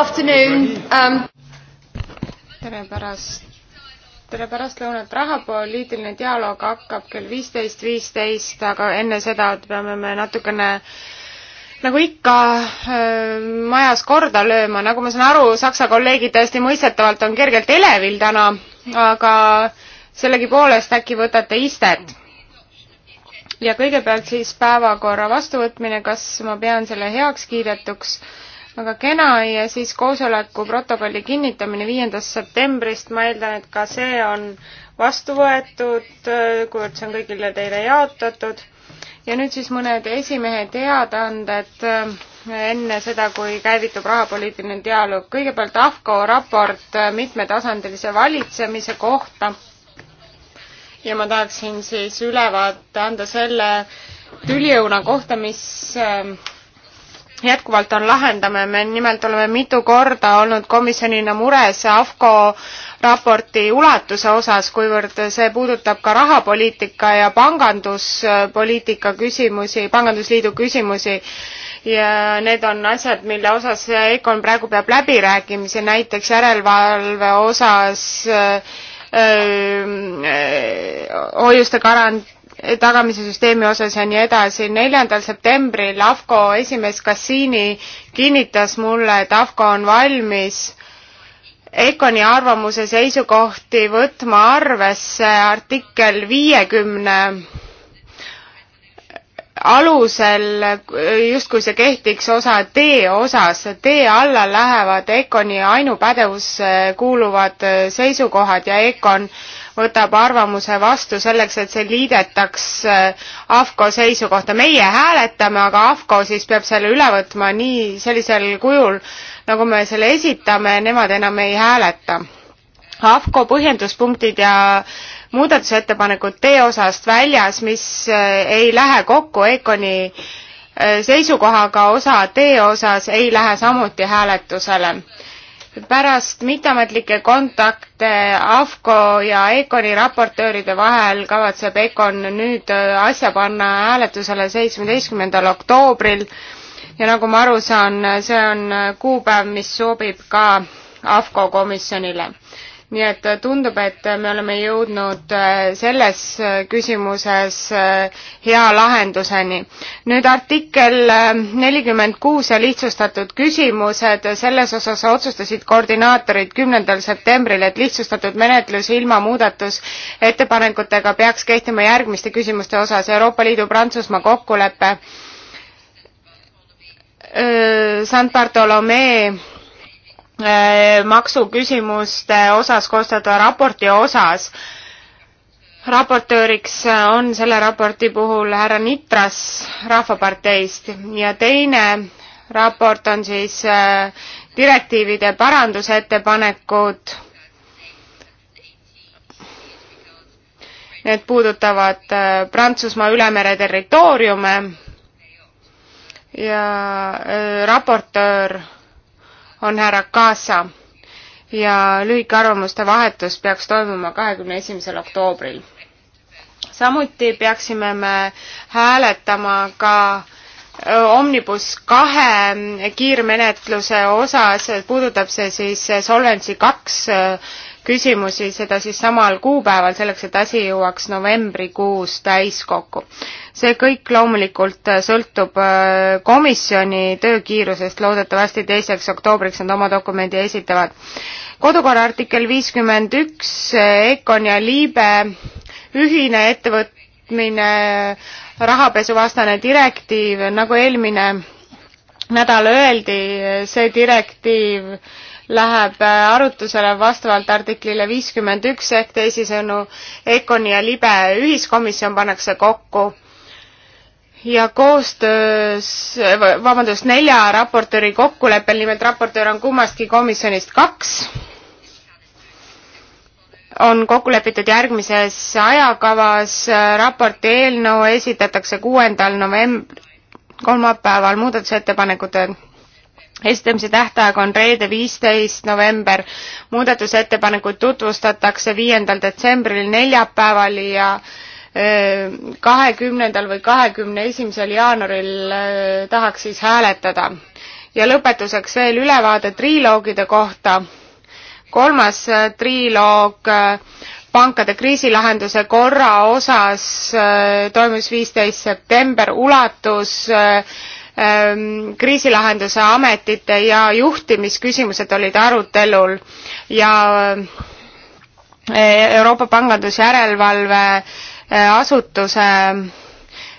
um.... tere pärast, tere pärastlõunat, rahapoliitiline dialoog hakkab kell viisteist viisteist, aga enne seda peame me natukene nagu ikka äh, majas korda lööma, nagu ma saan aru, Saksa kolleegid täiesti mõistetavalt on kergelt elevil täna, aga sellegipoolest äkki võtate istet ja kõigepealt siis päevakorra vastuvõtmine, kas ma pean selle heaks kiidetuks? väga kena ja siis koosoleku protokolli kinnitamine viiendast septembrist, ma eeldan, et ka see on vastu võetud, kuivõrd see on kõigile teile jaotatud. ja nüüd siis mõned esimehe teadaanded äh, enne seda, kui käivitub rahapoliitiline dialoog. kõigepealt AFCO raport äh, mitmetasandilise valitsemise kohta ja ma tahaksin siis ülevaate anda selle tüliõuna kohta, mis äh, jätkuvalt on lahendame, me nimelt oleme mitu korda olnud komisjonina mures AFCO raporti ulatuse osas, kuivõrd see puudutab ka rahapoliitika ja panganduspoliitika küsimusi, pangandusliidu küsimusi ja need on asjad, mille osas EKOn praegu peab läbirääkimisi, näiteks järelevalve osas öö, hoiuste garant-, tagamise süsteemi osas ja nii edasi. neljandal septembril AFCO esimees Kassiini kinnitas mulle, et AFCO on valmis EKONi arvamuse seisukohti võtma arvesse artikkel viiekümne alusel, justkui see kehtiks osa D osas. D alla lähevad EKONi ainupädevusse kuuluvad seisukohad ja EKON äh, võtab arvamuse vastu selleks, et see liidetaks äh, AFCO seisukohta. meie hääletame, aga AFCO siis peab selle üle võtma nii sellisel kujul, nagu me selle esitame, nemad enam ei hääleta. AFCO põhjenduspunktid ja muudatusettepanekud tee osast väljas, mis äh, ei lähe kokku EKONi äh, seisukohaga osa tee osas ei lähe samuti hääletusele pärast mitteametlikke kontakte AFCO ja ECONi raportööride vahel kavatseb ECON nüüd äh, asja panna hääletusele seitsmeteistkümnendal oktoobril ja nagu ma aru saan, see on äh, kuupäev, mis sobib ka AFCO komisjonile nii et äh, tundub, et äh, me oleme jõudnud äh, selles küsimuses hea lahenduseni. nüüd artikkel nelikümmend kuus ja lihtsustatud küsimused, selles osas otsustasid koordinaatorid kümnendal septembril, et lihtsustatud menetlus ilma muudatusettepanekutega peaks kehtima järgmiste küsimuste osas Euroopa Liidu Prantsusmaa kokkulepe, San Bartolomee Äh, maksuküsimuste osas koostatava raporti osas. raportööriks äh, on selle raporti puhul härra Nitras Rahvaparteist ja teine raport on siis äh, direktiivide parandusettepanekud. Need puudutavad Prantsusmaa ülemere territooriume ja raportöör on härra Kaasa ja lühike arvamuste vahetus peaks toimuma kahekümne esimesel oktoobril. samuti peaksime me hääletama ka Omnibus kahe kiirmenetluse osas, puudutab see siis Solvency kaks küsimusi, seda siis samal kuupäeval, selleks et asi jõuaks novembrikuus täiskokku see kõik loomulikult äh, sõltub äh, komisjoni töökiirusest, loodetavasti teiseks oktoobriks nad oma dokumendi esitavad. kodukorra artikkel viiskümmend üks, äh, EKON ja Liibe ühine ettevõtmine, rahapesuvastane direktiiv, nagu eelmine nädal öeldi, see direktiiv läheb arutusele vastavalt artiklile viiskümmend üks ehk teisisõnu EKONi ja libe ühiskomisjon pannakse kokku ja koostöös, vabandust, nelja raportööri kokkuleppel, nimelt raportöör on kummastki komisjonist kaks, on kokku lepitud järgmises ajakavas, raporti eelnõu esitatakse kuuendal novembr-, kolmapäeval muudatusettepanekute esitamise tähtaeg on reede, viisteist november, muudatusettepanekuid tutvustatakse viiendal detsembril neljapäeval ja kahekümnendal või kahekümne esimesel jaanuaril äh, tahaks siis hääletada. ja lõpetuseks veel ülevaade triloogide kohta. kolmas äh, triloog äh, pankade kriisilahenduse korra osas toimus viisteist september, ulatus ähm, kriisilahenduse ametite ja juhtimisküsimused olid arutelul ja Euroopa pangandusjärelevalve Äh, asutuse ähm,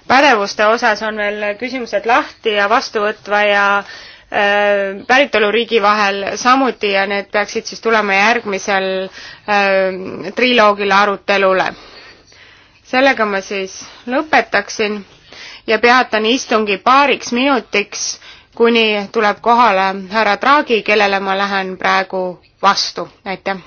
pädevuste osas on veel küsimused lahti ja vastuvõtva ja äh, päritoluriigi vahel samuti ja need peaksid siis tulema järgmisel äh, triloogile arutelule. sellega ma siis lõpetaksin ja peatan istungi paariks minutiks, kuni tuleb kohale härra Draghi, kellele ma lähen praegu vastu, aitäh!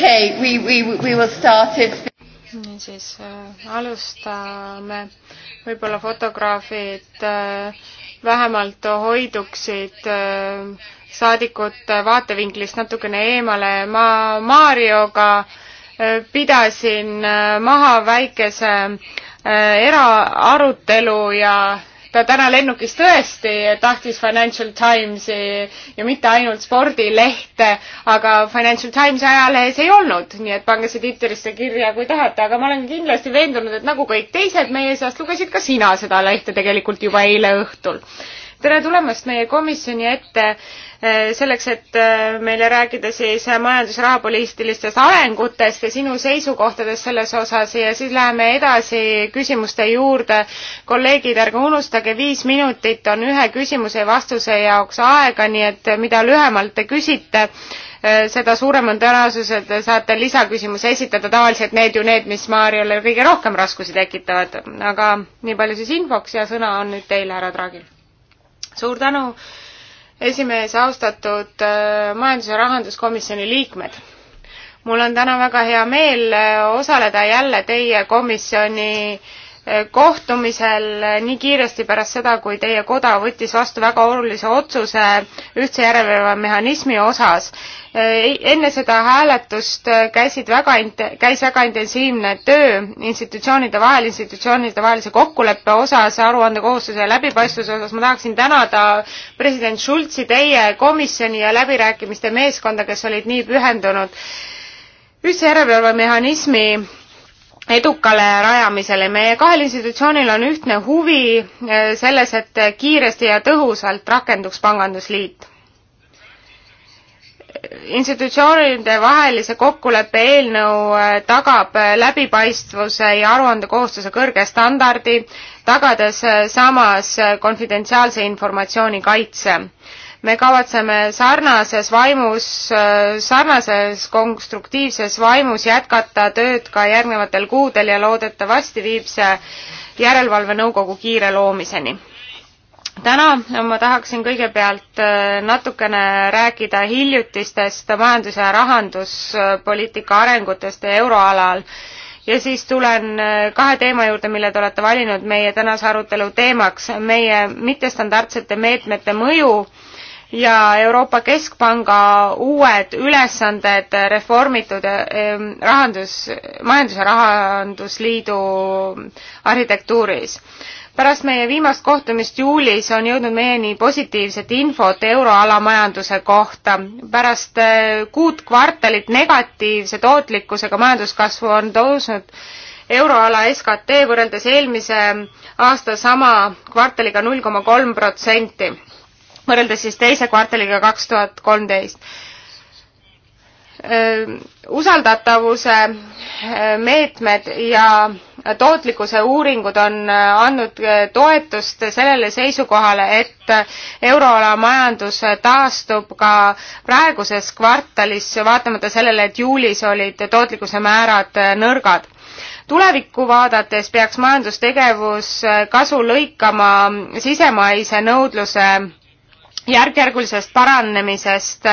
okay, we, we, we will start it. niisiis äh, alustame, võib-olla fotograafid äh, vähemalt hoiduksid äh, saadikute vaatevinklist natukene eemale. ma Marioga äh, pidasin äh, maha väikese äh, eraarutelu ja ta täna lennukis tõesti tahtis Financial Timesi ja mitte ainult spordilehte, aga Financial Timesi ajalehes ei olnud, nii et pange see Twitterisse kirja, kui tahate, aga ma olen kindlasti veendunud, et nagu kõik teised meie seast lugesid ka sina seda lehte tegelikult juba eile õhtul tere tulemast meie komisjoni ette eh, selleks, et eh, meile rääkida siis eh, majandus- ja rahapoliitilistest arengutest ja sinu seisukohtadest selles osas ja siis läheme edasi küsimuste juurde. kolleegid, ärge unustage, viis minutit on ühe küsimuse ja vastuse jaoks aega, nii et mida lühemalt te küsite, seda suurem on tõenäosus, et te saate lisaküsimuse esitada, tavaliselt need ju need, mis Maarjale kõige rohkem raskusi tekitavad, aga nii palju siis infoks ja sõna on nüüd teil, härra Draagil suur tänu, esimees, austatud äh, majandus- ja rahanduskomisjoni liikmed mul on täna väga hea meel äh, osaleda jälle teie komisjoni äh, kohtumisel nii kiiresti pärast seda, kui teie koda võttis vastu väga olulise otsuse ühtse järelevalvemehhanismi osas. enne seda hääletust käisid väga, käis väga intensiivne töö institutsioonide vahel, institutsioonide vahelise kokkuleppe osas, aruandekohustuse ja läbipaistvuse osas. ma tahaksin tänada president Schulzi, teie komisjoni ja läbirääkimiste meeskonda, kes olid nii pühendunud ühtse järelevalvemehhanismi edukale rajamisele. meie kahel institutsioonil on ühtne huvi eh, selles, et kiiresti ja tõhusalt rakenduks pangandusliit. institutsioonide vahelise kokkuleppe eelnõu eh, tagab eh, läbipaistvuse ja aruandekohustuse kõrge standardi, tagades samas konfidentsiaalse informatsiooni kaitse me kavatseme sarnases vaimus, äh, sarnases konstruktiivses vaimus jätkata tööd ka järgnevatel kuudel ja loodetavasti viib see järelevalvenõukogu kiire loomiseni. täna ma tahaksin kõigepealt äh, natukene rääkida hiljutistest majandus- ja rahanduspoliitika arengutest euroalal ja siis tulen äh, kahe teema juurde, mille te olete valinud meie tänase arutelu teemaks, meie mittestandardsete meetmete mõju ja Euroopa Keskpanga uued ülesanded reformitud ehm, rahandus, majandus- ja rahandusliidu arhitektuuris. pärast meie viimast kohtumist juulis on jõudnud meieni positiivset infot euroala majanduse kohta. pärast eh, kuut kvartalit negatiivse tootlikkusega majanduskasvu on tõusnud euroala SKT võrreldes eelmise aasta sama kvartaliga null koma kolm protsenti võrreldes siis teise kvartaliga kaks tuhat kolmteist usaldatavuse meetmed ja tootlikkuse uuringud on andnud toetust sellele seisukohale, et euroala majandus taastub ka praeguses kvartalis, vaatamata sellele, et juulis olid tootlikkuse määrad nõrgad. tulevikku vaadates peaks majandustegevus kasu lõikama sisemaise nõudluse järk-järgulisest paranemisest,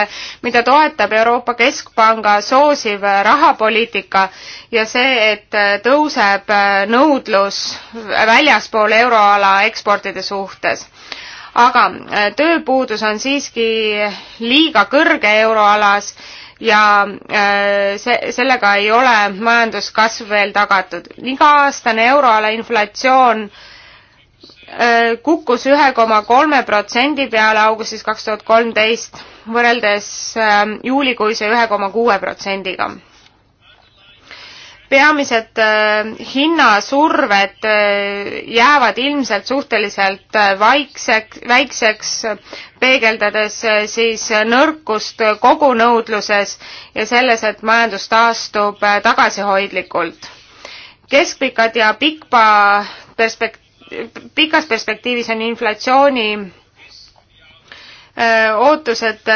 mida toetab Euroopa Keskpanga soosiv rahapoliitika ja see, et tõuseb nõudlus väljaspool euroala eksportide suhtes. aga tööpuudus on siiski liiga kõrge euroalas ja äh, see, sellega ei ole majanduskasv veel tagatud. iga-aastane euroala inflatsioon äh, Äh, kukkus ühe koma kolme protsendi peale augustis kaks tuhat kolmteist võrreldes ähm, juulikuise ühe koma kuue protsendiga. peamised äh, hinnasurved äh, jäävad ilmselt suhteliselt vaikseks, väikseks, peegeldades siis nõrkust kogunõudluses ja selles, et majandus taastub tagasihoidlikult keskpikad ja pikpa perspekt-, pikas perspektiivis on inflatsiooni ootused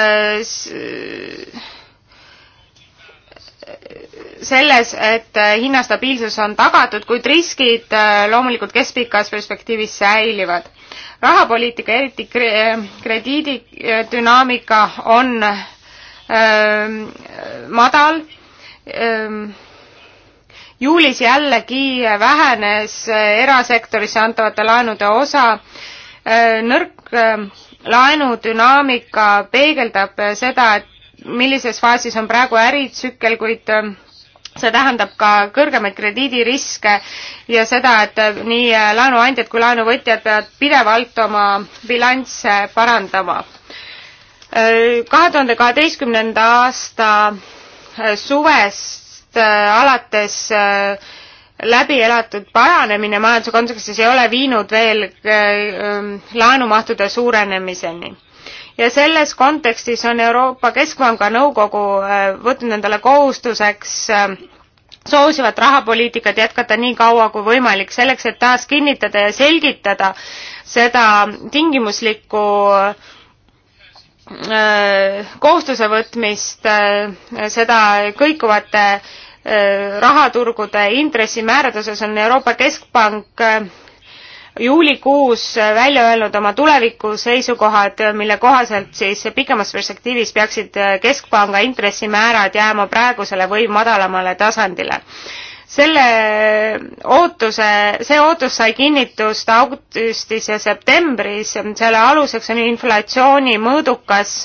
selles, et hinnastabiilsus on tagatud, kuid riskid loomulikult keskpikas perspektiivis säilivad. rahapoliitika, eriti krediididünaamika on öö, madal öö, juulis jällegi vähenes äh, erasektorisse antavate laenude osa. Äh, nõrk äh, laenudünaamika peegeldab seda, et millises faasis on praegu äritsükkel, kuid see tähendab ka kõrgemaid krediidiriske ja seda, et nii laenuandjad kui laenuvõtjad peavad pidevalt oma bilansse parandama. kahe tuhande kaheteistkümnenda aasta suvest aastast äh, alates äh, läbi elatud paranemine majanduse kontekstis ei ole viinud veel äh, ähm, laenumahtude suurenemiseni ja selles kontekstis on Euroopa Keskpanga nõukogu võtnud endale kohustuseks soosivat rahapoliitikat jätkata nii kaua kui võimalik, selleks et taas kinnitada ja selgitada seda tingimuslikku Äh, kohustuse võtmist, äh, seda kõikuvate äh, rahaturgude intressimäärade osas on Euroopa Keskpank juulikuus välja öelnud oma tuleviku seisukohad, mille kohaselt siis pikemas perspektiivis peaksid keskpanga intressimäärad jääma praegusele või madalamale tasandile selle ootuse, see ootus sai kinnitust augustis ja septembris, selle aluseks on inflatsiooni mõõdukas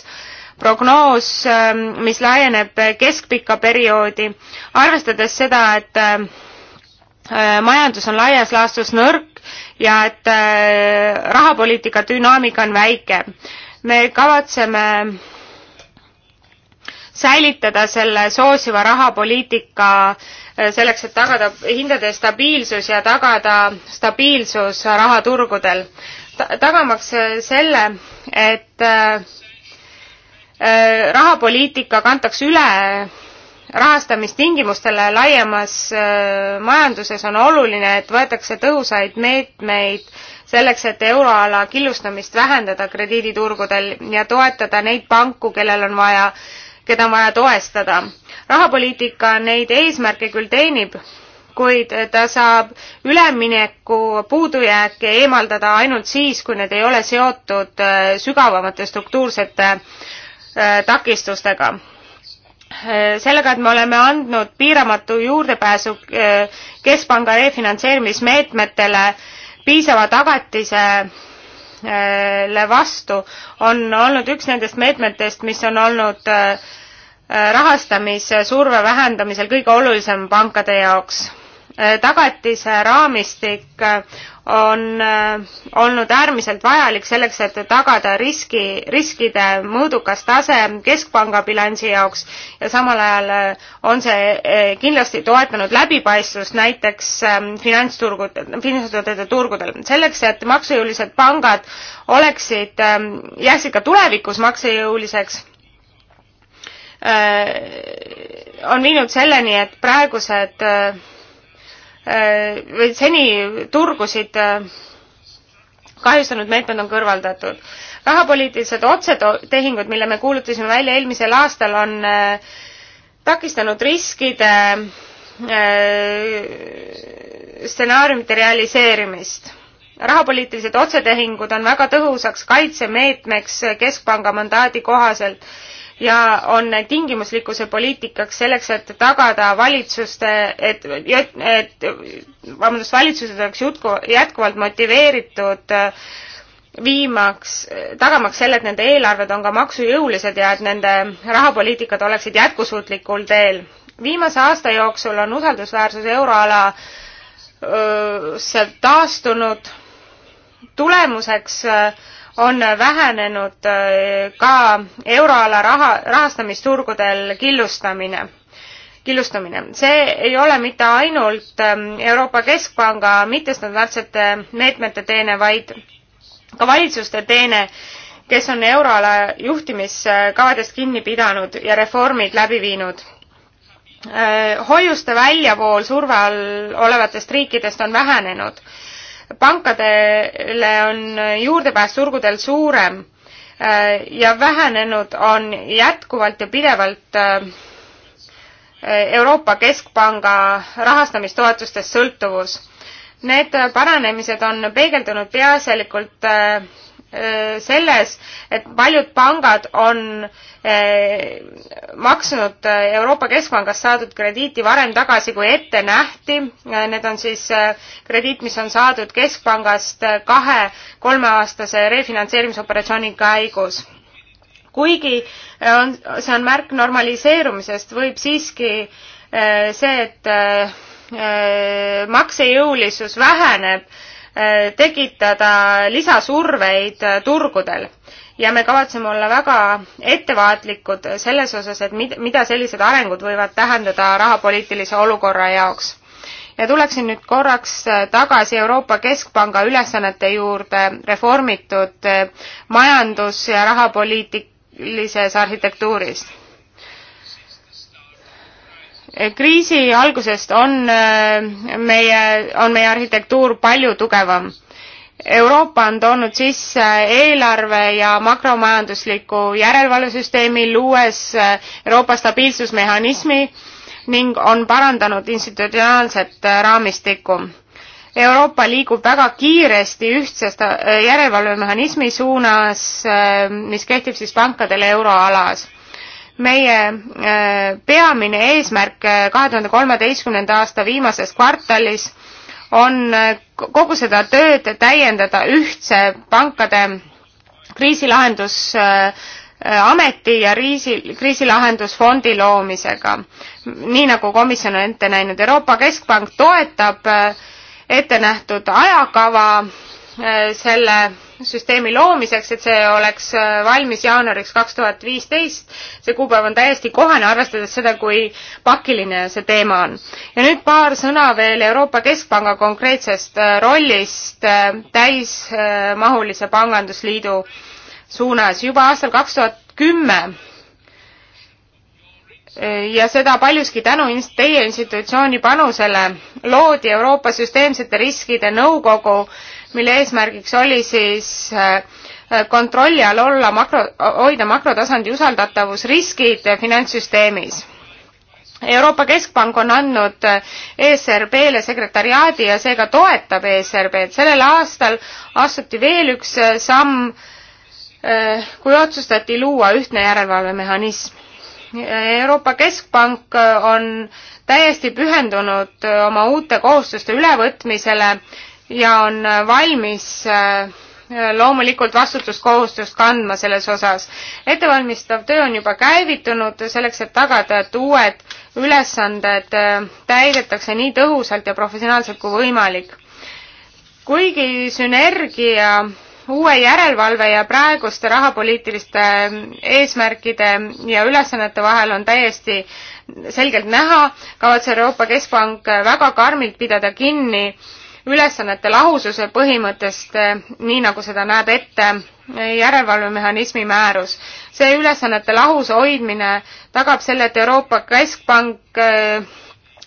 prognoos, ähm, mis laieneb keskpikka perioodi. arvestades seda, et äh, majandus on laias laastus nõrk ja et äh, rahapoliitika dünaamika on väike, me kavatseme säilitada selle soosiva rahapoliitika äh, Äh, selleks, et tagada hindade stabiilsus ja tagada stabiilsus rahaturgudel Ta. tagamaks äh, selle, et äh, rahapoliitika kantakse üle rahastamistingimustele laiemas majanduses on oluline, et võetakse tõhusaid meetmeid selleks, et euroala killustamist vähendada krediiditurgudel ja toetada neid panku, kellel on vaja keda on vaja toestada. rahapoliitika neid eesmärke küll teenib, kuid ta saab ülemineku puudujääke eemaldada ainult siis, kui need ei ole seotud äh, sügavamate struktuursete äh, takistustega. Äh, sellega, et me oleme andnud piiramatu juurdepääsu keskpanga refinantseerimismeetmetele piisava tagatise Äh, vastu on olnud üks nendest meetmetest, mis on olnud äh, äh, rahastamissurve vähendamisel kõige olulisem pankade jaoks. tagatise raamistik on äh, olnud äärmiselt vajalik selleks, et tagada riski, riskide mõõdukas tase keskpanga bilansi jaoks ja samal ajal äh, on see äh, kindlasti toetanud läbipaistvust näiteks ähm, finantsturgud, finantsurgudel, turgudel. selleks, et maksujõulised pangad oleksid, ähm, jääksid ka tulevikus maksejõuliseks, on viinud selleni, et praegused Äh, või seni turgusid äh, kahjustanud meetmed on kõrvaldatud. rahapoliitilised otsetehingud, mille me kuulutasime välja eelmisel aastal, on äh, takistanud riskide stsenaariumite realiseerimist. rahapoliitilised otsetehingud on väga tõhusaks kaitsemeetmeks Keskpanga mandaadi kohaselt ja on tingimuslikkuse poliitikaks selleks, et tagada valitsuste, et, et vabandust, valitsused oleks jutku, jätkuvalt motiveeritud äh, viimaks, tagamaks selle, et nende eelarved on ka maksujõulised ja et nende rahapoliitikad oleksid jätkusuutlikul teel. viimase aasta jooksul on usaldusväärsus euroala öö, äh, taastunud, tulemuseks öö, äh, on vähenenud äh, ka euroala raha, rahastamisturgudel killustamine killustumine. see ei ole mitte ainult ähm, Euroopa Keskpanga mittestandardsete meetmete teene, vaid ka valitsuste teene, kes on euroala juhtimiskavadest kinni pidanud ja reformid läbi viinud. Äh, hoiuste väljavool surve all olevatest riikidest on vähenenud pankadele on juurdepääs turgudel suurem äh, ja vähenenud on jätkuvalt ja pidevalt äh, Euroopa Keskpanga rahastamistoetustest sõltuvus. Need paranemised on peegeldunud peaasjalikult äh, Äh, selles, et paljud pangad on äh, maksnud äh, Euroopa Keskpangast saadud krediiti varem tagasi, kui ette nähti. Need on siis krediit, mis on saadud Keskpangast kahe-kolmeaastase refinantseerimisoperatsiooni käigus kuigi on, see on märk normaliseerumisest, võib siiski see, et maksejõulisus väheneb Äh, tekitada lisasurveid äh, turgudel ja me kavatseme olla väga ettevaatlikud selles osas, et mid-, mida sellised arengud võivad tähendada rahapoliitilise olukorra jaoks. ja tuleksin nüüd korraks äh, tagasi Euroopa Keskpanga ülesannete juurde reformitud majandus- ja rahapoliitilises arhitektuuris kriisi algusest on äh, meie, on meie arhitektuur palju tugevam. Euroopa on toonud sisse eelarve ja makromajandusliku järelevalvesüsteemi, luues äh, Euroopa stabiilsusmehhanismi ning on parandanud institutsionaalset äh, raamistikku. Euroopa liigub väga kiiresti ühtsest järelevalvemehhanismi suunas, mis kehtib siis pankadele euroalas meie äh, peamine eesmärk äh, kahe tuhande kolmeteistkümnenda aasta viimases kvartalis on äh, kogu seda tööd täiendada ühtse pankade kriisilahendusameti ja riisi, kriisilahendusfondi loomisega. nii nagu komisjon on ette näinud, Euroopa Keskpank toetab ettenähtud ajakava selle süsteemi loomiseks, et see oleks äh, valmis jaanuariks kaks tuhat viisteist. see kuupäev on täiesti kohane, arvestades seda, kui pakiline see teema on. ja nüüd paar sõna veel Euroopa Keskpanga konkreetsest äh, rollist äh, täismahulise pangandusliidu suunas. juba aastal kaks tuhat kümme ja seda paljuski tänu teie institutsiooni panusele loodi Euroopa Süsteemsete Riskide Nõukogu, mille eesmärgiks oli siis äh, kontrolli all olla makro, hoida makrotasandi usaldatavus, riskid finantssüsteemis. Euroopa Keskpank on andnud äh, ESRB-le sekretariaadi ja seega toetab ESRB-d. sellel aastal astuti veel üks äh, samm, kui otsustati luua ühtne järelevalvemehhanism. Euroopa Keskpank on täiesti pühendunud oma uute kohustuste ülevõtmisele ja on äh, valmis äh, loomulikult vastutuskohustust kandma selles osas. ettevalmistav töö on juba käivitunud selleks, et tagada, et uued ülesanded äh, täidetakse nii tõhusalt ja professionaalselt kui võimalik. kuigi sünergia uue järelevalve ja praeguste rahapoliitiliste eesmärkide ja ülesannete vahel on täiesti selgelt näha, kavatseb Euroopa Keskpank väga karmilt pidada kinni äh, ülesannete lahususe põhimõttest, eh, nii nagu seda näeb ette eh, järelevalvemehhanismi määrus. see ülesannete lahuse hoidmine tagab selle, et Euroopa Keskpank eh,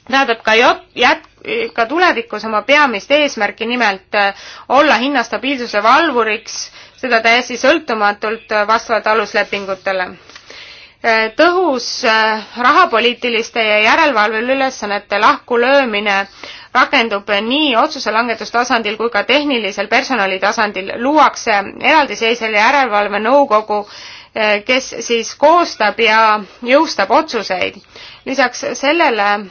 tähendab ka jät-, ka tulevikus oma peamist eesmärki, nimelt olla hinnastabiilsuse valvuriks, seda täiesti sõltumatult vastavalt aluslepingutele Äh, tõhus äh, rahapoliitiliste ja järelevalvel ülesannete lahkulöömine rakendub nii otsuse langetustasandil kui ka tehnilisel personali tasandil. luuakse eraldiseisev järelevalvenõukogu, äh, kes siis koostab ja jõustab otsuseid. lisaks sellele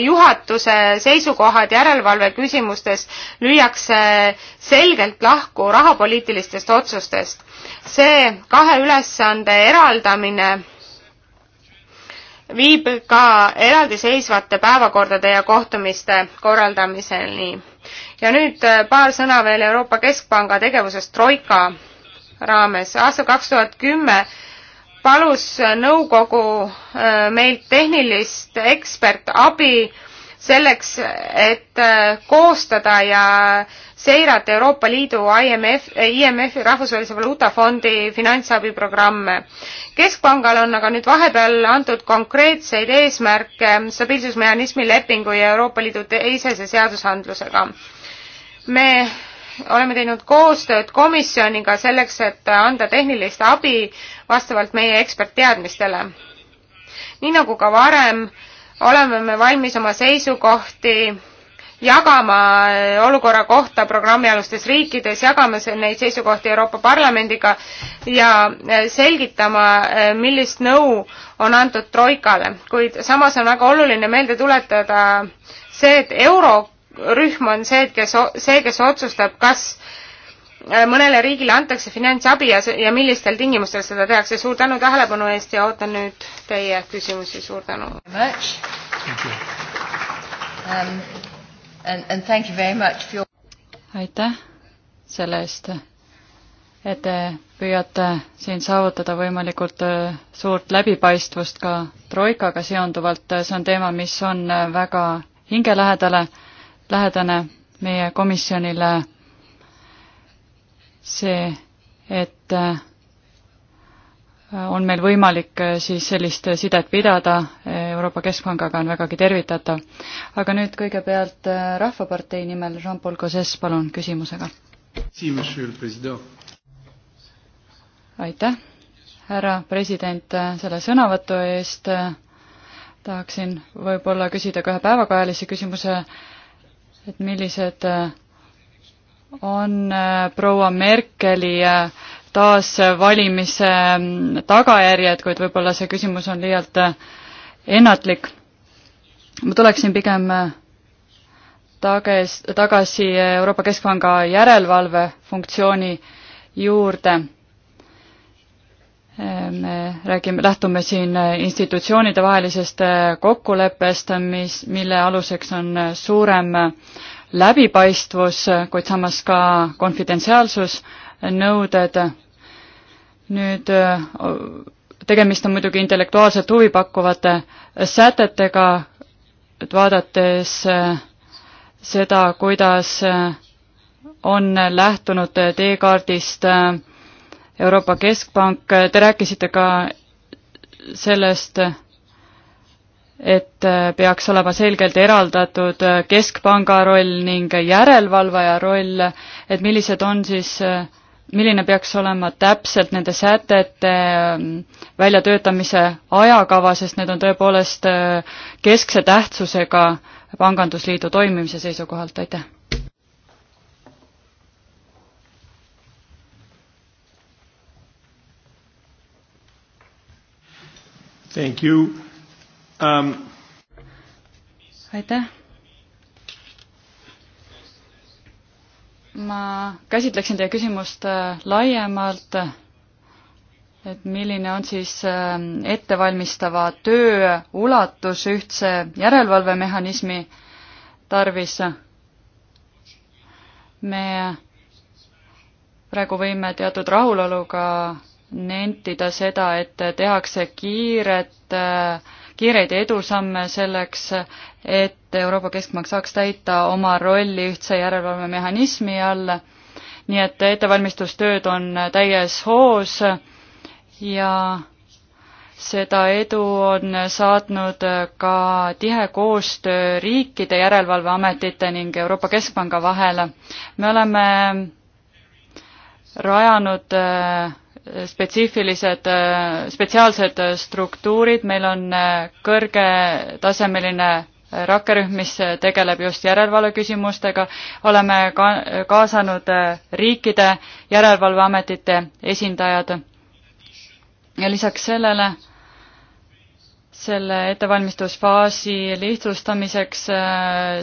juhatuse seisukohad järelevalve küsimustes lüüakse selgelt lahku rahapoliitilistest otsustest see kahe ülesande eraldamine viib ka eraldiseisvate päevakordade ja kohtumiste korraldamiseni. ja nüüd äh, paar sõna veel Euroopa Keskpanga tegevusest Troika raames. aastal kaks tuhat kümme palus nõukogu äh, meilt tehnilist ekspertabi selleks, et äh, koostada ja seirata Euroopa Liidu IMF, IMF-i Rahvusvahelise Valuutafondi finantsabiprogramme. keskpangal on aga nüüd vahepeal antud konkreetseid eesmärke stabiilsusmehhanismi lepingu ja Euroopa Liidu teisese seadusandlusega. me oleme teinud koostööd komisjoniga selleks, et anda tehnilist abi vastavalt meie ekspertteadmistele. nii nagu ka varem, oleme me valmis oma seisukohti jagama olukorra kohta programmialustes riikides, jagame neid seisukohti Euroopa Parlamendiga ja e, selgitama, e, millist nõu on antud Troikale. kuid samas on väga oluline meelde tuletada see, et eurorühm on see, et kes, see, kes otsustab, kas Äh, mõnele riigile antakse finantsabi ja, ja millistel tingimustel seda tehakse. suur tänu tähelepanu eest ja ootan nüüd teie küsimusi. suur tänu. Um, aitäh selle eest, et te püüate siin saavutada võimalikult äh, suurt läbipaistvust ka Troikaga seonduvalt. see on teema, mis on äh, väga hingelähedale, lähedane meie komisjonile see, et äh, on meil võimalik äh, siis sellist sidet pidada Euroopa Keskpangaga, on vägagi tervitatav. aga nüüd kõigepealt äh, Rahvapartei nimel Jean-Paul Gauzes, palun küsimusega. aitäh, härra president, selle sõnavõtu eest. tahaksin võib-olla küsida ka ühe päevakajalise küsimuse, et millised on äh, proua Merkeli äh, taasvalimise mm, tagajärjed, kuid võib-olla see küsimus on liialt äh, ennatlik. ma tuleksin pigem tages, tagasi Euroopa Keskpanga järelevalve funktsiooni juurde. me räägime, lähtume siin institutsioonide vahelisest kokkuleppest, mis, mille aluseks on suurem läbipaistvus, kuid samas ka konfidentsiaalsusnõuded. nüüd äh, tegemist on muidugi intellektuaalselt huvipakkuvate sätetega, et vaadates äh, seda, kuidas äh, on lähtunud teekaardist Euroopa Keskpank, te rääkisite ka sellest, et äh, peaks olema selgelt eraldatud äh, keskpanga roll ning järelevalvaja roll, et millised on siis, äh, milline peaks olema täpselt nende sätete ähm, väljatöötamise ajakava, sest need on tõepoolest keskse tähtsusega pangandusliidu toimimise seisukohalt, aitäh! Thank you um.... aitäh. ma käsitleksin teie küsimust äh, laiemalt, et milline on siis ähm, ettevalmistava töö ulatus ühtse järelevalvemehhanismi tarvis. me praegu võime teatud rahuloluga nentida seda, et tehakse kiiret äh, kiireid edusamme selleks, et Euroopa Keskpank saaks täita oma rolli ühtse järelevalvemehhanismi all. nii et ettevalmistustööd on täies hoos ja seda edu on saatnud ka tihe koostöö riikide järelevalveametite ning Euroopa Keskpanga vahel. me oleme rajanud äh, spetsiifilised, spetsiaalsed struktuurid, meil on äh, kõrgetasemeline äh, rakkerühm, mis äh, tegeleb just järelevalve küsimustega, oleme ka-, kaasanud riikide järelevalveametite esindajad ja lisaks sellele selle ettevalmistusfaasi lihtsustamiseks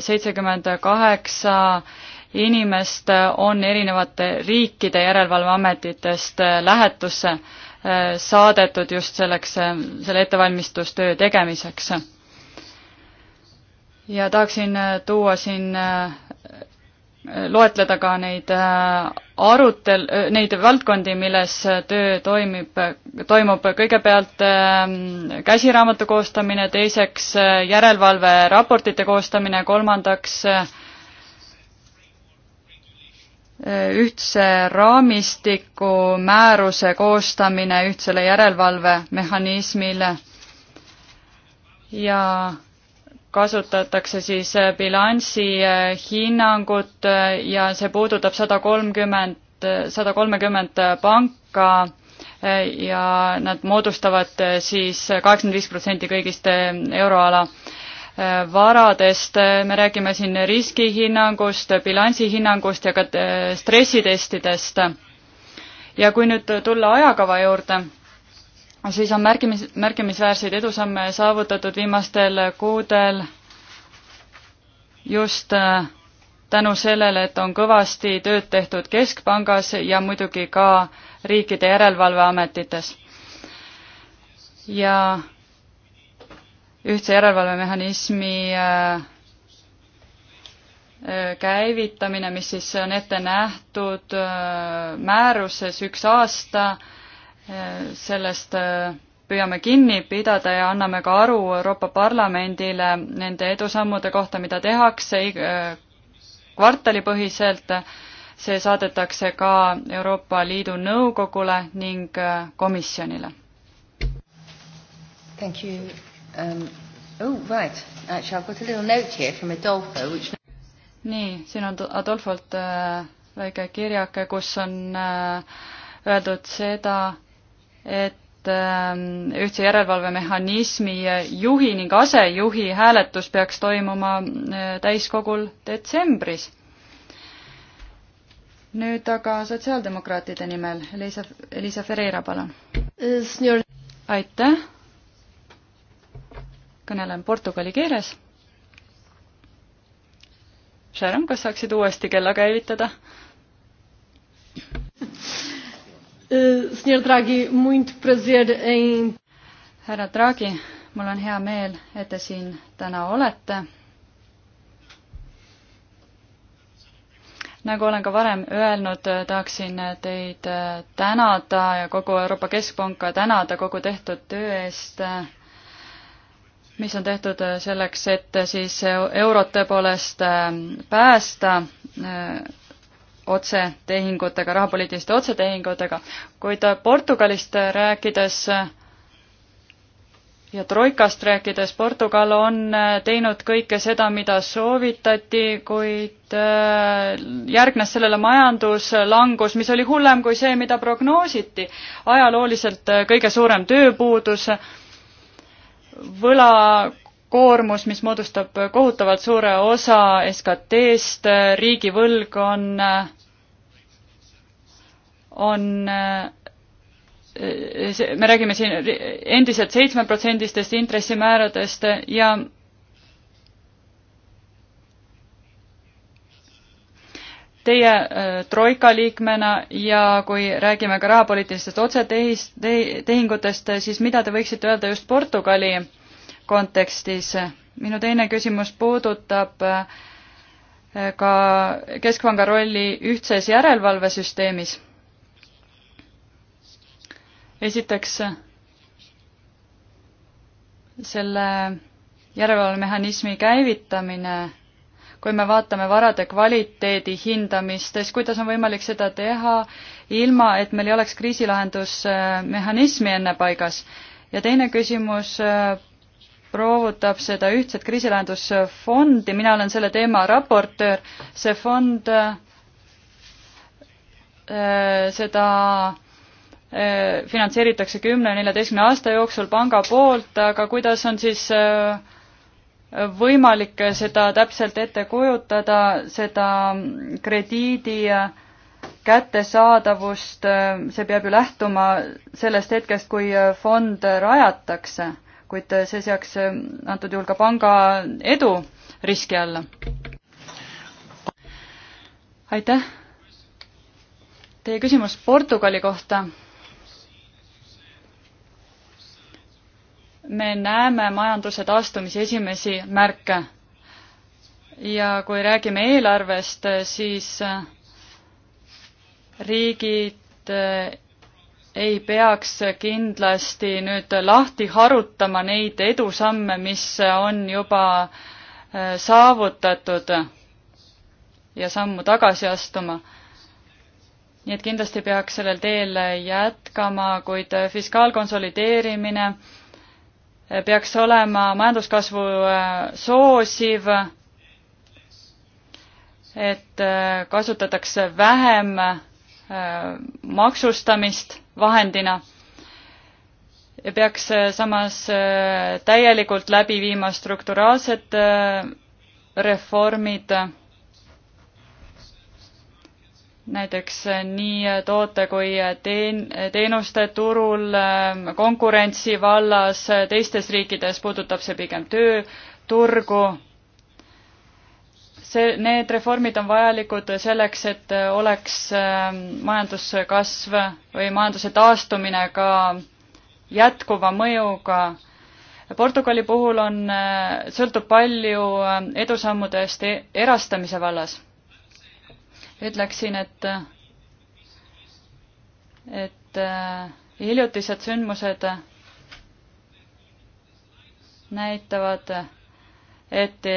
seitsekümmend kaheksa inimest on erinevate riikide järelevalveametitest lähetusse eh, saadetud just selleks, eh, selle ettevalmistustöö tegemiseks. ja tahaksin eh, tuua siin, loetleda ka neid arutel-, neid valdkondi, milles töö toimib, toimub kõigepealt käsiraamatu koostamine, teiseks järelevalveraportite koostamine, kolmandaks äh, Äh, ühtse raamistiku määruse koostamine ühtsele järelevalvemehhanismile ja kasutatakse siis äh, bilansi äh, hinnangut ja see puudutab sada kolmkümmend, sada kolmekümmend panka ja nad moodustavad siis kaheksakümmend viis protsenti kõigist euroala varadest, me räägime siin riskihinnangust, bilansihinnangust ja ka eh, stressitestidest. ja kui nüüd tulla ajakava juurde, siis on märkimis, märkimisväärseid edusamme saavutatud viimastel kuudel just eh, tänu sellele, et on kõvasti tööd tehtud Keskpangas ja muidugi ka riikide järelevalveametites. ja ühtse järelevalvemehhanismi äh, äh, käivitamine, mis siis on ette nähtud äh, määruses üks aasta, sellest püüame kinni pidada ja anname ka aru Euroopa Parlamendile nende edusammude kohta, mida tehakse kvartalipõhiselt. see saadetakse ka Euroopa Liidu Nõukogule ning komisjonile. Thank you Um, oh, right. Actually, I've got a little note here from Adolfo, which... nii, siin on Adolfolt äh, väike kirjake, kus on äh, öeldud seda, et äh, ühtse järelevalvemehhanismi äh, juhi ning asejuhi hääletus peaks toimuma äh, täiskogul detsembris. nüüd aga sotsiaaldemokraatide nimel Elisa, Elisa Ferreira, palun. Äh, aitäh kõnelen portugali keeles. Sharon, kas saaksid uuesti kella käivitada? Eh, Senhor Draghi, muito prazer em... härra Draghi, mul on hea meel, et te siin täna olete. nagu olen ka varem öelnud, tahaksin teid tänada ja kogu Euroopa Keskpanka tänada kogu tehtud töö eest äh, mis on tehtud äh, selleks, et äh, siis äh, eurot tõepoolest ähm, päästa otsetehingutega, rahapoliitiliste otsetehingutega, kuid Portugalist rääkides ja troikast rääkides, Portugal on teinud kõike seda, mida soovitati, kuid järgnes sellele majanduslangus, mis oli hullem kui see, mida prognoositi. ajalooliselt kõige suurem tööpuudus võlakoormus, mis moodustab kohutavalt suure osa SKT-st, riigivõlg on, on see, me räägime siin endiselt seitsmeprotsendistest intressimääradest ja teie äh, troika liikmena ja kui räägime ka rahapoliitilistest otsetehingutest, siis mida te võiksite öelda just Portugali kontekstis? minu teine küsimus puudutab äh, ka Keskpanga rolli ühtses järelevalvesüsteemis. esiteks selle järelevalvemehhanismi käivitamine kui me vaatame varade kvaliteedi hindamist, siis kuidas on võimalik seda teha ilma, et meil ei oleks kriisilahendusmehhanismi enne paigas. ja teine küsimus äh, proovutab seda ühtset kriisilahendusfondi, mina olen selle teema raportöör, see fond äh, seda äh, finantseeritakse kümne, neljateistkümne aasta jooksul panga poolt, aga kuidas on siis võimalik seda täpselt ette kujutada, seda krediidi kättesaadavust, see peab ju lähtuma sellest hetkest, kui fond rajatakse, kuid see seaks antud juhul ka panga edu riski alla. aitäh! Teie küsimus Portugali kohta me näeme majanduse taastumise esimesi märke. ja kui räägime eelarvest, siis äh, riigid äh, ei peaks kindlasti nüüd lahti harutama neid edusamme, mis on juba äh, saavutatud ja sammu tagasi astuma. nii et kindlasti peaks sellel teel jätkama, kuid fiskaalkonsolideerimine peaks olema majanduskasvu äh, soosiv, et äh, kasutatakse vähem äh, maksustamist vahendina ja peaks samas täielikult läbi viima strukturaalsed reformid näiteks nii toote kui teen-, teenuste turul, äh, konkurentsi vallas, teistes riikides puudutab see pigem tööturgu. see, need reformid on vajalikud selleks, et oleks äh, majanduskasv või majanduse taastumine ka jätkuva mõjuga Portugali puhul on, äh, sõltub palju edusammudest e-, erastamise vallas ütleksin, et, et äh, hiljutised sündmused näitavad, et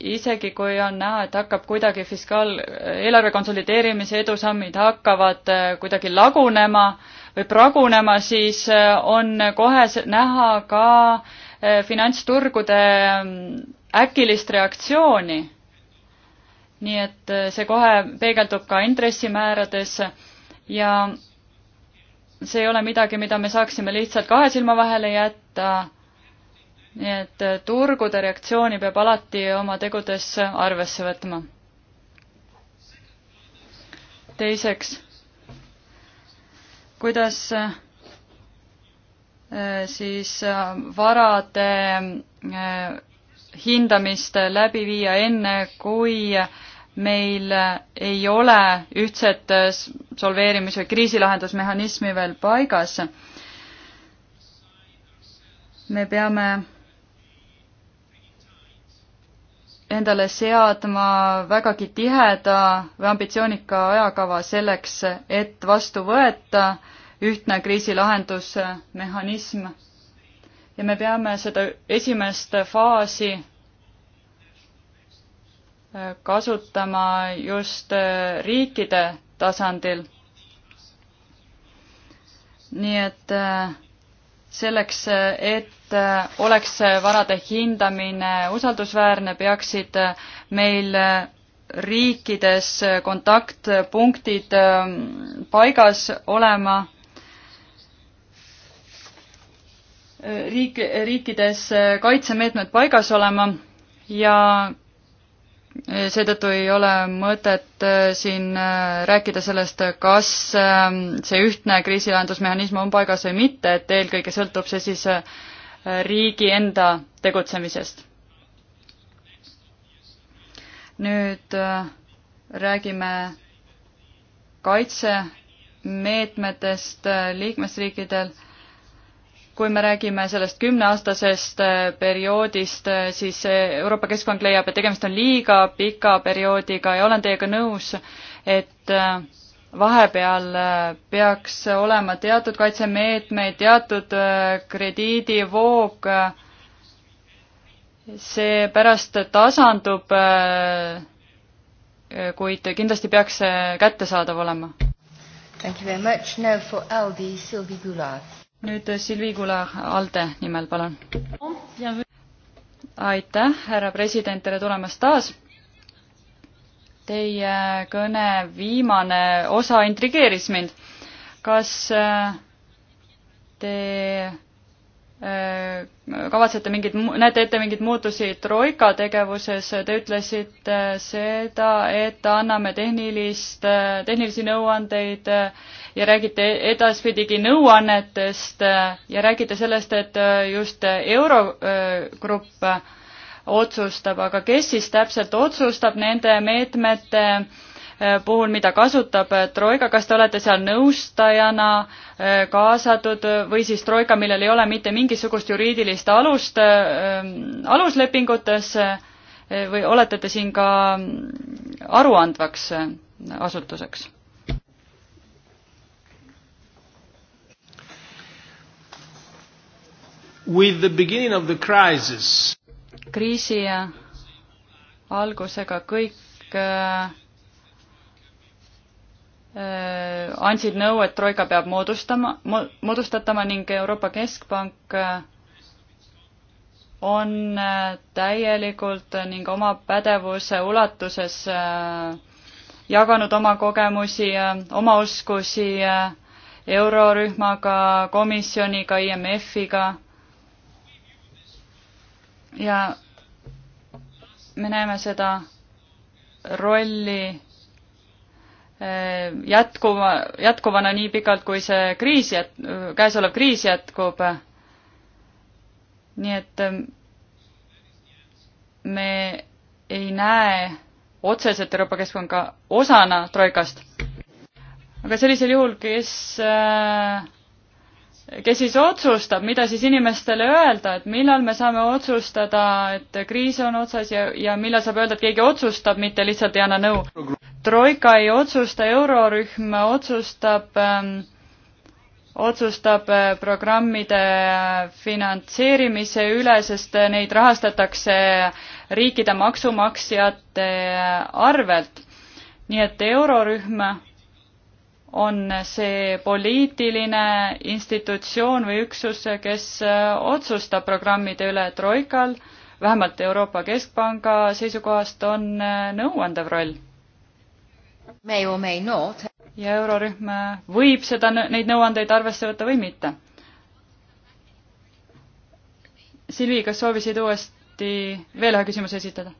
isegi kui on näha, et hakkab kuidagi fiskaal, eelarve konsolideerimise edusammid hakkavad äh, kuidagi lagunema või pragunema, siis äh, on kohe näha ka finantsturgude äkilist reaktsiooni nii et äh, see kohe peegeldub ka intressimääradesse ja see ei ole midagi, mida me saaksime lihtsalt kahe silma vahele jätta. nii et äh, turgude reaktsiooni peab alati oma tegudes arvesse võtma. teiseks, kuidas äh, siis varade hindamist läbi viia enne, kui äh, meil ei ole ühtset solveerimis- või kriisilahendusmehhanismi veel paigas. me peame endale seadma vägagi tiheda või ambitsioonika ajakava selleks, et vastu võeta ühtne kriisilahendusmehhanism. ja me peame seda esimest faasi kasutama just riikide tasandil. nii et äh, selleks, et äh, oleks varade hindamine usaldusväärne, peaksid äh, meil riikides kontaktpunktid paigas olema riik, riikides kaitsemeetmed paigas olema ja seetõttu ei ole mõtet äh, siin äh, rääkida sellest, kas äh, see ühtne kriisilahendusmehhanism on paigas või mitte, et eelkõige sõltub see siis riigi enda tegutsemisest. nüüd räägime kaitsemeetmetest liikmesriikidel kui me räägime sellest kümneaastasest äh, perioodist, äh, siis äh, Euroopa Keskpank leiab, et tegemist on liiga pika perioodiga ja olen teiega nõus, et vahepeal peaks olema teatud kaitsemeetmeid, teatud krediidivoog, see pärast tasandub, kuid kindlasti peaks see kättesaadav olema. Thank you very much. Now for Aldi, Sylvie Goulart nüüd äh, Silvi Kula ALDE nimel, palun. aitäh, härra president, tere tulemast taas. Teie äh, kõne viimane osa intrigeeris mind. kas äh, te kavatsete mingeid, näete ette mingeid muutusi Troika tegevuses, te ütlesite seda, et anname tehnilist, tehnilisi nõuandeid äh, ja räägite edaspidigi nõuannetest äh, ja räägite sellest, et äh, just äh, Eurogrupp otsustab, aga kes siis täpselt otsustab nende meetmete puhul, mida kasutab Troika, kas te olete seal nõustajana kaasatud või siis Troika, millel ei ole mitte mingisugust juriidilist alust ähm, aluslepingutes või olete te siin ka mm, aruandvaks asutuseks? With the beginning of the crisis. kriisi algusega kõik äh, äh, andsid nõu, et Troika peab moodustama, moodustatama ning Euroopa Keskpank äh, on äh, täielikult ning oma pädevuse ulatuses jaganud oma kogemusi, oma oskusi eurorühmaga, komisjoniga, IMF-iga ja me näeme seda rolli eh, jätkuva, jätkuvana nii pikalt, kui see kriis jät-, käesolev kriis jätkub. nii et eh, me ei näe otseselt Euroopa Keskpanga osana Troikast. aga sellisel juhul, kes äh, kes siis otsustab, mida siis inimestele öelda, et millal me saame otsustada, et kriis on otsas ja, ja millal saab öelda, et keegi otsustab, mitte lihtsalt ei anna nõu. troika ei otsusta, eurorühm otsustab ähm,, otsustab äh, programmide finantseerimise üle, sest äh, neid rahastatakse riikide maksumaksjate äh, arvelt. nii et eurorühm on see poliitiline institutsioon või üksus, kes äh, otsustab programmide üle Troikal, vähemalt Euroopa Keskpanga seisukohast on äh, nõuandev roll. ja eurorühm äh, võib seda, neid nõuandeid arvesse võtta või mitte. Silvi, kas soovisid uuesti veel ühe küsimuse esitada?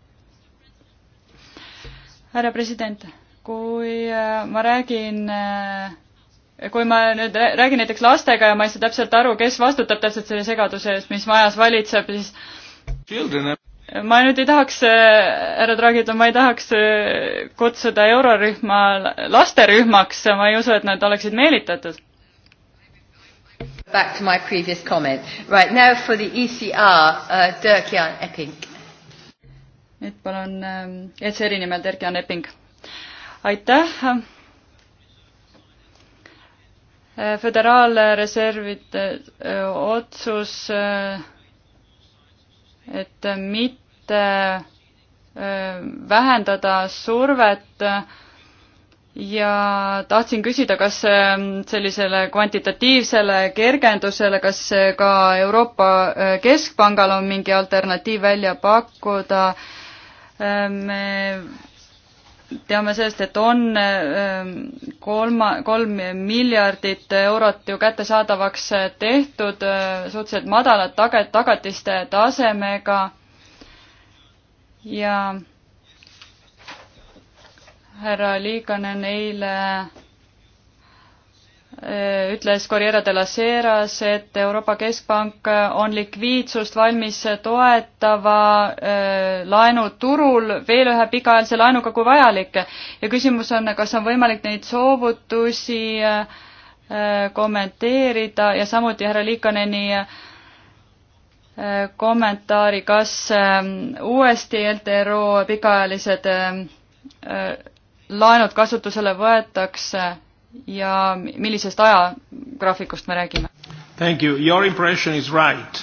härra president kui äh, ma räägin äh, kui ma nüüd räägin näiteks lastega ja ma ei saa täpselt aru, kes vastutab täpselt selle segaduse eest, mis majas valitseb, siis Children. Eh? ma nüüd ei tahaks, äh, härra Draghi, ma ei tahaks kutsuda eurorühma lasterühmaks, ma ei usu, et nad oleksid meelitatud. Back to my previous comment. Right now for the ECR uh,, Dirk-Jan Epping. nüüd palun um, ECR-i nimel Dirk-Jan Epping aitäh. föderaalreservide äh, otsus, äh, et mitte äh, vähendada survet ja tahtsin küsida, kas sellisele kvantitatiivsele kergendusele, kas ka Euroopa Keskpangal on mingi alternatiiv välja pakkuda? me teame sellest, et on ähm, kolma, kolm miljardit eurot ju kättesaadavaks tehtud äh, suhteliselt madalad taga-, tagatiste tasemega ja härra Liikanen eile Äh, ütles Corriere de la Sieras, et Euroopa Keskpank on likviidsust valmis toetava äh, laenuturul veel ühe pikaajalise laenuga kui vajalik. ja küsimus on, kas on võimalik neid soovutusi äh, kommenteerida ja samuti härra Liikoneni kommentaari, kas uuesti LTRO pikaajalised laenud kasutusele võetakse ja millisest ajagraafikust me räägime? Thank you, your impression is right.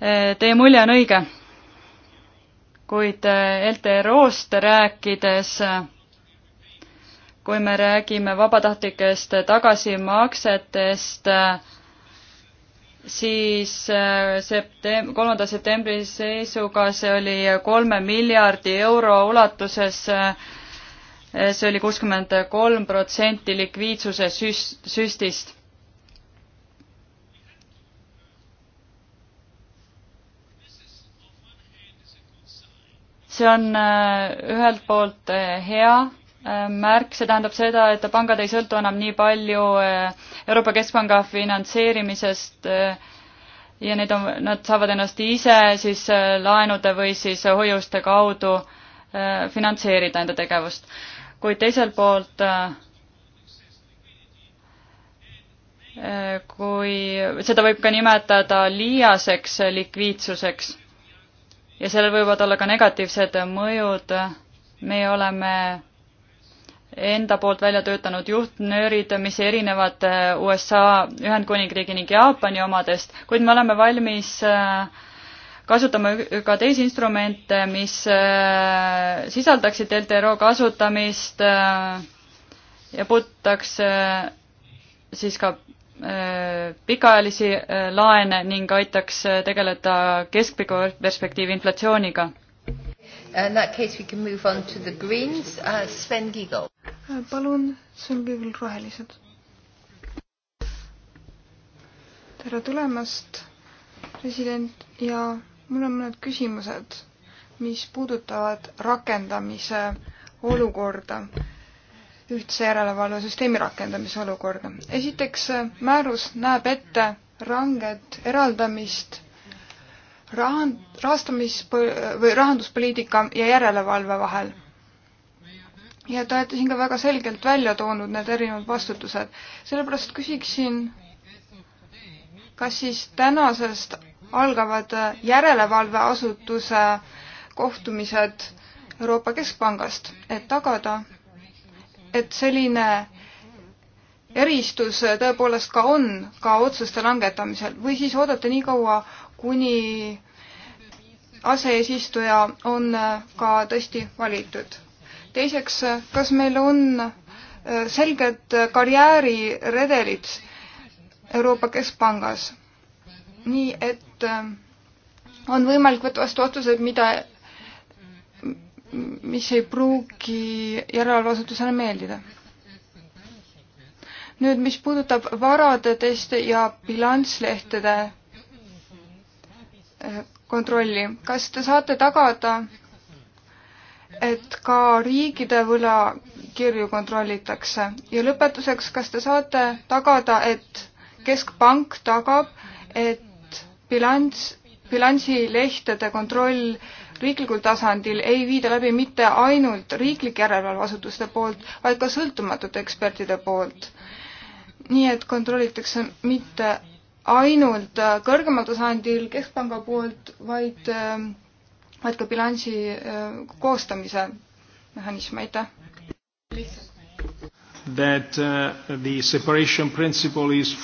E, teie mulje on õige. kuid e, LTRO-st rääkides, e, kui me räägime vabatahtlikest tagasimaksetest, siis septem-, kolmanda septembri seisuga see oli kolme miljardi euro ulatuses äh, Eh, see oli kuuskümmend kolm protsenti likviidsuse süst, süstist. see on eh, ühelt poolt eh, hea märk, see tähendab seda, et pangad ei sõltu enam nii palju Euroopa Keskpanga finantseerimisest ja need on, nad saavad ennast ise siis laenude või siis hoiuste kaudu finantseerida enda tegevust kuid teiselt poolt äh, kui, seda võib ka nimetada liiaseks likviidsuseks ja sellel võivad olla ka negatiivsed mõjud. meie oleme enda poolt välja töötanud juhtnöörid, mis erinevad äh, USA, Ühendkuningriigi ning Jaapani omadest, kuid me oleme valmis äh, kasutame ka teisi instrumente, mis äh, sisaldaksid LTRO kasutamist äh, ja puudutaks äh, siis ka pikaajalisi laene ning aitaks tegeleda keskpika perspektiivi inflatsiooniga. Uh, in that case we can move on to the Greens uh,, Sven Kiigel. Uh, palun, Sven Kiigel, Rohelised. tere tulemast, president ja mul on mõned küsimused, mis puudutavad rakendamise olukorda, ühtse järelevalvesüsteemi rakendamise olukorda. esiteks, määrus näeb ette ranget eraldamist rahan-, rahastamis- või rahanduspoliitika ja järelevalve vahel. ja te olete siin ka väga selgelt välja toonud need erinevad vastutused. sellepärast küsiksin, kas siis tänasest algavad äh, järelevalveasutuse kohtumised Euroopa Keskpangast, et tagada, et selline eristus tõepoolest ka on ka otsuste langetamisel või siis oodata nii kaua, kuni aseesistuja on äh, ka tõesti valitud. teiseks, äh, kas meil on selged karjääriredelid Euroopa Keskpangas? nii et et äh, on võimalik võtta vastu otsuseid, mida, mis ei pruugi järelevalveasutusele meeldida. nüüd, mis puudutab varade teste ja bilanslehtede äh, kontrolli, kas te saate tagada, et ka riikide võlakirju kontrollitakse ja lõpetuseks, kas te saate tagada, et keskpank tagab, et bilanss, bilansilehtede kontroll riiklikul tasandil ei viida läbi mitte ainult riiklike järelevalveasutuste poolt, vaid ka sõltumatute ekspertide poolt. nii et kontrollitakse mitte ainult äh, kõrgemal tasandil Keskpanga poolt, vaid, ähm, vaid ka bilansi äh, koostamise mehhanism, aitäh. That uh, the separation principle is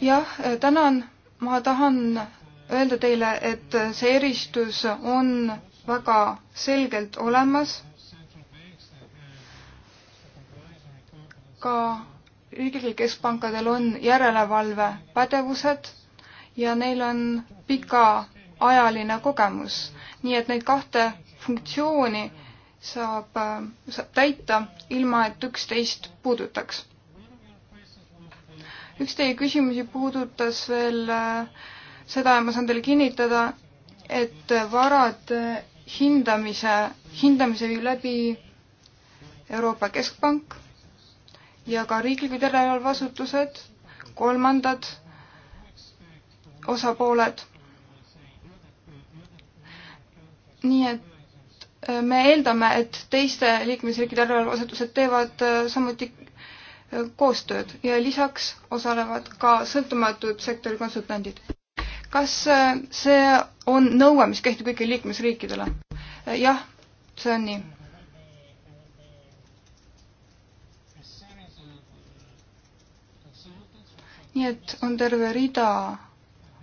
jah, tänan, ma tahan öelda teile, et see eristus on väga selgelt olemas. ka riiklikel keskpankadel on järelevalvepädevused ja neil on pikaajaline kogemus, nii et neid kahte funktsiooni saab, saab täita ilma, et üksteist puudutaks üks teie küsimusi puudutas veel äh, seda ja ma saan teile kinnitada, et varade hindamise, hindamise viib läbi Euroopa Keskpank ja ka riiklikud järelevalveasutused, kolmandad osapooled. nii et äh, me eeldame, et teiste liikmesriikide järelevalveasutused teevad äh, samuti koostööd ja lisaks osalevad ka sõltumatud sektori konsultandid. kas äh, see on nõue, mis kehtib kõigile liikmesriikidele? Äh, jah, see on nii. nii et on terve rida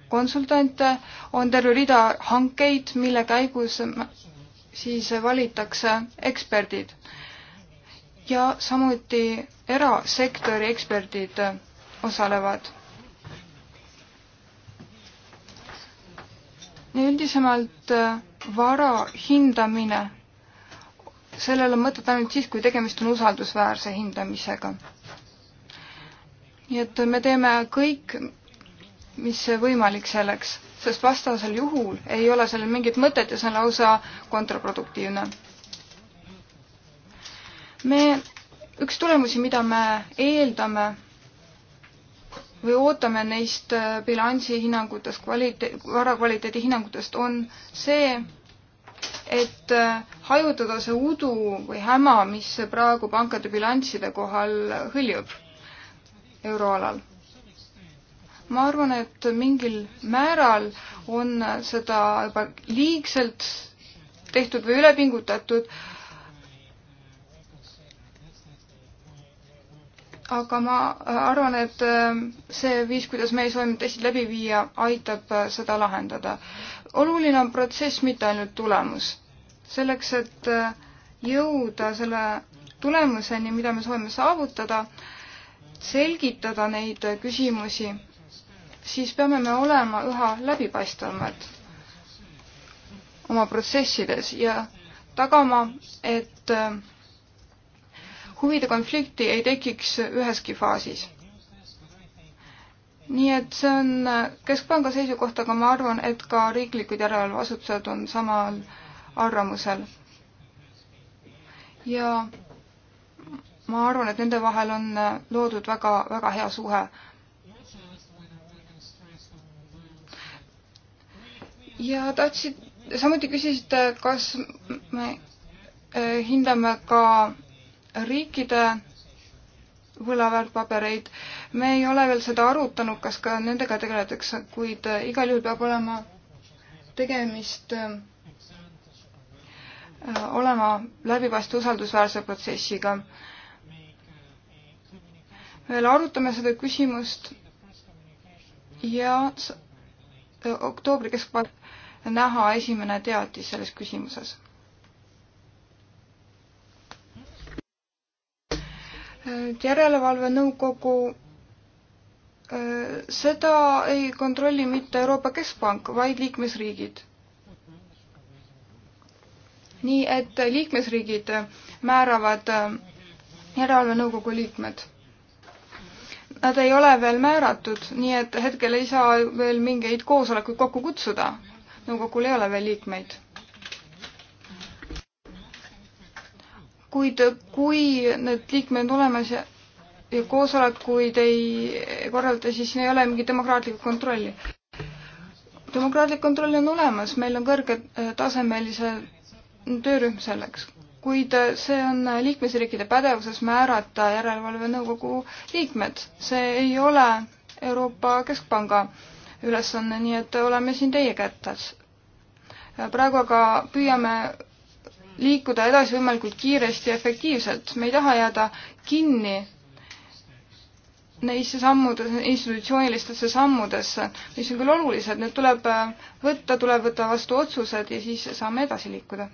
konsultante, on terve rida hankeid, mille käigus siis valitakse eksperdid ja samuti erasektori eksperdid osalevad. üldisemalt äh, vara hindamine, sellel on mõtet ainult siis, kui tegemist on usaldusväärse hindamisega. nii et me teeme kõik, mis võimalik selleks, sest vastasel juhul ei ole sellel mingit mõtet ja see on lausa kontraproduktiivne me, üks tulemusi, mida me eeldame või ootame neist äh, bilansihinnangutest, kvaliteet, varakvaliteedi hinnangutest, on see, et äh, hajutada see udu või häma, mis praegu pankade bilansside kohal hõljub euroalal. ma arvan, et mingil määral on seda juba liigselt tehtud või üle pingutatud aga ma äh, arvan, et äh, see viis, kuidas meie soovime testid läbi viia, aitab äh, seda lahendada. oluline on protsess, mitte ainult tulemus. selleks, et jõuda selle tulemuseni, mida me soovime saavutada, selgitada neid küsimusi, siis peame me olema üha läbipaistvamad oma protsessides ja tagama, et äh, huvide konflikti ei tekiks üheski faasis. nii et see on Keskpanga seisukoht, aga ma arvan, et ka riiklikud järelevalveasutused on samal arvamusel. ja ma arvan, et nende vahel on loodud väga, väga hea suhe. ja tahtsid, samuti küsisite, kas me eh, hindame ka riikide võlaväärtpabereid. me ei ole veel seda arutanud, kas ka nendega tegeletakse, kuid äh, igal juhul peab olema tegemist äh, olema läbipaistva usaldusväärse protsessiga. veel arutame seda küsimust ja äh, oktoobri keskpaik näha esimene teadis selles küsimuses. et järelevalvenõukogu äh, seda ei kontrolli mitte Euroopa Keskpank, vaid liikmesriigid. nii et liikmesriigid määravad äh, järelevalvenõukogu liikmed. Nad ei ole veel määratud, nii et hetkel ei saa veel mingeid koosolekuid kokku kutsuda. nõukogul ei ole veel liikmeid kuid kui need liikmed on olemas ja, ja koosolekuid ei korralda, siis ei ole mingit demokraatlikku kontrolli. demokraatlik kontroll on olemas, meil on kõrgetasemelise äh, töörühm selleks, kuid äh, see on äh, liikmesriikide pädevuses määrata järelevalvenõukogu liikmed. see ei ole Euroopa Keskpanga ülesanne, nii et oleme siin teie kätes. praegu aga püüame liikuda edasi võimalikult kiiresti ja efektiivselt. me ei taha jääda kinni neisse sammudesse, institutsioonilistesse sammudesse, mis on küll olulised, need tuleb äh, võtta, tuleb võtta vastu otsused ja siis saame edasi liikuda.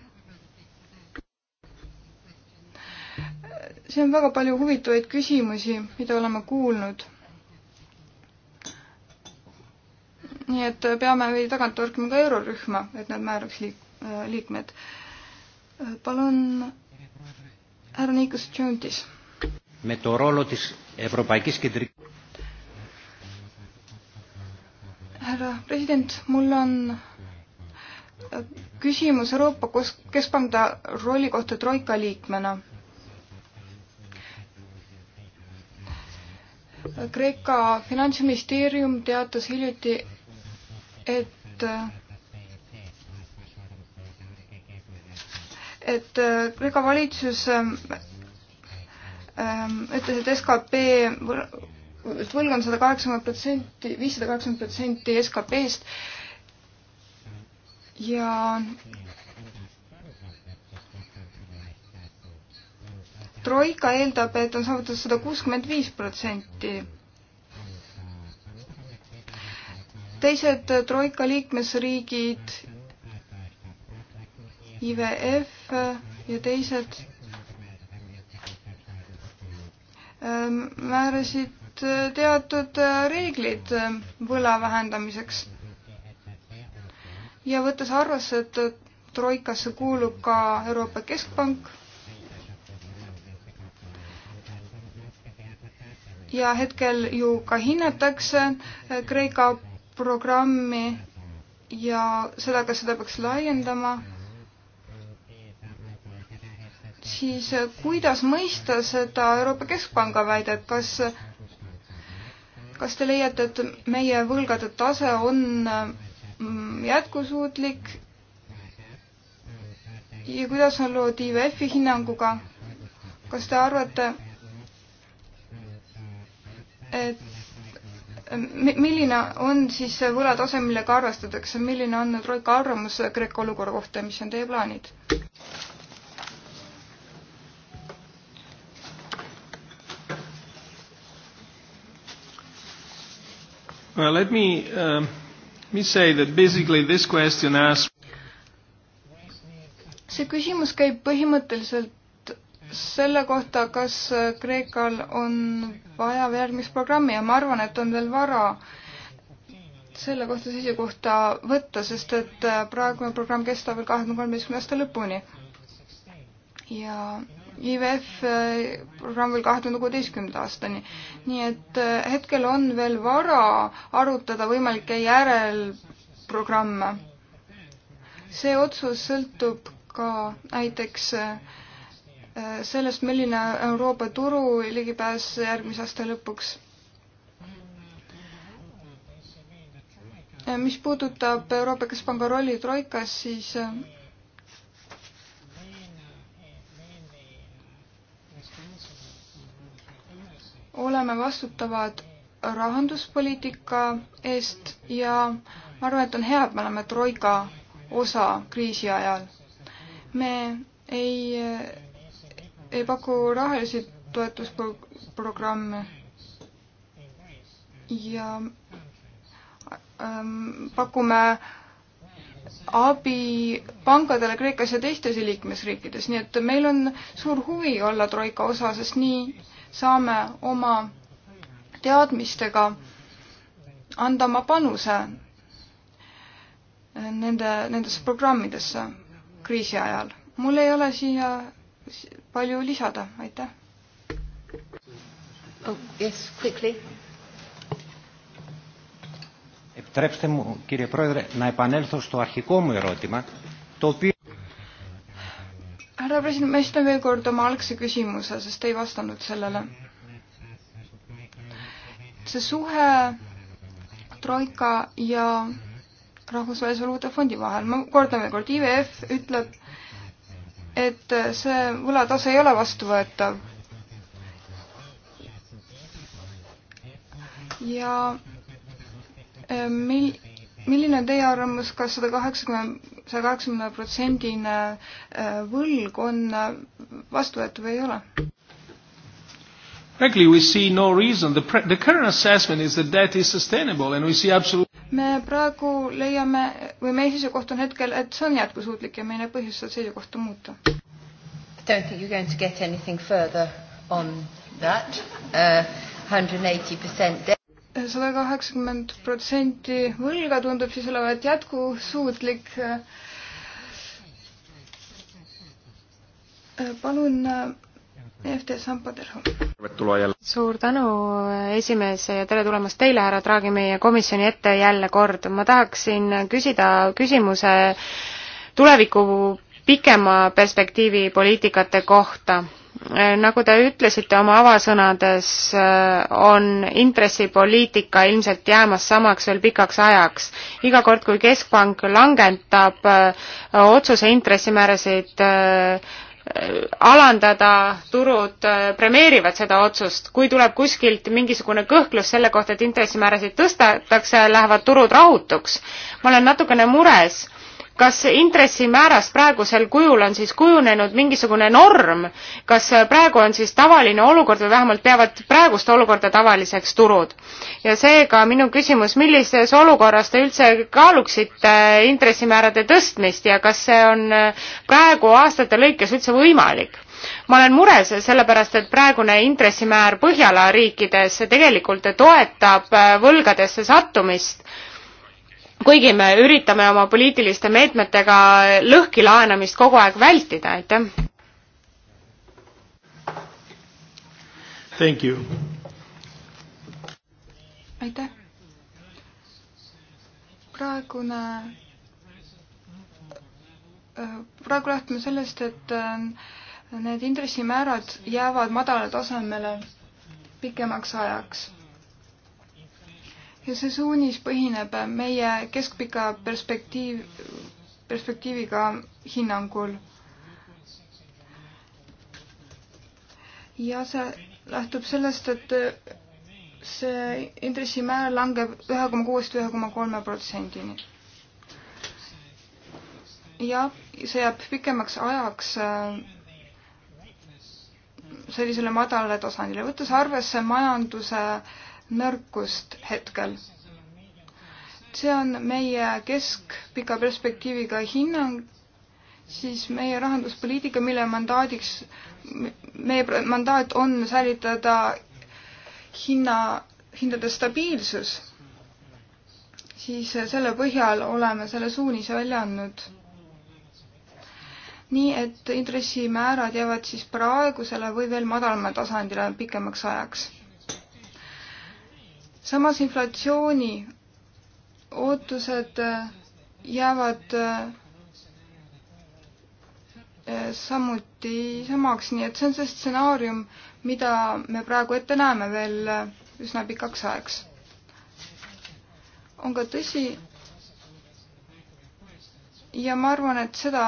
siin on väga palju huvitavaid küsimusi, mida oleme kuulnud. nii et peame veidi tagant torkima ka eurorühma, et nad määraks liik-, äh, liikmed. Liikmed palun, härra Nikos Tšuntis. me too rollo tis Euroopakis kedri-. härra president, mul on äh, küsimus Euroopa Keskpanga rolli kohta Troika liikmena. Kreeka finantsministeerium teatas hiljuti, et äh, et Kreeka äh, valitsus ähm, ähm, ütles, et skp võlg on sada kaheksakümmend protsenti, viissada kaheksakümmend protsenti SKP-st ja troika eeldab, et on saavutatud sada kuuskümmend viis protsenti. teised troika liikmesriigid, IVF ja teised ähm, määrasid äh, teatud äh, reeglid äh, võla vähendamiseks. ja võttes arvesse, et troikasse kuulub ka Euroopa Keskpank ja hetkel ju ka hinnatakse Kreeka programmi ja seda, kas seda peaks laiendama siis äh, kuidas mõista seda Euroopa Keskpanga väidet, kas, kas te leiate, et meie võlgade tase on mm, jätkusuutlik ja kuidas on lood IWF-i hinnanguga? kas te arvate, et milline on siis see võlatase, millega arvestatakse, milline on Troika arvamus Kreeka olukorra kohta ja mis on teie plaanid? Well, let me, uh, let me say that basically this question asks see küsimus käib põhimõtteliselt selle kohta, kas äh, Kreekal on vaja veel järgmist programmi ja ma arvan, et on veel vara selle kohta seisukohta võtta, sest et äh, praegune programm kestab veel kahekümne kolmeteistkümne aasta lõpuni. ja IVF äh, programm veel kahe tuhande kuueteistkümnenda aastani. nii et äh, hetkel on veel vara arutada võimalikke järelprogramme. see otsus sõltub ka näiteks äh, sellest, milline Euroopa turu ligipääs järgmise aasta lõpuks. mis puudutab Euroopa Keskpanga rolli Troikas, siis oleme vastutavad rahanduspoliitika eest ja ma arvan, et on hea, et me oleme troika osa kriisi ajal. me ei, ei paku rahalisi toetusprogramme ja ähm, pakume abi pankadele Kreekas ja teistes liikmesriikides, nii et meil on suur huvi olla troika osa, sest nii äh, saame oma teadmistega anda oma panuse nende, nendesse programmidesse kriisi ajal. mul ei ole siia palju lisada, aitäh. Oh, yes, quickly. Επιτρέψτε μου, κύριε Πρόεδρε, να επανέλθω στο αρχικό μου ερώτημα, το οποίο härra president, ma esitan veel kord oma algse küsimuse, sest te ei vastanud sellele. see suhe Troika ja Rahvusvahelise Valuutafondi vahel, ma kordan veel kord, IWF ütleb, et see võlatase ei ole vastuvõetav. ja mil-, milline on teie arvamus kas, kas sada kaheksakümmend, saja kaheksakümne protsendine äh, võlg on äh, vastuvõetav või ei ole? Frankly, we see no reason. The, pre the current assessment is that debt is sustainable and we see absolute me praegu leiame või meie seisukoht on hetkel, et see on jätkusuutlik ja meil ei ole põhjust seda seisukohta muuta. I don't think you are going to get anything further on that uh,. 180% sada kaheksakümmend protsenti võlga tundub siis olevat jätkusuutlik. palun EFT Sampo Terho. suur tänu, esimees, ja tere tulemast teile, härra Draagi, meie komisjoni ette jälle kord. ma tahaksin küsida küsimuse tuleviku pikema perspektiivi poliitikate kohta Äh, nagu te ütlesite oma avasõnades, äh, on intressipoliitika ilmselt jäämas samaks veel pikaks ajaks. iga kord, kui Keskpank langetab äh, otsuse intressimäärasid alandada, turud premeerivad seda otsust. kui tuleb kuskilt mingisugune kõhklus selle kohta, et intressimäärasid tõstetakse, lähevad turud rahutuks. ma olen natukene mures kas intressimäärast praegusel kujul on siis kujunenud mingisugune norm, kas praegu on siis tavaline olukord või vähemalt peavad praegust olukorda tavaliseks turud? ja seega minu küsimus, millises olukorras te üldse kaaluksite intressimäärade tõstmist ja kas see on äh, praegu aastate lõikes üldse võimalik? ma olen mures sellepärast, et praegune intressimäär Põhjala riikides tegelikult toetab äh, võlgadesse sattumist kuigi me üritame oma poliitiliste meetmetega lõhki laenamist kogu aeg vältida, aitäh. Thank you. aitäh. praegune, äh, praegu lähtume sellest, et äh, need intressimäärad jäävad madalale tasemele pikemaks ajaks ja see suunis põhineb meie keskpika perspektiiv, perspektiiviga hinnangul. ja see lähtub sellest, et see intressimäär langeb ühe koma kuuest ühe koma kolme protsendini. ja see jääb pikemaks ajaks äh, sellisele madalale tasandile, võttes arvesse majanduse äh, nõrkust hetkel. see on meie keskpika perspektiiviga hinnang, siis meie rahanduspoliitika, mille mandaadiks, meie mandaat on säilitada hinna, hindade stabiilsus, siis selle põhjal oleme selle suunise välja andnud nii et intressimäärad jäävad siis praegusele või veel madalamale tasandile pikemaks ajaks samas inflatsiooni ootused äh, jäävad äh, äh, samuti samaks, nii et see on see stsenaarium, mida me praegu ette näeme veel üsna pikaks ajaks. on ka tõsi ja ma arvan, et seda,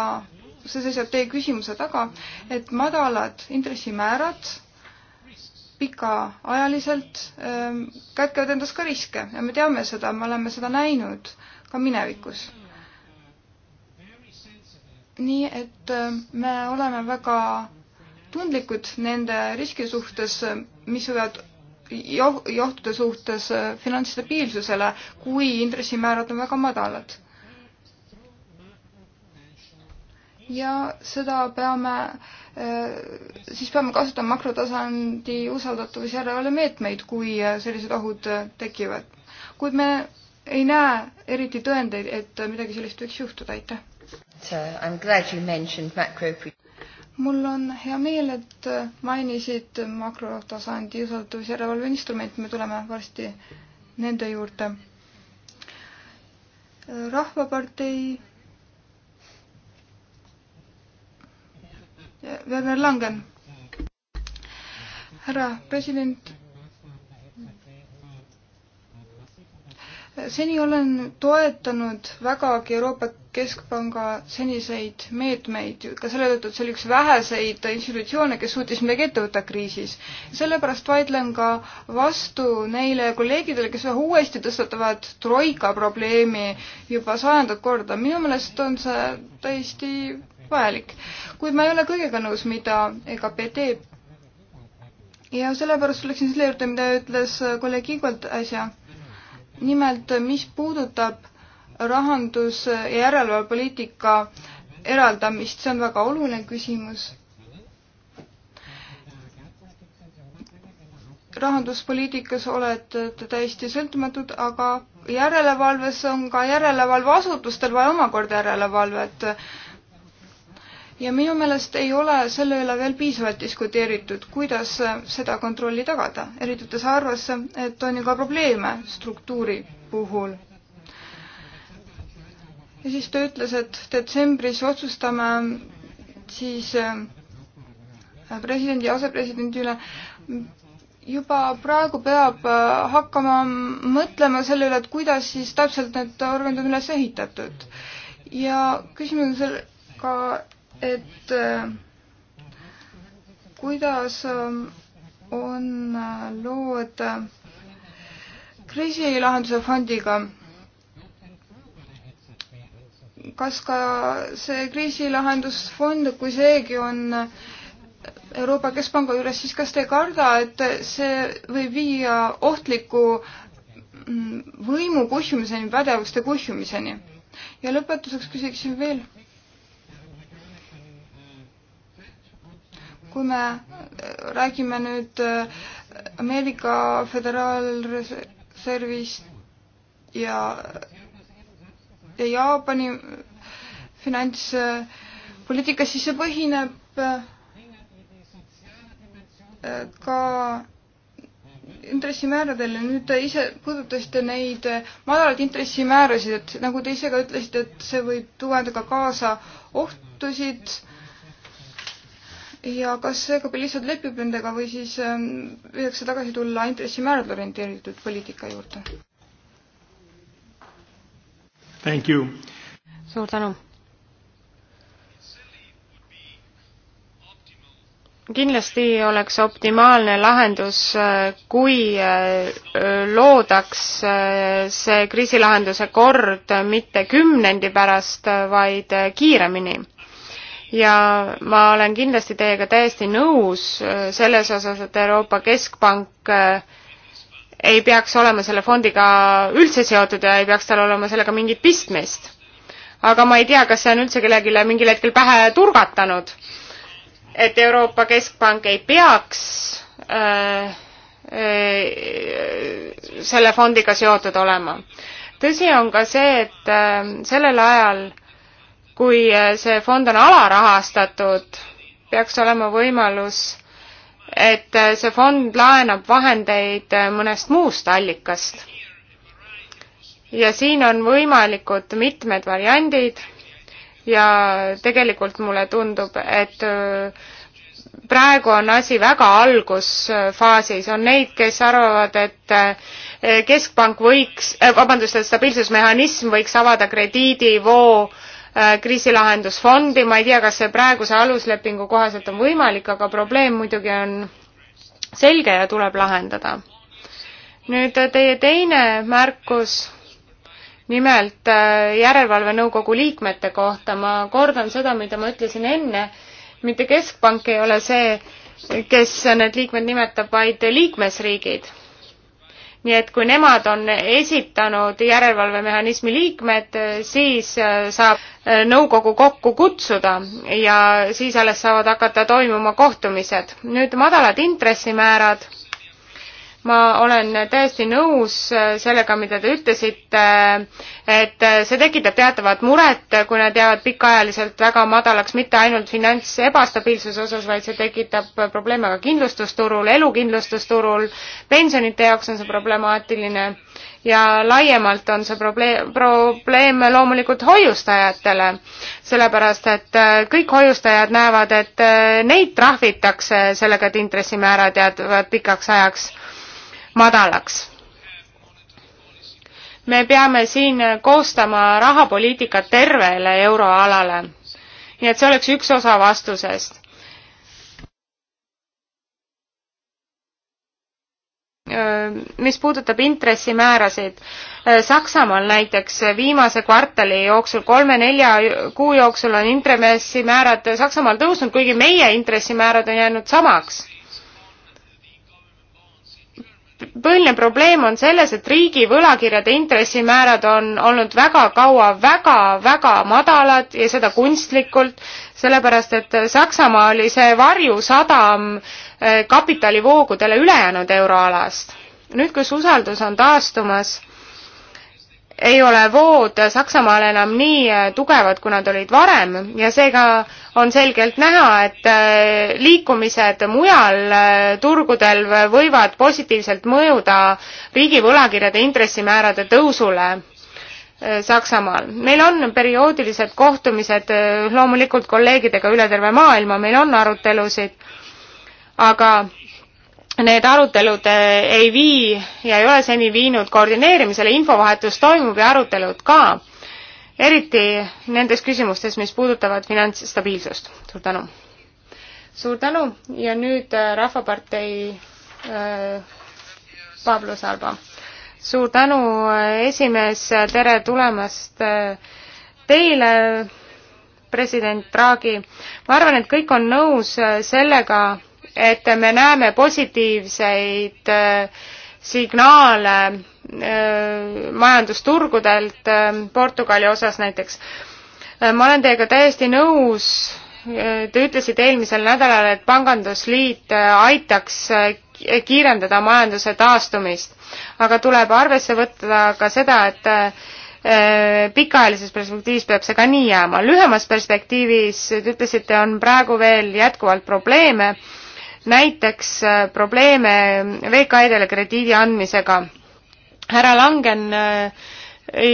see seisab teie küsimuse taga, et madalad intressimäärad pikaajaliselt ähm, kätkevad endas ka riske ja me teame seda, me oleme seda näinud ka minevikus. nii et ähm, me oleme väga tundlikud nende riski suhtes, mis võivad johtude suhtes äh, finantsstabiilsusele, kui intressimäärad on väga madalad ja seda peame, äh, siis peame kasutama makrotasandi usaldatavusjärelevalve meetmeid, kui äh, sellised ohud äh, tekivad. kuid me ei näe eriti tõendeid, et midagi sellist võiks juhtuda, aitäh. I am glad you mentioned macro mul on hea meel, et mainisid makrotasandi usaldusjärelevalve instrumente, me tuleme varsti nende juurde. rahvapartei Werner Langen. härra president. seni olen toetanud vägagi Euroopa Keskpanga seniseid meetmeid ka selle tõttu, et see oli üks väheseid institutsioone, kes suutis midagi ette võtta kriisis. sellepärast vaidlen ka vastu neile kolleegidele, kes ühe uuesti tõstatavad troika probleemi juba sajandat korda. minu meelest on see täiesti vajalik. kuid ma ei ole kõigega nõus, mida EKP teeb. ja sellepärast tuleksin selle juurde, mida ütles kolleeg Igolt äsja. nimelt, mis puudutab rahandus- ja järelevalvepoliitika eraldamist, see on väga oluline küsimus rahanduspoliitikas olete te täiesti sõltumatud, aga järelevalves on ka järelevalveasutustel vaja omakorda järelevalvet ja minu meelest ei ole selle üle veel piisavalt diskuteeritud, kuidas äh, seda kontrolli tagada, eriti võttes arvesse, et on ju ka probleeme struktuuri puhul. ja siis ta ütles, et detsembris otsustame siis äh, presidendi ja asepresidendi üle. juba praegu peab äh, hakkama mõtlema selle üle, et kuidas siis täpselt need organid on üles ehitatud. ja küsimus on selle ka et äh, kuidas ähm, on äh, lood äh, kriisilahenduse fondiga. kas ka see kriisilahendusfond, kui seegi on Euroopa Keskpanga juures, siis kas te ei karda, et see võib viia ohtliku mm, võimu kuhjumiseni, pädevuste kuhjumiseni? ja lõpetuseks küsiksin veel kui me äh, räägime nüüd äh, Ameerika Föderaalreservist ja, ja Jaapani äh, finantspoliitikas, siis see põhineb ka intressimääradel ja nüüd te ise puudutasite neid madalaid intressimäärasid, et nagu te ise ka ütlesite, et see võib tuua endaga kaasa ohtusid ja kas EKP lihtsalt lepib nendega või siis võidakse ähm, tagasi tulla intressimääradele orienteeritud poliitika juurde? suur tänu. kindlasti oleks optimaalne lahendus, äh, kui äh, loodaks äh, see kriisilahenduse kord mitte kümnendi pärast, vaid kiiremini ja ma olen kindlasti teiega täiesti nõus äh, selles osas, et Euroopa Keskpank äh, ei peaks olema selle fondiga üldse seotud ja ei peaks tal olema sellega mingit pistmist. aga ma ei tea, kas see on üldse kellelegi mingil hetkel pähe turgatanud, et Euroopa Keskpank ei peaks äh, äh, selle fondiga seotud olema. tõsi on ka see, et äh, sellel ajal äh, kui äh, see fond on alarahastatud, peaks olema võimalus, et äh, see fond laenab vahendeid äh, mõnest muust allikast. ja siin on võimalikud mitmed variandid ja tegelikult mulle tundub, et praegu on asi väga algusfaasis, on neid, kes arvavad, et keskpank võiks, vabandust, et stabiilsusmehhanism võiks avada krediidivoo äh, Äh, kriisilahendusfondi, ma ei tea, kas see praeguse aluslepingu kohaselt on võimalik, aga probleem muidugi on selge ja tuleb lahendada. nüüd äh, teie teine märkus, nimelt äh, Järelevalvenõukogu liikmete kohta, ma kordan seda, mida ma ütlesin enne, mitte Keskpank ei ole see, kes need liikmed nimetab, vaid liikmesriigid nii et kui nemad on esitanud järelevalvemehhanismi liikmed, siis äh, saab äh, nõukogu kokku kutsuda ja siis alles saavad hakata toimuma kohtumised. nüüd madalad intressimäärad ma olen täiesti nõus äh, sellega, mida te ütlesite, et äh, see tekitab teatavat muret, kui need jäävad pikaajaliselt väga madalaks, mitte ainult finants ebastabiilsuse osas, vaid see tekitab äh, probleeme ka kindlustusturul, elukindlustusturul, pensionite jaoks on see problemaatiline ja laiemalt on see probleem, probleem loomulikult hoiustajatele, sellepärast et kõik hoiustajad näevad, et neid trahvitakse sellega, et intressimäärad jäävad pikaks ajaks madalaks. me peame siin koostama rahapoliitikat tervele euroalale. nii et see oleks üks osa vastusest. mis puudutab intressimäärasid, Saksamaal näiteks viimase kvartali jooksul, kolme-nelja kuu jooksul on intressimäärad Saksamaal tõusnud, kuigi meie intressimäärad on jäänud samaks põhiline probleem on selles, et riigi võlakirjade intressimäärad on olnud väga kaua väga-väga madalad ja seda kunstlikult, sellepärast et Saksamaa oli see varjusadam eh, kapitalivoogudele ülejäänud euroalast. nüüd, kus usaldus on taastumas ei ole vood Saksamaal enam nii äh, tugevad, kui nad olid varem ja seega on selgelt näha, et äh, liikumised mujal äh, turgudel võivad positiivselt mõjuda riigi võlakirjade intressimäärade tõusule. Saksamaal. meil on perioodilised kohtumised loomulikult kolleegidega üle terve maailma, meil on arutelusid, aga need arutelud äh, ei vii ja ei ole seni viinud koordineerimisele, infovahetus toimub ja arutelud ka, eriti nendes küsimustes, mis puudutavad finantsstabiilsust. suur tänu! suur tänu ja nüüd äh, Rahvapartei äh, Pablo Salba. suur tänu, äh, esimees, tere tulemast äh, teile, president Draghi. ma arvan, et kõik on nõus sellega, et me näeme positiivseid äh, signaale äh, majandusturgudelt äh, Portugali osas näiteks. ma olen teiega täiesti nõus, te ütlesite eelmisel nädalal, et Pangandusliit aitaks kiirendada majanduse taastumist, aga tuleb arvesse võtta ka seda, et pikaajalises perspektiivis peab see ka nii jääma. lühemas perspektiivis, te ütlesite, on praegu veel jätkuvalt probleeme näiteks äh, probleeme VKE-dele krediidi andmisega. härra Langen äh,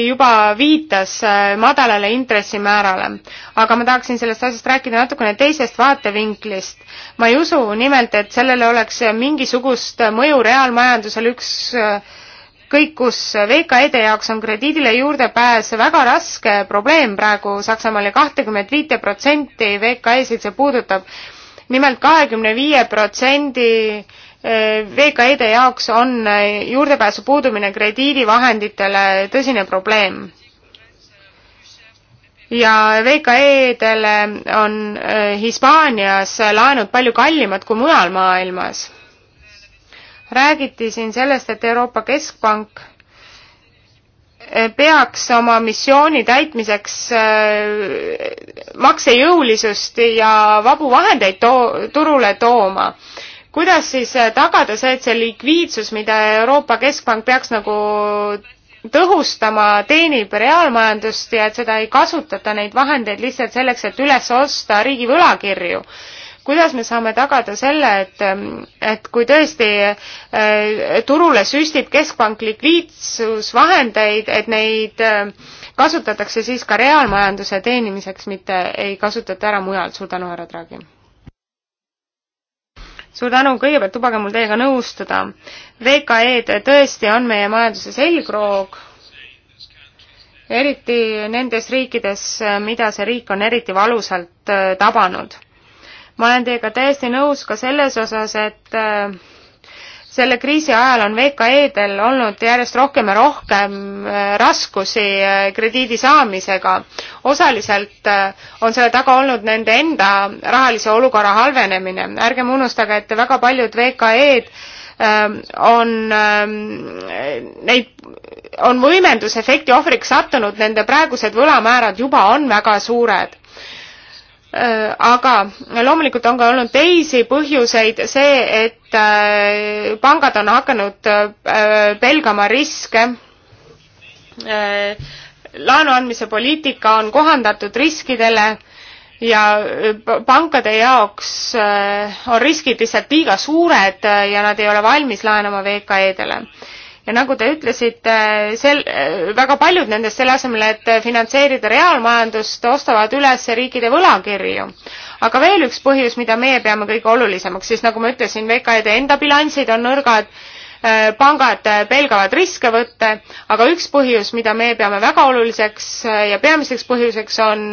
juba viitas äh, madalale intressimäärale, aga ma tahaksin sellest asjast rääkida natukene teisest vaatevinklist. ma ei usu nimelt, et sellel oleks mingisugust mõju reaalmajandusel üks kõik, kus VKE-de jaoks on krediidile juurdepääs väga raske probleem praegu Saksamaal ja kahtekümmet viite protsenti VKE-sid see puudutab nimelt kahekümne viie protsendi eh, VKE-de jaoks on eh, juurdepääsu puudumine krediidivahenditele tõsine probleem. ja VKE-dele on eh, Hispaanias laenud palju kallimad kui mujal maailmas. räägiti siin sellest, et Euroopa Keskpank peaks oma missiooni täitmiseks äh, maksejõulisust ja vabu vahendeid too, turule tooma. kuidas siis äh, tagada see, et see likviidsus, mida Euroopa Keskpank peaks nagu tõhustama, teenib reaalmajandust ja et seda ei kasutata, neid vahendeid lihtsalt selleks, et üles osta riigi võlakirju kuidas me saame tagada selle, et, et kui tõesti äh, turule süstib Keskpank likviidsusvahendeid, et neid äh, kasutatakse siis ka reaalmajanduse teenimiseks, mitte ei kasutata ära mujal. suur tänu, härra Draghi! suur tänu, kõigepealt lubage mul teiega nõustuda. VKE-d tõesti on meie majanduse selgroog, eriti nendes riikides, mida see riik on eriti valusalt äh, tabanud ma olen teiega täiesti nõus ka selles osas, et äh, selle kriisi ajal on VKE-del olnud järjest rohkem ja rohkem äh, raskusi äh, krediidi saamisega. osaliselt on selle taga olnud nende enda rahalise olukorra halvenemine. ärgem unustage, et väga paljud VKE-d ähm, on ähm, neid, on võimendusefekti ohvriks sattunud, nende praegused võlamäärad juba on väga suured Äh, aga loomulikult on ka olnud teisi põhjuseid, see, et äh, pangad on hakanud äh, pelgama riske. laenu andmise poliitika on kohandatud riskidele ja pankade jaoks on riskid lihtsalt liiga suured ja nad ei ole valmis laenama VKE-dele ja nagu te ütlesite, sel-, väga paljud nendest selle asemel, et finantseerida reaalmajandust, ostavad üles riikide võlakirju. aga veel üks põhjus, mida meie peame kõige olulisemaks, siis nagu ma ütlesin, VKD enda bilansid on nõrgad, äh, pangad äh, pelgavad riske võtta, aga üks põhjus, mida me peame väga oluliseks äh, ja peamiseks põhjuseks, on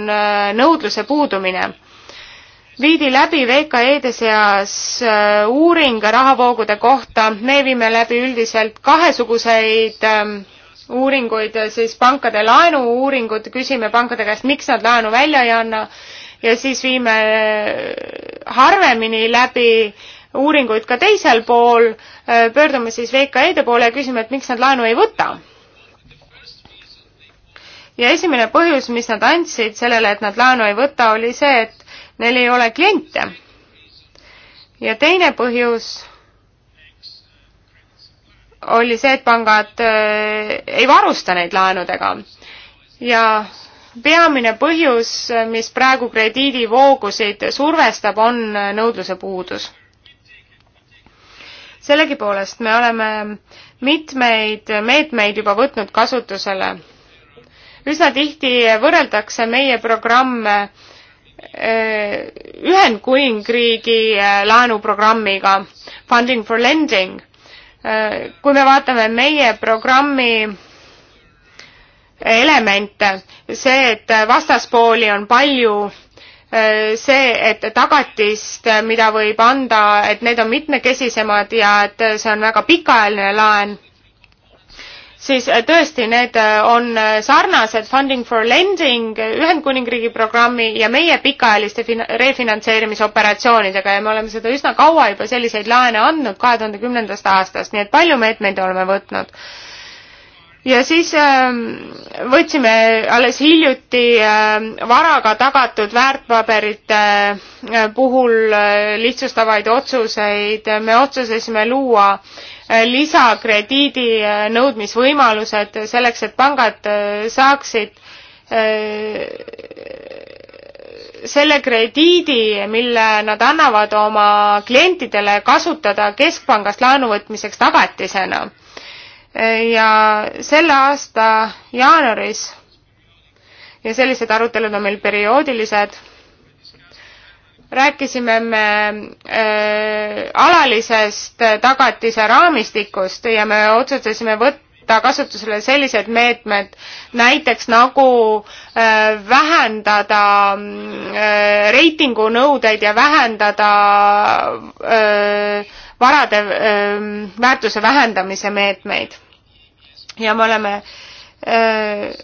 nõudluse puudumine viidi läbi VKE-de seas äh, uuring rahavoogude kohta, me viime läbi üldiselt kahesuguseid ähm, uuringuid, äh, siis pankade laenu-uuringud, küsime pankade käest, miks nad laenu välja ei anna ja siis viime äh, harvemini läbi uuringuid ka teisel pool, pöördume siis VKE-de poole ja küsime, et miks nad laenu ei võta ja esimene põhjus, mis nad andsid sellele, et nad laenu ei võta, oli see, et neil ei ole kliente. ja teine põhjus oli see, et pangad äh, ei varusta neid laenudega ja peamine põhjus, mis praegu krediidivoogusid survestab, on nõudluse puudus. sellegipoolest me oleme mitmeid meetmeid juba võtnud kasutusele. üsna tihti võrreldakse meie programme Äh, Ühendkuningriigi äh, laenuprogrammiga Funding for Lending. Äh, kui me vaatame meie programmi elemente, see, et vastaspooli on palju, see, et tagatist, mida võib anda, et need on mitmekesisemad ja et see on väga pikaajaline laen siis äh, tõesti, need äh, on äh, sarnased Funding for Lending Ühendkuningriigi programmi ja meie pikaajaliste refinantseerimisoperatsioonidega ja me oleme seda üsna kaua juba selliseid laene andnud kahe tuhande kümnendast aastast, nii et palju meetmeid oleme võtnud. ja siis ähm, võtsime alles hiljuti ähm, varaga tagatud väärtpaberite puhul lihtsustavaid otsuseid, me otsustasime luua Äh, lisakrediidi äh, nõudmisvõimalused selleks, et pangad äh, saaksid selle krediidi, mille nad annavad oma klientidele kasutada keskpangast laenu võtmiseks tagatisena. ja selle aasta jaanuaris ja sellised arutelud on meil perioodilised rääkisime me äh, alalisest tagatise raamistikust ja me otsustasime võtta kasutusele sellised meetmed, näiteks nagu äh, vähendada äh, reitingunõudeid ja vähendada äh, varade äh, väärtuse vähendamise meetmeid. ja me oleme äh,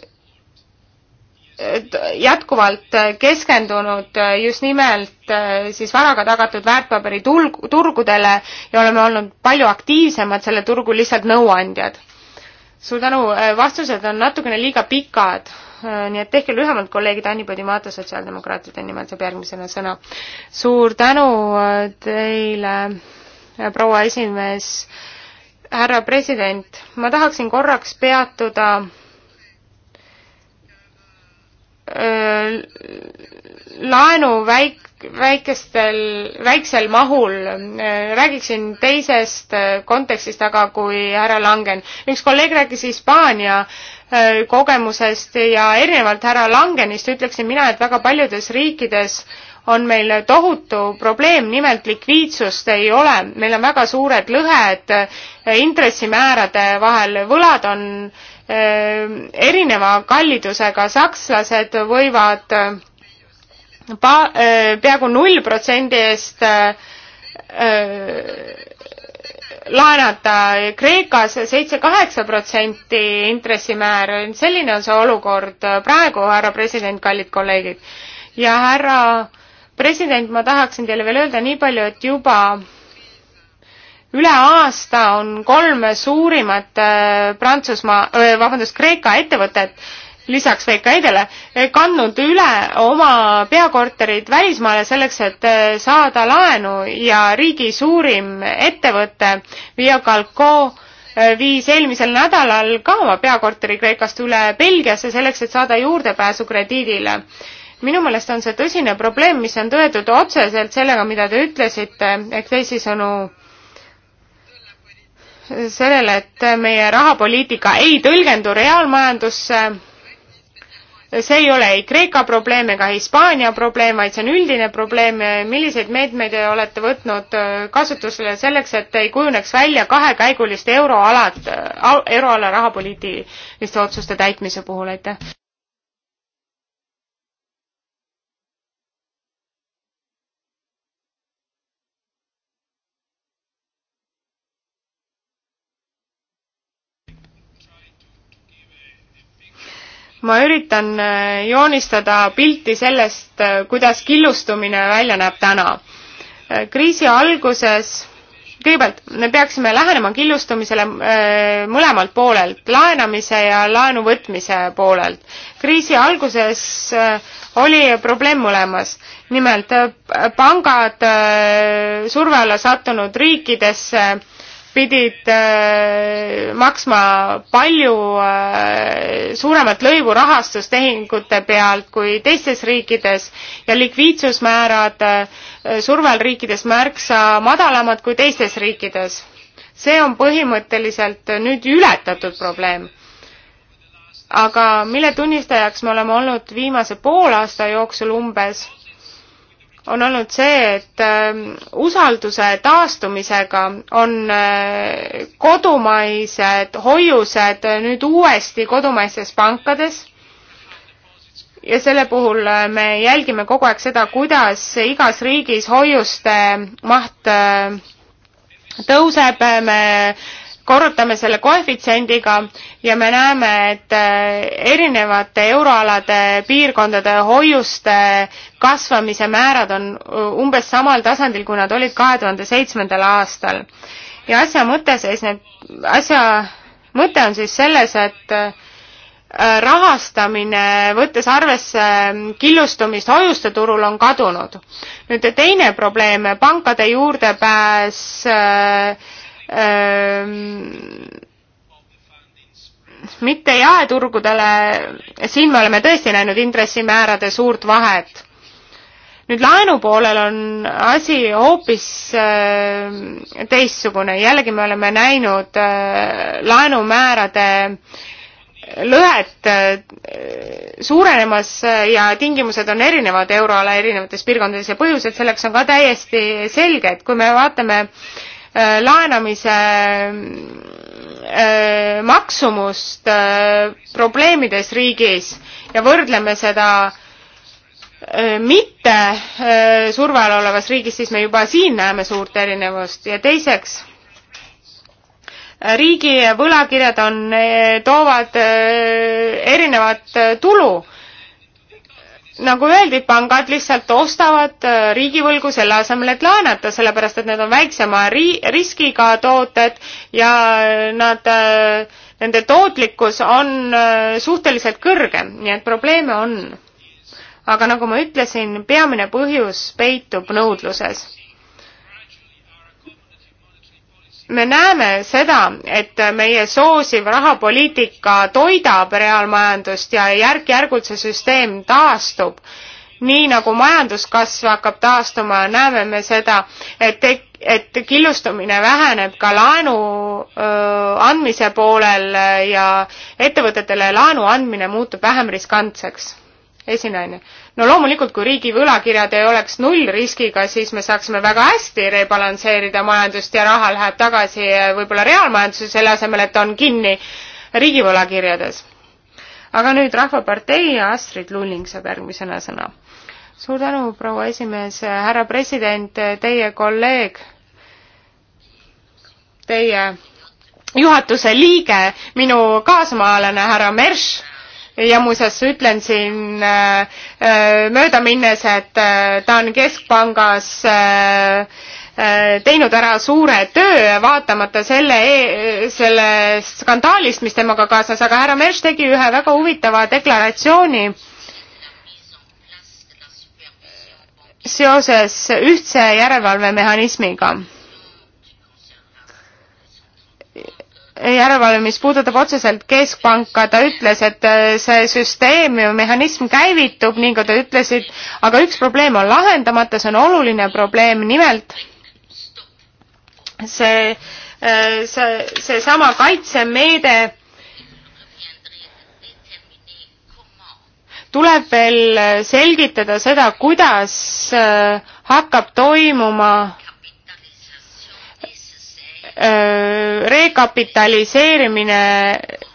jätkuvalt keskendunud just nimelt äh, siis varaga tagatud väärtpaberi turgudele ja oleme olnud palju aktiivsemad selle turgu lihtsalt nõuandjad. suur tänu, äh, vastused on natukene liiga pikad, äh, nii et tehke lühemalt, kolleegid, Anni Podimata sotsiaaldemokraatide nimel saab järgmisena sõna. suur tänu teile, proua esimees, härra president, ma tahaksin korraks peatuda Äh, laenu väik-, väikestel, väiksel mahul, äh, räägiksin teisest äh, kontekstist aga kui härra Langen. üks kolleeg rääkis Hispaania kogemusest ja erinevalt härra Langenist ütleksin mina, et väga paljudes riikides on meil tohutu probleem, nimelt likviidsust ei ole, meil on väga suured lõhed intressimäärade vahel, võlad on Ehm, erineva kallidusega, sakslased võivad eh, pa-, eh, peaaegu null protsendi eest eh, laenata Kreekas seitse-kaheksa protsenti intressimäär, selline on see olukord praegu, härra president, kallid kolleegid. ja härra president, ma tahaksin teile veel öelda nii palju, et juba üle aasta on kolm suurimat äh, Prantsusmaa, äh, vabandust, Kreeka ettevõtet lisaks VKI-dele äh, kandnud üle oma peakorterid välismaale selleks, et saada laenu ja riigi suurim ettevõte Via Calco viis eelmisel nädalal ka oma peakorteri Kreekast üle Belgiasse selleks, et saada juurdepääsu krediidile. minu meelest on see tõsine probleem, mis on tõetud otseselt sellega, mida te ütlesite, ehk teisisõnu sellele, et meie rahapoliitika ei tõlgendu reaalmajandusse. see ei ole ei Kreeka probleem ega Hispaania probleem, vaid see on üldine probleem. milliseid meetmeid te olete võtnud kasutusele selleks, et ei kujuneks välja kahekäigulist euroalad, euroala rahapoliitiliste otsuste täitmise puhul, aitäh? ma üritan äh, joonistada pilti sellest, äh, kuidas killustumine välja näeb täna. Äh, kriisi alguses kõigepealt me peaksime lähenema killustumisele mõlemalt poolelt, laenamise ja laenu võtmise poolelt. kriisi alguses oli probleem mõlemas, nimelt pangad surve alla sattunud riikidesse pidid äh, maksma palju äh, suuremat lõivu rahastustehingute pealt kui teistes riikides ja likviidsusmäärad äh, survel riikides märksa madalamad kui teistes riikides. see on põhimõtteliselt nüüd ületatud probleem. aga mille tunnistajaks me oleme olnud viimase poolaasta jooksul umbes on olnud see, et ähm, usalduse taastumisega on äh, kodumaised hoiused nüüd uuesti kodumaistes pankades ja selle puhul äh, me jälgime kogu aeg seda, kuidas igas riigis hoiuste maht äh, tõuseb, me korrutame selle koefitsiendiga ja me näeme, et äh, erinevate euroalade piirkondade hoiuste kasvamise määrad on äh, umbes samal tasandil, kui nad olid kahe tuhande seitsmendal aastal. ja asja mõte siis need, asja mõte on siis selles, et äh, rahastamine, võttes arvesse killustumist hoiuste turul, on kadunud. nüüd teine probleem, pankade juurdepääs äh, Ehm, mitte jaeturgudele, siin me oleme tõesti näinud intressimäärade suurt vahet. nüüd laenu poolel on asi hoopis ehm, teistsugune, jällegi me oleme näinud ehm, laenumäärade lõhet suurenemas ja tingimused on erinevad euroala erinevates piirkondades ja põhjused selleks on ka täiesti selged, kui me vaatame äh, Äh, laenamise äh, maksumust äh, probleemides riigis ja võrdleme seda mitte surve all olevas riigis, siis me juba siin näeme suurt erinevust ja teiseks, riigi võlakirjad on, toovad erinevat tulu nagu öeldi, pangad lihtsalt ostavad äh, riigivõlgu selle asemel, et laenata, sellepärast et need on väiksema ri-, riskiga tooted ja äh, nad, äh, nende tootlikkus on suhteliselt kõrgem, nii et probleeme on. aga nagu ma ütlesin, peamine põhjus peitub nõudluses me näeme seda, et meie soosiv rahapoliitika toidab reaalmajandust ja järk-järgult see süsteem taastub. nii nagu majanduskasv hakkab taastuma, näeme me seda, et, et killustumine väheneb ka laenu öö, andmise poolel ja ettevõtetele laenu andmine muutub vähem riskantseks. esinaine no loomulikult, kui riigi võlakirjad ei oleks nullriskiga, siis me saaksime väga hästi rebalansseerida majandust ja raha läheb tagasi eh, võib-olla reaalmajandusse, selle asemel, et on kinni riigivõlakirjades. aga nüüd Rahvapartei ja Astrid Lulling saab järgmisena sõna. suur tänu, proua esimees, härra president, teie kolleeg, teie juhatuse liige, minu kaasmaalane härra Mersch ja muuseas ütlen siin äh, äh, möödaminnes, et äh, ta on keskpangas teinud ära suure töö, vaatamata selle, e-, selle skandaalist, mis temaga kaasnes, aga härra Merš tegi ühe väga huvitava deklaratsiooni seoses ühtse järelevalvemehhanismiga järelevalve, mis puudutab otseselt keskpanka, ta ütles, et äh, see süsteem ja mehhanism käivitub, nii kui nagu te ütlesid, aga üks probleem on lahendamata, see on oluline probleem, nimelt see, äh, see, seesama kaitsemeede tuleb veel selgitada seda, kuidas äh, hakkab toimuma rekapitaliseerimine,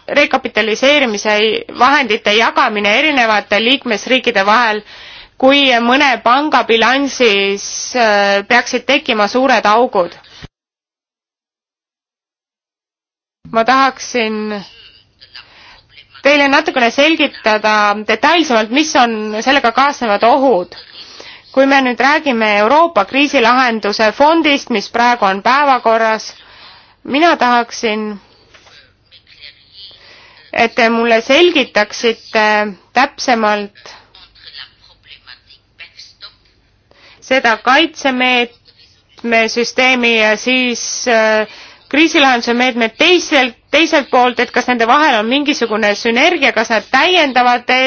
rekapitaliseerimise vahendite jagamine erinevate liikmesriikide vahel, kui mõne panga bilansis peaksid tekkima suured augud. ma tahaksin teile natukene selgitada detailsemalt, mis on sellega kaasnevad ohud kui me nüüd räägime Euroopa kriisilahenduse fondist, mis praegu on päevakorras, mina tahaksin, et te mulle selgitaksite täpsemalt seda kaitsemeetme süsteemi ja siis äh, kriisilahenduse meetmed teiselt, teiselt poolt, et kas nende vahel on mingisugune sünergia, kas nad täiendavad e,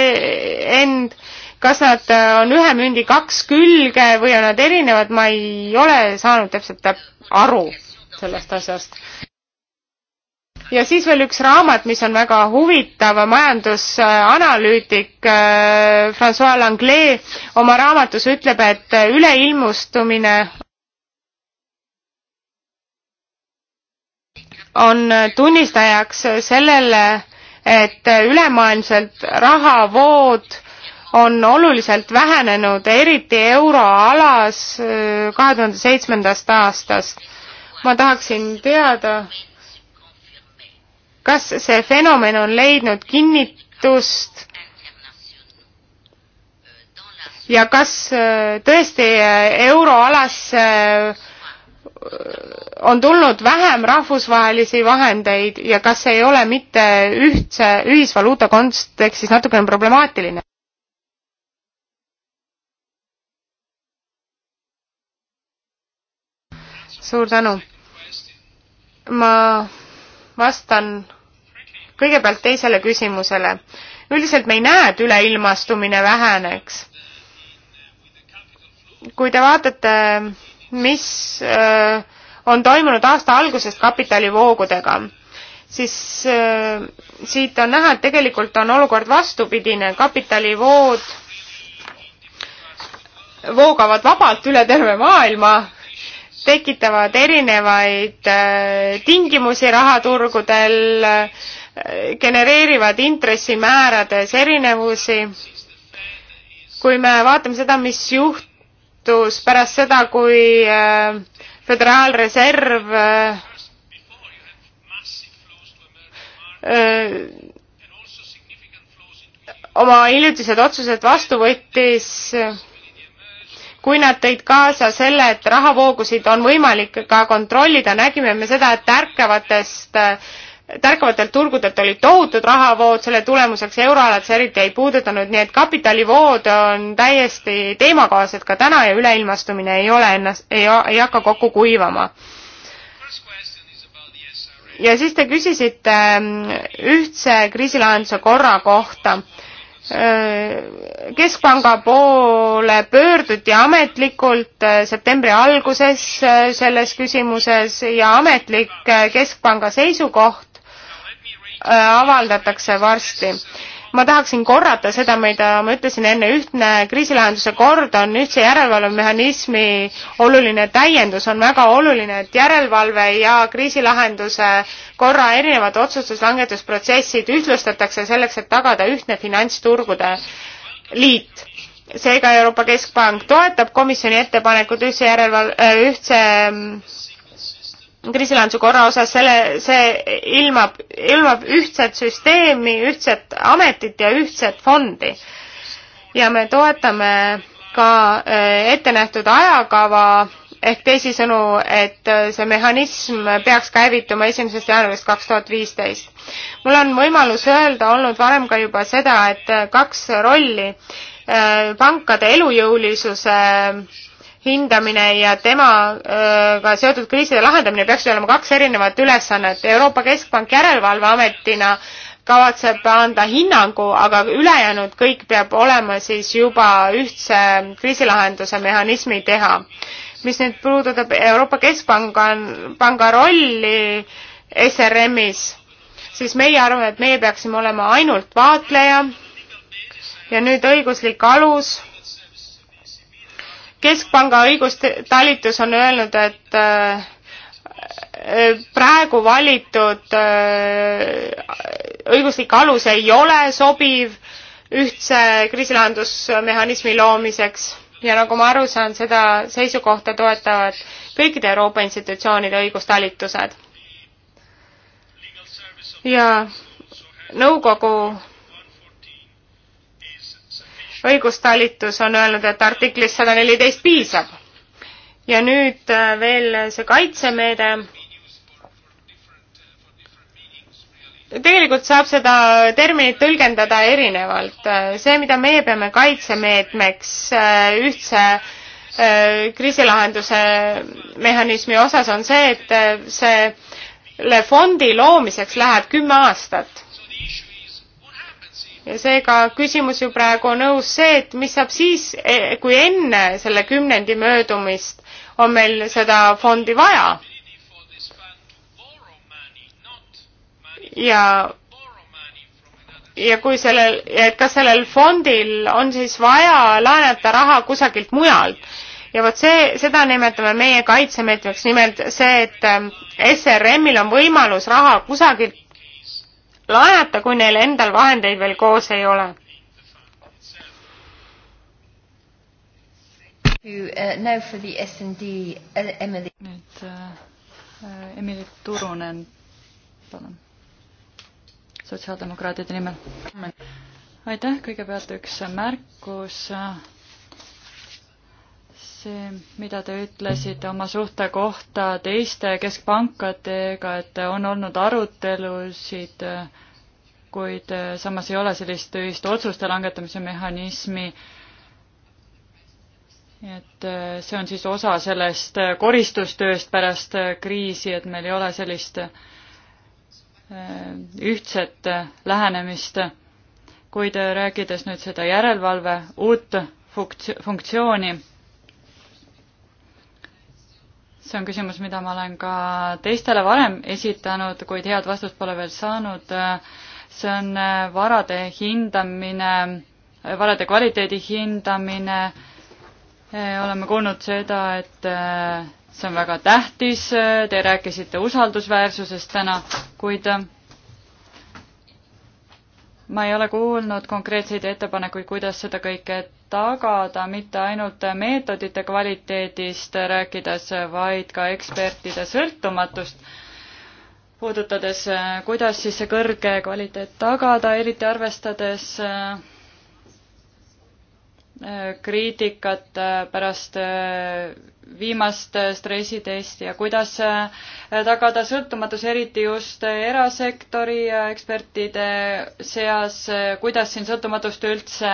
end, kas nad äh, on ühe mündi kaks külge või on nad erinevad, ma ei ole saanud täpselt aru sellest asjast. ja siis veel üks raamat, mis on väga huvitav, majandusanalüütik äh, Francois Langlais oma raamatus ütleb, et üleilmustumine on tunnistajaks sellele, et ülemaailmselt rahavood on oluliselt vähenenud, eriti euroalas äh, kahe tuhande seitsmendast aastast ma tahaksin teada, kas see fenomen on leidnud kinnitust ja kas äh, tõesti äh, euroalasse äh, on tulnud vähem rahvusvahelisi vahendeid ja kas ei ole mitte ühtse ühisvaluuta kontekstis natukene problemaatiline? suur tänu. ma vastan kõigepealt teisele küsimusele. üldiselt me ei näe, et üleilmastumine väheneks. kui te vaatate, mis äh, on toimunud aasta algusest kapitalivoogudega, siis äh, siit on näha, et tegelikult on olukord vastupidine, kapitalivood voogavad vabalt üle terve maailma tekitavad erinevaid äh, tingimusi rahaturgudel, äh, genereerivad intressimäärades erinevusi. kui me vaatame seda, mis juhtus pärast seda, kui äh, föderaalreserv oma hiljutised otsused vastu võttis, kui nad tõid kaasa selle, et rahavoogusid on võimalik ka kontrollida, nägime me seda, et ärkavatest tärkavatelt turgudelt olid tohutud rahavood, selle tulemuseks euroalad see eriti ei puudutanud, nii et kapitalivood on täiesti teemakohased ka täna ja üleilmastumine ei ole ennast, ei, ei hakka kokku kuivama. ja siis te küsisite ähm, ühtse kriisilahenduse korra kohta Äh, keskpanga poole pöörduti ametlikult äh, septembri alguses äh, selles küsimuses ja ametlik keskpanga seisukoht avaldatakse varsti ma tahaksin korrata seda, mida ma ütlesin enne, ühtne kriisilahenduse kord on ühtse järelevalvemehhanismi oluline täiendus, on väga oluline, et järelevalve ja kriisilahenduse korra erinevad otsustuslangetusprotsessid ühtlustatakse selleks, et tagada ühtne finantsturgude liit. seega Euroopa Keskpank toetab komisjoni ettepanekut ühtse järelevalve, äh, ühtse mm, kriisilahenduse korra osas, selle, see ilmab, ilmab ühtset süsteemi, ühtset ametit ja ühtset fondi. ja me toetame ka eh, ette nähtud ajakava ehk teisisõnu, et eh, see mehhanism peaks käivituma esimesest jaanuarist kaks tuhat viisteist. mul on võimalus öelda olnud varem ka juba seda, et eh, kaks rolli, pankade elujõulisuse hindamine ja temaga seotud kriiside lahendamine peaksid olema kaks erinevat ülesannet. Euroopa Keskpank järelevalveametina kavatseb anda hinnangu, aga ülejäänud kõik peab olema siis juba ühtse kriisilahenduse mehhanismi teha. mis nüüd puudutab Euroopa Keskpanga, panga rolli SRM-is, siis meie arvame, et meie peaksime olema ainult vaatleja ja nüüd õiguslik alus keskpanga õigustalitus on öelnud, et äh, äh, praegu valitud äh, õiguslik alus ei ole sobiv ühtse kriisilahendusmehhanismi loomiseks ja nagu ma aru saan, seda seisukohta toetavad kõikide Euroopa institutsioonide õigustalitused. ja nõukogu õigustalitus on öelnud, et artiklist sada neliteist piisab. ja nüüd äh, veel see kaitsemeede. tegelikult saab seda terminit tõlgendada erinevalt. Äh, see, mida meie peame kaitsemeetmeks äh, ühtse kriisilahenduse mehhanismi osas, on see, et see fondi loomiseks läheb kümme aastat seega küsimus ju praegu on õhus see, et mis saab siis, e, kui enne selle kümnendi möödumist on meil seda fondi vaja. ja, ja kui sellel, et kas sellel fondil on siis vaja laenata raha kusagilt mujalt ja vot see, seda nimetame meie kaitsemeetmeks, nimelt see, et ähm, SRM-il on võimalus raha kusagilt laenata, kui neil endal vahendeid veel koos ei ole. Uh, uh, nüüd uh, Emily Turunen, palun, sotsiaaldemokraatide nimel. aitäh, kõigepealt üks märkus see, mida te ütlesite oma suhte kohta teiste keskpankadega, et on olnud arutelusid, kuid samas ei ole sellist ühist otsuste langetamise mehhanismi. et see on siis osa sellest koristustööst pärast kriisi, et meil ei ole sellist äh, ühtset lähenemist. kuid rääkides nüüd seda järelevalve uut funkts-, funktsiooni, see on küsimus, mida ma olen ka teistele varem esitanud, kuid head vastust pole veel saanud. see on äh, varade hindamine, äh, varade kvaliteedi hindamine. Äh, oleme kuulnud seda, et see on väga tähtis, te rääkisite usaldusväärsusest täna, kuid ma ei ole kuulnud konkreetseid ettepanekuid, kuidas seda kõike tagada mitte ainult meetodite kvaliteedist rääkides, vaid ka ekspertide sõltumatust, puudutades, kuidas siis see kõrge kvaliteet tagada, eriti arvestades äh, kriitikat äh, pärast äh, viimast stressitesti ja kuidas tagada sõltumatus, eriti just erasektori ekspertide seas, kuidas siin sõltumatust üldse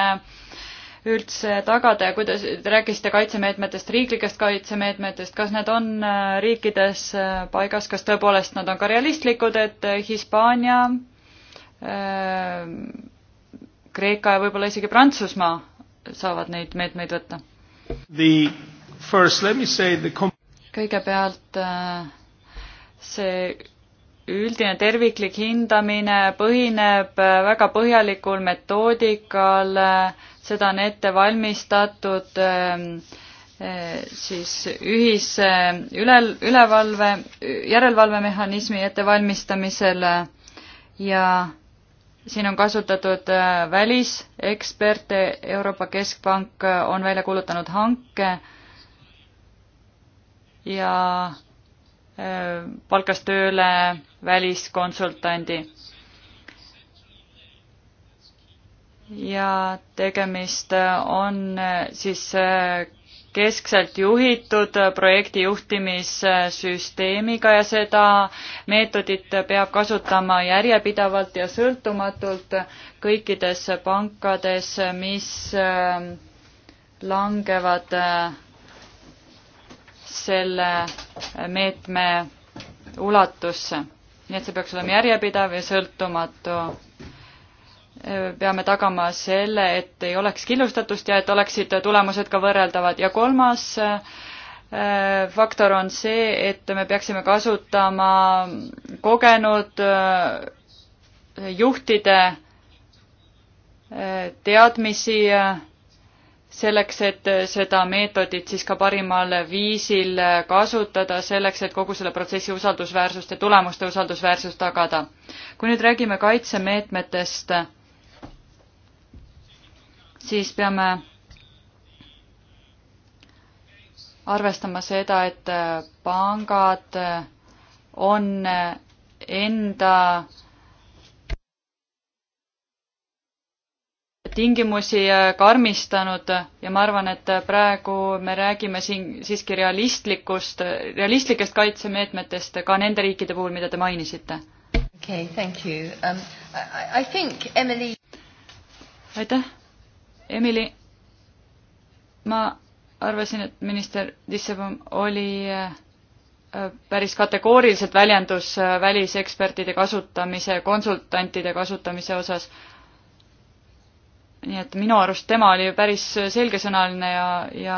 üldse tagada ja kuidas, te rääkisite kaitsemeetmetest, riiklikest kaitsemeetmetest, kas need on äh, riikides äh, paigas, kas tõepoolest nad on ka realistlikud, et äh, Hispaania, Kreeka ja võib-olla isegi Prantsusmaa saavad neid meetmeid võtta? kõigepealt see üldine terviklik hindamine põhineb väga põhjalikul metoodikal, seda on ette valmistatud ähm, äh, siis ühise üle, ülevalve, järelevalvemehhanismi ettevalmistamisel ja siin on kasutatud äh, väliseksperte, Euroopa Keskpank äh, on välja kuulutanud hanke ja palkas tööle väliskonsultandi ja tegemist on eh, siis eh, keskselt juhitud eh, projekti juhtimissüsteemiga ja seda meetodit peab kasutama järjepidevalt ja sõltumatult kõikides pankades, mis langevad selle meetme ulatusse. nii et see peaks olema järjepidev ja sõltumatu peame tagama selle, et ei oleks killustatust ja et oleksid tulemused ka võrreldavad ja kolmas äh, faktor on see, et me peaksime kasutama kogenud äh, juhtide äh, teadmisi selleks, et seda meetodit siis ka parimal viisil kasutada, selleks, et kogu selle protsessi usaldusväärsust ja tulemuste usaldusväärsust tagada. kui nüüd räägime kaitsemeetmetest, siis peame arvestama seda, et äh, pangad äh, on äh, enda tingimusi karmistanud ja ma arvan, et praegu me räägime siin siiski realistlikust, realistlikest kaitsemeetmetest ka nende riikide puhul, mida te mainisite. okei okay,, thank you um,. I, I think Emily. aitäh Emily, ma arvasin, et minister Dissebom oli äh, päris kategooriliselt väljendus äh, välisekspertide kasutamise, konsultantide kasutamise osas. nii et minu arust tema oli päris selgesõnaline ja, ja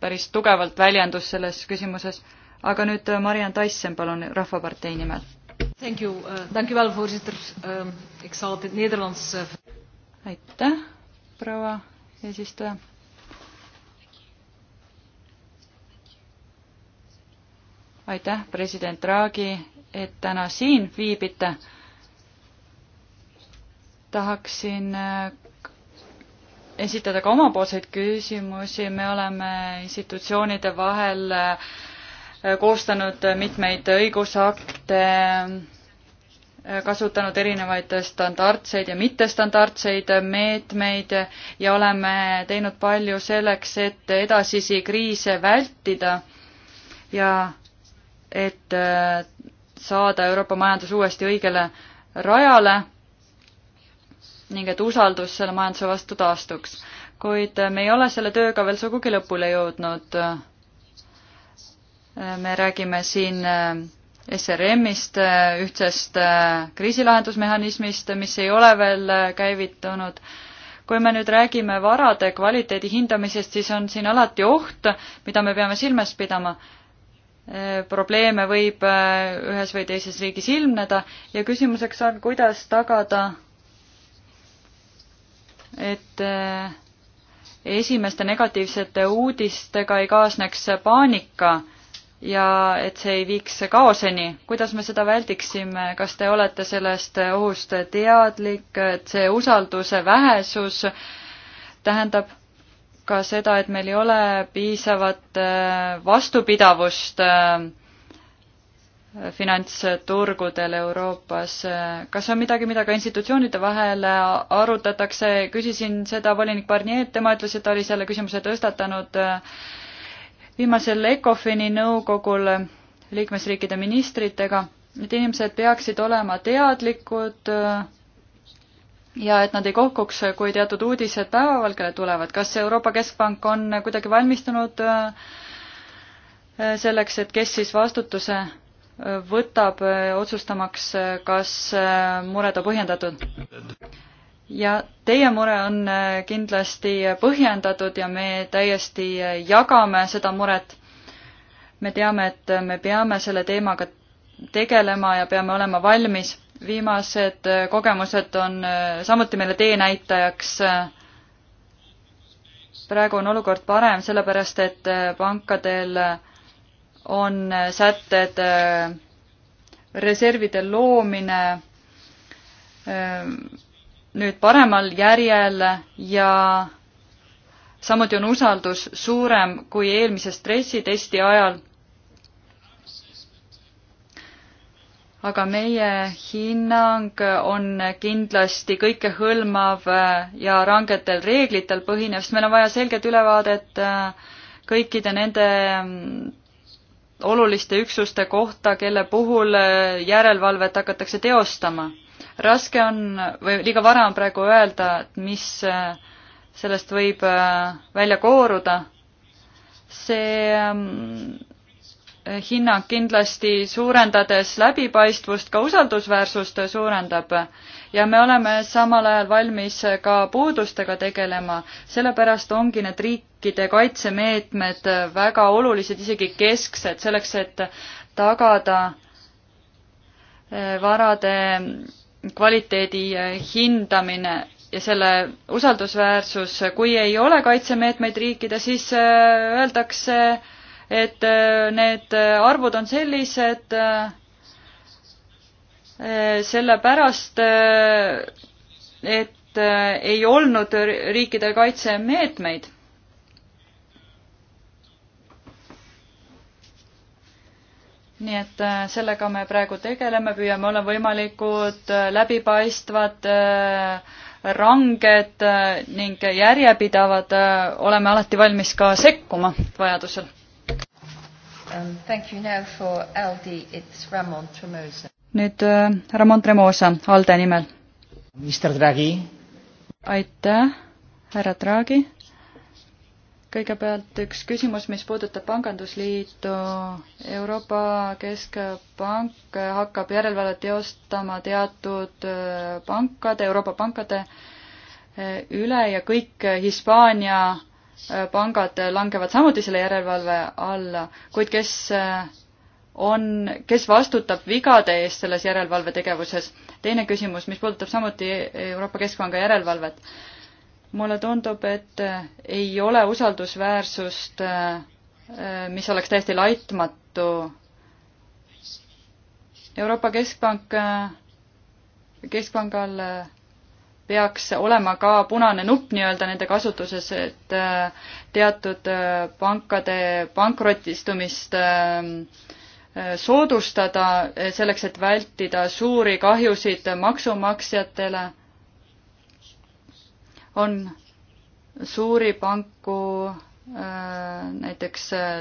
päris tugevalt väljendus selles küsimuses. aga nüüd äh, Mariann Taissen, palun, Rahvapartei nimel. Ehm, aitäh proua eesistuja. aitäh, president Draghi, et täna siin viibite. tahaksin äh, esitada ka omapoolseid küsimusi, me oleme institutsioonide vahel äh, koostanud mitmeid õigusakte kasutanud erinevaid standardseid ja mittestandardseid meetmeid ja oleme teinud palju selleks, et edasisi kriise vältida ja et äh, saada Euroopa majandus uuesti õigele rajale ning et usaldus selle majanduse vastu taastuks. kuid me ei ole selle tööga veel sugugi lõpule jõudnud. Äh, me räägime siin äh, SRM-ist, äh, ühtsest äh, kriisilahendusmehhanismist, mis ei ole veel äh, käivitunud. kui me nüüd räägime varade kvaliteedi hindamisest, siis on siin alati oht, mida me peame silmas pidama. probleeme võib ühes või teises riigis ilmneda ja küsimuseks on, kuidas tagada, et esimeste negatiivsete uudistega ei kaasneks paanika ja et see ei viiks kaoseni. kuidas me seda väldiksime, kas te olete sellest ohust teadlik, et see usalduse vähesus tähendab ka seda, et meil ei ole piisavat äh, vastupidavust äh, finantsturgudel Euroopas. kas on midagi, mida ka institutsioonide vahel arutatakse, küsisin seda volinik Barnier, tema ütles, et ta oli selle küsimuse tõstatanud äh, viimasel ECOFIN-i nõukogul liikmesriikide ministritega, et inimesed peaksid olema teadlikud äh, ja et nad ei kohkuks, kui teatud uudised päevavalgele tulevad. kas Euroopa Keskpank on kuidagi valmistunud äh, selleks, et kes siis vastutuse äh, võtab, otsustamaks, kas mured on põhjendatud? ja teie mure on äh, kindlasti põhjendatud ja me täiesti äh, jagame seda muret. me teame, et äh, me peame selle teemaga tegelema ja peame olema valmis. viimased kogemused on samuti meile teenäitajaks. praegu on olukord parem, sellepärast et pankadel on sätted reservide loomine nüüd paremal järjel ja samuti on usaldus suurem kui eelmise stressitesti ajal. aga meie hinnang on kindlasti kõikehõlmav ja rangetel reeglitel põhinev, sest meil on vaja selget ülevaadet kõikide nende oluliste üksuste kohta, kelle puhul järelevalvet hakatakse teostama raske on või liiga vara on praegu öelda, et mis äh, sellest võib äh, välja kooruda. see ähm, hinnang kindlasti suurendades läbipaistvust, ka usaldusväärsust suurendab ja me oleme samal ajal valmis ka puudustega tegelema, sellepärast ongi need riikide kaitsemeetmed väga olulised, isegi kesksed, selleks et tagada äh, varade kvaliteedi eh, hindamine ja selle usaldusväärsus, kui ei ole kaitsemeetmeid riikide, siis eh, öeldakse, et eh, need arvud on sellised, sellepärast et ei olnud riikidel kaitsemeetmeid. nii et äh, sellega me praegu tegeleme, püüame olla võimalikud äh, läbipaistvad, äh, ranged ning järjepidavad, oleme alati valmis ka sekkuma vajadusel. Um, nüüd Ramon Tremosa ALDE nimel. aitäh, härra Draghi kõigepealt üks küsimus, mis puudutab pangandusliitu. Euroopa Keskpank hakkab järelevalvet teostama teatud äh, pankade, Euroopa pankade äh, üle ja kõik Hispaania äh, pangad langevad samuti selle järelevalve alla, kuid kes on, kes vastutab vigade eest selles järelevalvetegevuses? teine küsimus, mis puudutab samuti Euroopa Keskpanga järelevalvet mulle tundub, et äh, ei ole usaldusväärsust, äh, äh, mis oleks täiesti laitmatu. Euroopa Keskpank, keskpangal peaks olema ka punane nupp nii-öelda nende kasutuses, et teatud pankade pankrotistumist soodustada, selleks et vältida suuri kahjusid maksumaksjatele on suuri panku, äh, näiteks äh,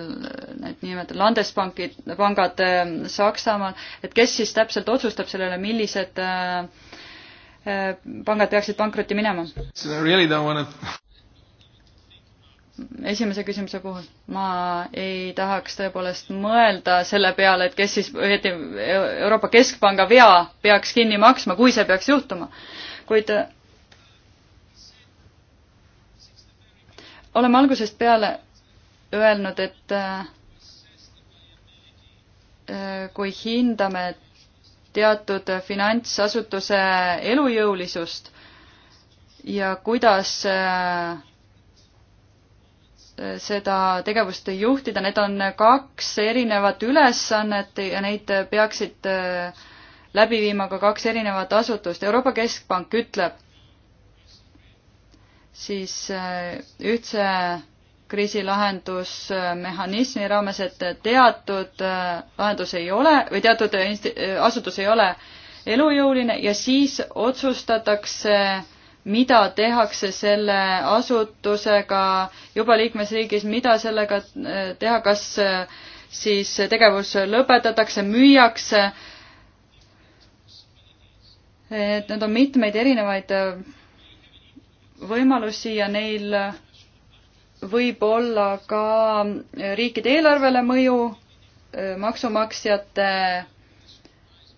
need nimetatud landespankid, pangad äh, Saksamaal, et kes siis täpselt otsustab selle üle, millised pangad peaksid pankrotti minema? Really wanna... esimese küsimuse puhul ma ei tahaks tõepoolest mõelda selle peale, et kes siis õieti Euroopa Keskpanga vea peaks kinni maksma, kui see peaks juhtuma. kuid oleme algusest peale öelnud, et äh, äh, kui hindame teatud finantsasutuse elujõulisust ja kuidas äh, seda tegevust juhtida, need on kaks erinevat ülesannet ja neid peaksid läbi viima ka kaks erinevat asutust. Euroopa Keskpank ütleb, siis äh, ühtse kriisilahendusmehhanismi raames, et teatud äh, lahendus ei ole või teatud äh, asutus ei ole elujõuline ja siis otsustatakse, mida tehakse selle asutusega juba liikmesriigis, mida sellega teha, kas siis tegevus lõpetatakse, müüakse. et need on mitmeid erinevaid võimalusi ja neil võib olla ka riikide eelarvele mõju, maksumaksjate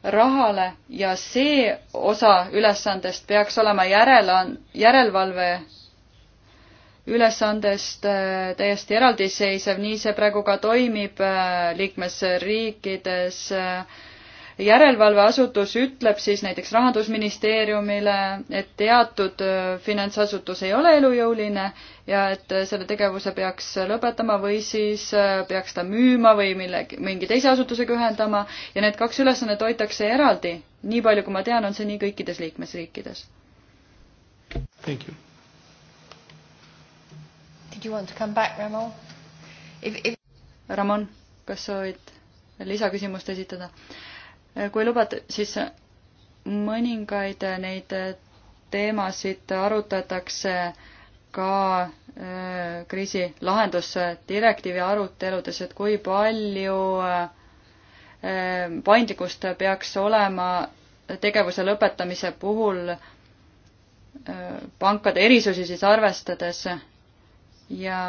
rahale ja see osa ülesandest peaks olema järel-, järelevalve ülesandest täiesti eraldiseisev, nii see praegu ka toimib liikmesriikides äh, järelevalveasutus ütleb siis näiteks Rahandusministeeriumile, et teatud äh, finantsasutus ei ole elujõuline ja et äh, selle tegevuse peaks lõpetama või siis äh, peaks ta müüma või millegi, mingi teise asutusega ühendama ja need kaks ülesannet hoitakse eraldi. nii palju, kui ma tean, on see nii kõikides liikmesriikides. Thank you. Did you want to come back, Ramon? If, if... Ramon, kas soovid lisaküsimust esitada? kui lubad, siis mõningaid neid teemasid arutatakse ka äh, kriisi lahendusdirektiivi aruteludes, et kui palju äh, paindlikkust peaks olema tegevuse lõpetamise puhul äh, pankade erisusi siis arvestades ja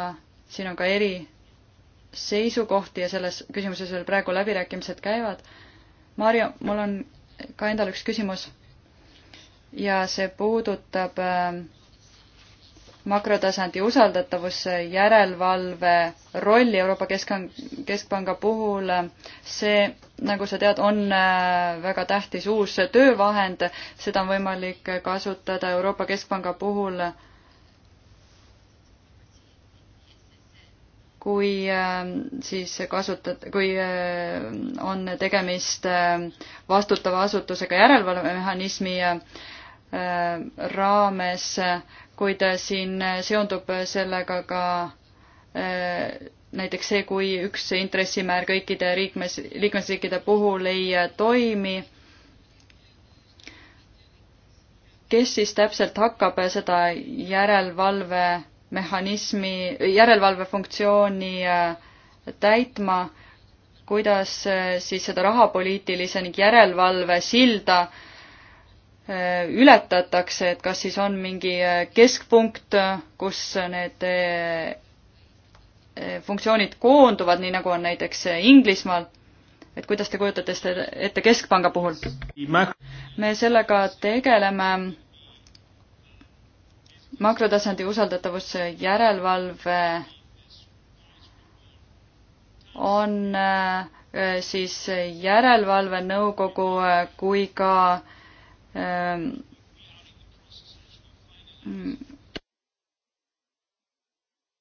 siin on ka eri seisukohti ja selles küsimuses veel praegu läbirääkimised käivad Marju, mul on ka endal üks küsimus ja see puudutab äh, makrotasandi usaldatavuse järelevalve rolli Euroopa Keskan-, Keskpanga puhul. see, nagu sa tead, on äh, väga tähtis uus töövahend, seda on võimalik kasutada Euroopa Keskpanga puhul äh, kui ähm, siis kasutad, kui äh, on tegemist äh, vastutava asutusega järelevalvemehhanismi äh, raames, kuid siin seondub sellega ka näiteks see, kui üks intressimäär kõikide liikmes, liikmesriikide puhul ei toimi. kes siis täpselt hakkab seda järelevalve mehhanismi, järelevalvefunktsiooni äh, täitma, kuidas äh, siis seda rahapoliitilise ning järelevalve silda äh, ületatakse, et kas siis on mingi keskpunkt, kus need funktsioonid koonduvad, nii nagu on näiteks Inglismaal, et kuidas te kujutate seda ette Keskpanga puhul? me sellega tegeleme makrotasandi usaldatavuse järelevalve on äh, siis järelevalvenõukogu äh, kui ka ähm,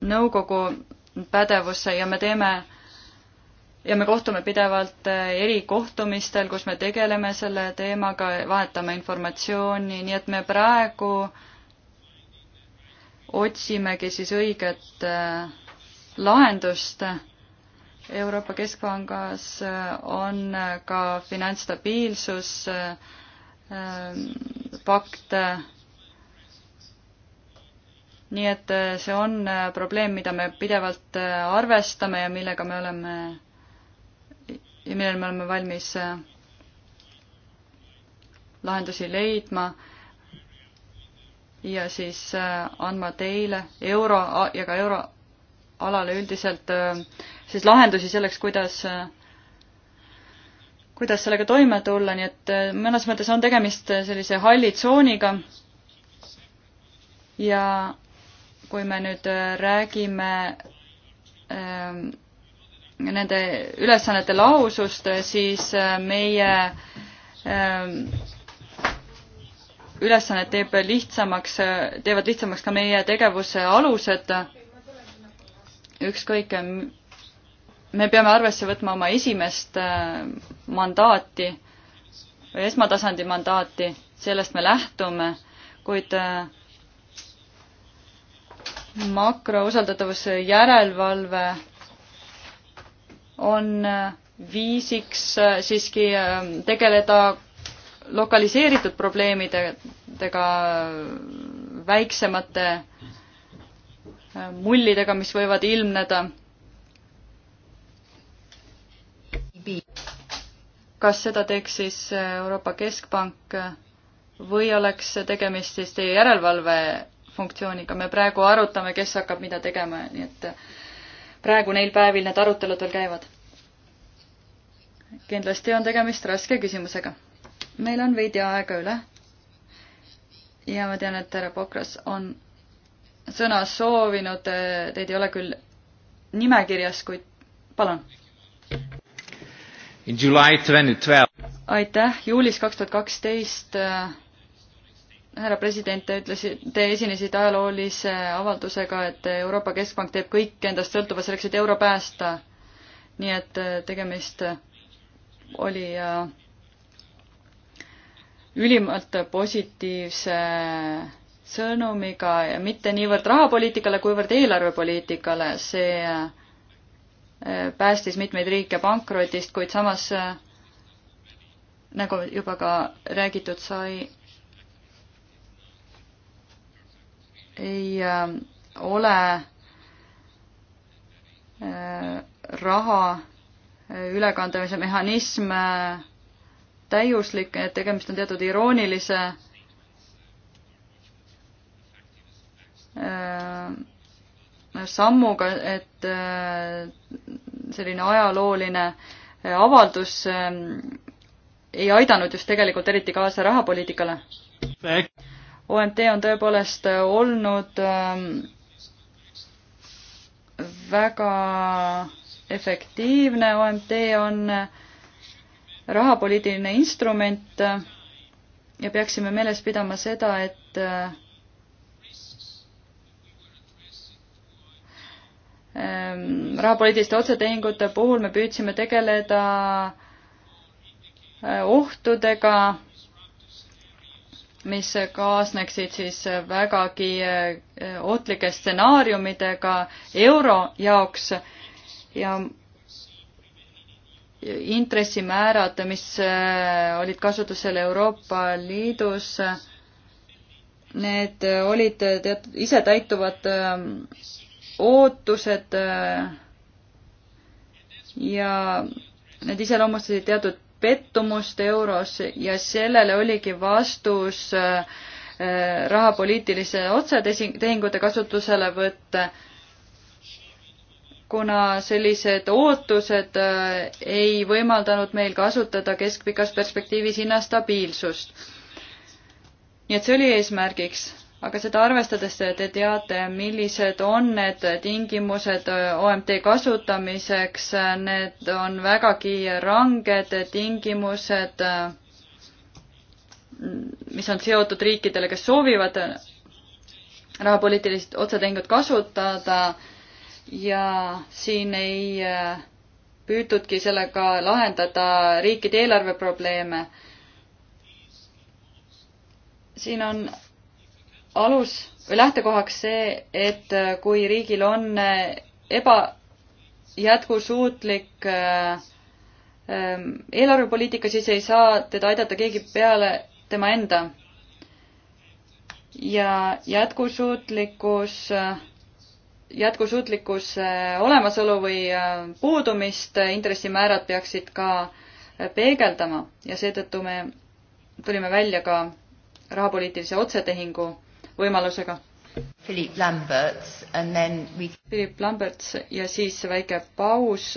nõukogu pädevusse ja me teeme ja me kohtume pidevalt äh, erikohtumistel, kus me tegeleme selle teemaga, vahetame informatsiooni, nii et me praegu äh, otsimegi siis õiget äh, lahendust. Euroopa Keskpangas äh, on äh, ka finantsstabiilsus pakt. nii et see on probleem, mida me pidevalt arvestame ja millega me oleme ja millele me oleme valmis lahendusi leidma ja siis äh, andma teile euro ja ka euroalale üldiselt äh, siis lahendusi selleks, kuidas, äh, kuidas sellega toime tulla, nii et mõnes mõttes on tegemist sellise halli tsooniga. ja kui me nüüd räägime ähm, nende ülesannete lausust, siis meie ähm, ülesannet teeb lihtsamaks, teevad lihtsamaks ka meie tegevuse alused. ükskõik, me peame arvesse võtma oma esimest äh, mandaati või esmatasandi mandaati, sellest me lähtume, kuid äh, makrousaldatavuse järelevalve on äh, viisiks siiski tegeleda lokaliseeritud probleemidega, väiksemate äh, mullidega, mis võivad ilmneda. kas seda teeks siis äh, Euroopa Keskpank äh, või oleks tegemist siis teie järelevalve funktsiooniga, me praegu arutame, kes hakkab mida tegema, nii et praegu neil päevil need arutelud veel käivad. kindlasti on tegemist raske küsimusega meil on veidi aega üle. ja ma tean, et härra Pokras on sõna soovinud, teid ei ole küll nimekirjas, kuid palun. aitäh, juulis kaks tuhat kaksteist äh, härra president, te ütlesite, te esinesite ajaloolise avaldusega, et Euroopa Keskpank teeb kõik endast sõltuva selleks, et euro päästa. nii et äh, tegemist äh, oli äh, ülimalt positiivse sõnumiga ja mitte niivõrd rahapoliitikale, kuivõrd eelarvepoliitikale, see eh, päästis mitmeid riike pankrotist, kuid samas eh, nagu juba ka räägitud sai, ei eh, ole raha ülekandamise mehhanism täiuslik, et tegemist on teatud iroonilise äh, sammuga, et äh, selline ajalooline äh, avaldus ei aidanud just tegelikult eriti kaasa rahapoliitikale. OMT on tõepoolest olnud väga efektiivne, OMT on äh, rahapoliitiline instrument ja peaksime meeles pidama seda, et ähm, rahapoliitiliste otsetehingute puhul me püüdsime tegeleda äh, ohtudega, mis kaasneksid siis vägagi äh, ohtlike stsenaariumidega euro jaoks ja intressimäärad, mis äh, olid kasutusel Euroopa Liidus, need äh, olid äh, teatud isetäituvad ootused ja need iseloomustasid teatud pettumust euros ja sellele oligi vastus rahapoliitilise otsetehingute kasutuselevõtt kuna sellised ootused äh, ei võimaldanud meil kasutada keskpikas perspektiivis hinnastabiilsust. nii et see oli eesmärgiks, aga seda arvestades te teate, millised on need tingimused äh, OMT kasutamiseks, äh, need on vägagi ranged tingimused, mis on seotud riikidele, kes soovivad rahapoliitilist otsetehingut kasutada ja siin ei äh, püütudki sellega lahendada riikide eelarveprobleeme. siin on alus või lähtekohaks see, et äh, kui riigil on äh, ebajätkusuutlik ähm, eelarvepoliitika, siis ei saa teda aidata keegi peale tema enda. ja jätkusuutlikkus äh, jätkusuutlikkuse äh, olemasolu või äh, puudumist äh, intressimäärad peaksid ka peegeldama ja seetõttu me tulime välja ka rahapoliitilise otsetehingu võimalusega. Philip Lamberts and then we Philip Lamberts ja siis väike paus,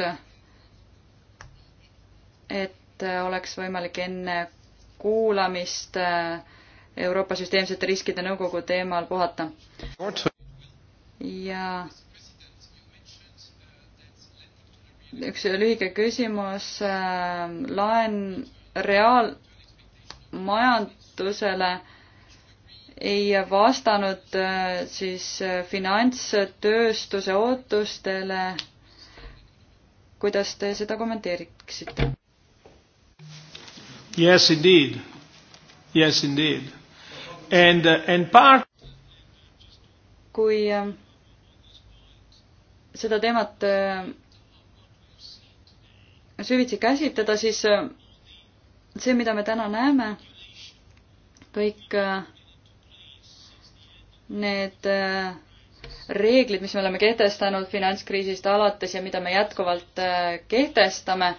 et oleks võimalik enne kuulamist Euroopa Süsteemsete Riskide Nõukogu teemal puhata ja üks lühike küsimus, äh, laen reaalmajandusele ei vastanud äh, siis äh, finantstööstuse ootustele. kuidas te seda kommenteeriksite? Yes indeed, yes indeed and, uh, and part kui seda teemat äh, süvitsi käsitleda, siis äh, see, mida me täna näeme, kõik äh, need reeglid, mis me oleme kehtestanud finantskriisist alates ja mida me jätkuvalt kehtestame,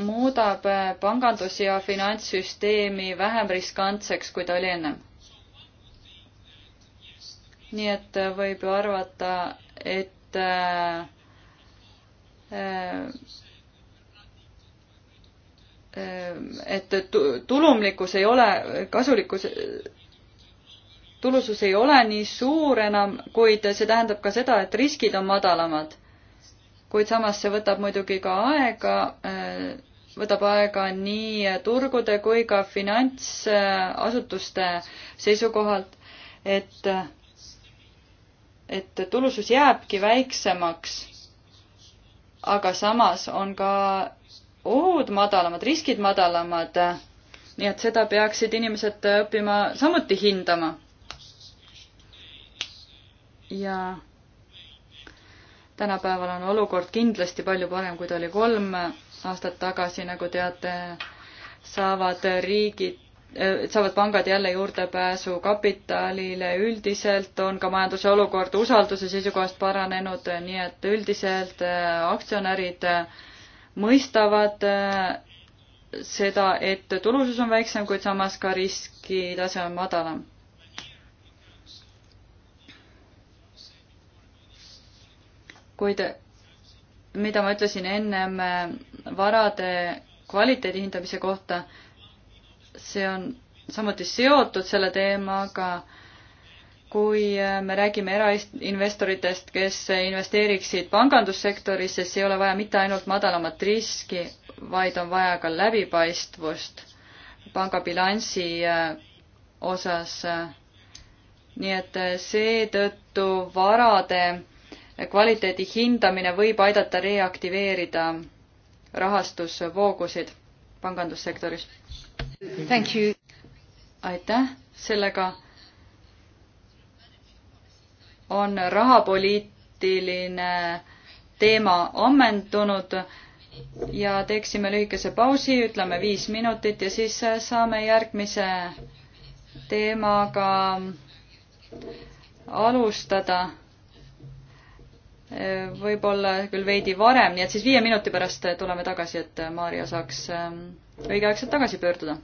muudab pangandus- ja finantssüsteemi vähem riskantseks, kui ta oli ennem nii et äh, võib ju arvata, et äh, äh, äh et tulumlikkus ei ole, kasulikkus, tulusus ei ole nii suur enam, kuid see tähendab ka seda, et riskid on madalamad. kuid samas see võtab muidugi ka aega, võtab aega nii turgude kui ka finantsasutuste seisukohalt, et äh, et tulusus jääbki väiksemaks, aga samas on ka ohud madalamad, riskid madalamad. nii et seda peaksid inimesed õppima samuti hindama. ja tänapäeval on olukord kindlasti palju parem, kui ta oli kolm aastat tagasi, nagu teate, saavad riigid saavad pangad jälle juurdepääsu kapitalile, üldiselt on ka majanduse olukord usalduse seisukohast paranenud, nii et üldiselt äh, aktsionärid äh, mõistavad äh, seda, et tulusus on väiksem, kuid samas ka riskitase on madalam. kuid mida ma ütlesin ennem varade kvaliteedi hindamise kohta, see on samuti seotud selle teemaga, kui me räägime erainvestoritest, kes investeeriksid pangandussektorisse, siis ei ole vaja mitte ainult madalamat riski, vaid on vaja ka läbipaistvust pangabilansi äh, osas. nii et äh, seetõttu varade kvaliteedi hindamine võib aidata reaktiveerida rahastusvoogusid pangandussektoris aitäh, sellega on rahapoliitiline teema ammendunud ja teeksime lühikese pausi, ütleme viis minutit ja siis saame järgmise teemaga alustada. võib-olla küll veidi varem, nii et siis viie minuti pärast tuleme tagasi, et Maarja saaks ähm, õigeaegselt tagasi pöörduda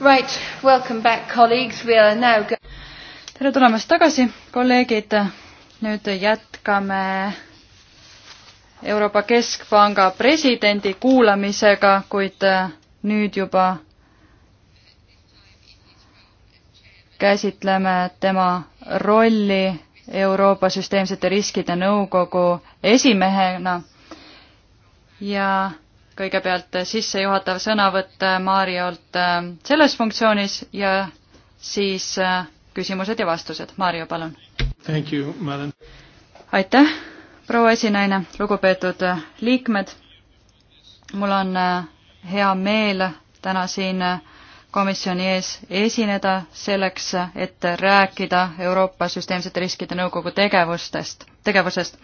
Right, welcome back colleagues, we are now go- tere tulemast tagasi, kolleegid. nüüd jätkame Euroopa Keskpanga presidendi kuulamisega, kuid äh, nüüd juba käsitleme tema rolli Euroopa Süsteemsete Riskide Nõukogu esimehena ja kõigepealt äh, sissejuhatav sõnavõtt äh, Mariolt äh, selles funktsioonis ja siis küsimused ja vastused. Mario, palun. aitäh, proua esinaine, lugupeetud liikmed. mul on hea meel täna siin komisjoni ees esineda selleks, et rääkida Euroopa Süsteemsete Riskide Nõukogu tegevustest, tegevusest.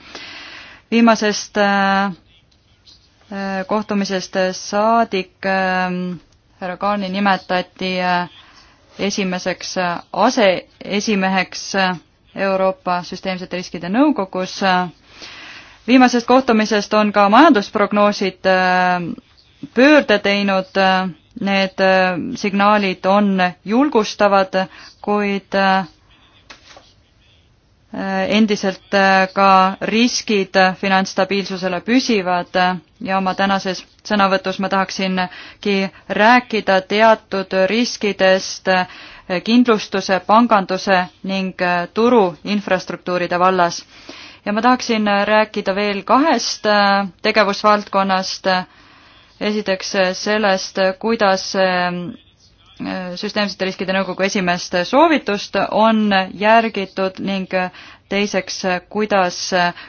viimasest äh, Äh, kohtumisest äh, saadik ähm, härra Kaani nimetati äh, esimeseks aseesimeheks Euroopa Süsteemsete Riskide Nõukogus. viimasest kohtumisest on ka majandusprognoosid pöörde teinud, need signaalid on julgustavad, kuid Äh, endiselt äh, ka riskid finantsstabiilsusele püsivad ja oma tänases sõnavõtus ma tahaksingi rääkida teatud riskidest äh, kindlustuse, panganduse ning turu infrastruktuuride vallas. ja ma tahaksin rääkida veel kahest tegevusvaldkonnast, esiteks sellest, kuidas süsteemsete riskide nõukogu esimest soovitust on järgitud ning teiseks, kuidas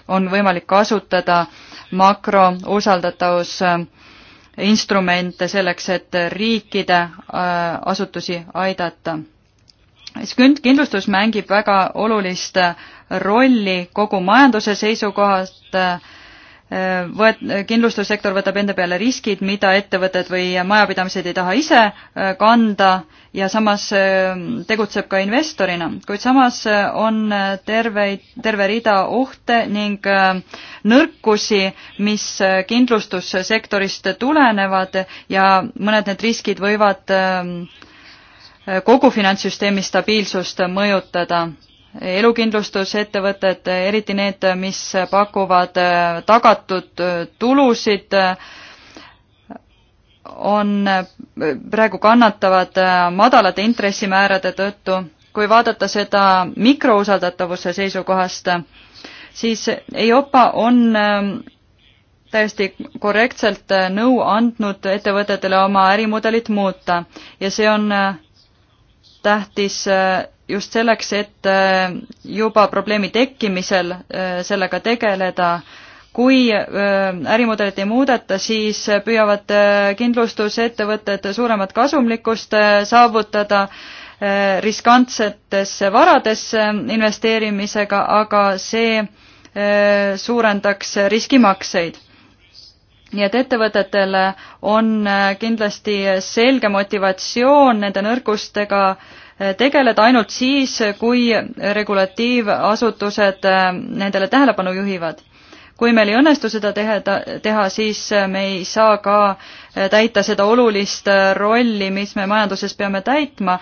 on võimalik kasutada makrousaldatavus instrumente selleks, et riikide äh, asutusi aidata. kindlustus mängib väga olulist rolli kogu majanduse seisukohast äh, võet-, kindlustussektor võtab enda peale riskid, mida ettevõtted või majapidamised ei taha ise äh, kanda ja samas äh, tegutseb ka investorina, kuid samas äh, on terve, terve rida ohte ning nõrkusi, mis kindlustussektorist tulenevad ja mõned need riskid võivad ähm, kogu finantssüsteemi stabiilsust mõjutada elukindlustusettevõtted, eriti need, mis pakuvad äh, tagatud äh, tulusid, äh, on, praegu kannatavad madalate intressimäärade tõttu. kui vaadata seda mikrousaldatavuse seisukohast, siis EIOPA on ähm, täiesti korrektselt nõu andnud ettevõtetele oma ärimudelit muuta ja see on tähtis just selleks, et äh, juba probleemi tekkimisel äh, sellega tegeleda. kui äh, ärimudelit ei muudeta, siis püüavad kindlustusettevõtted suuremat kasumlikkust saavutada riskantsetesse varadesse investeerimisega, aga see suurendaks riskimakseid nii et ettevõtetel on kindlasti selge motivatsioon nende nõrgustega äh, tegeleda ainult siis, kui regulatiivasutused äh, nendele tähelepanu juhivad. kui meil ei õnnestu seda teha, teha, siis äh, me ei saa ka äh, täita seda olulist rolli, mis me majanduses peame täitma.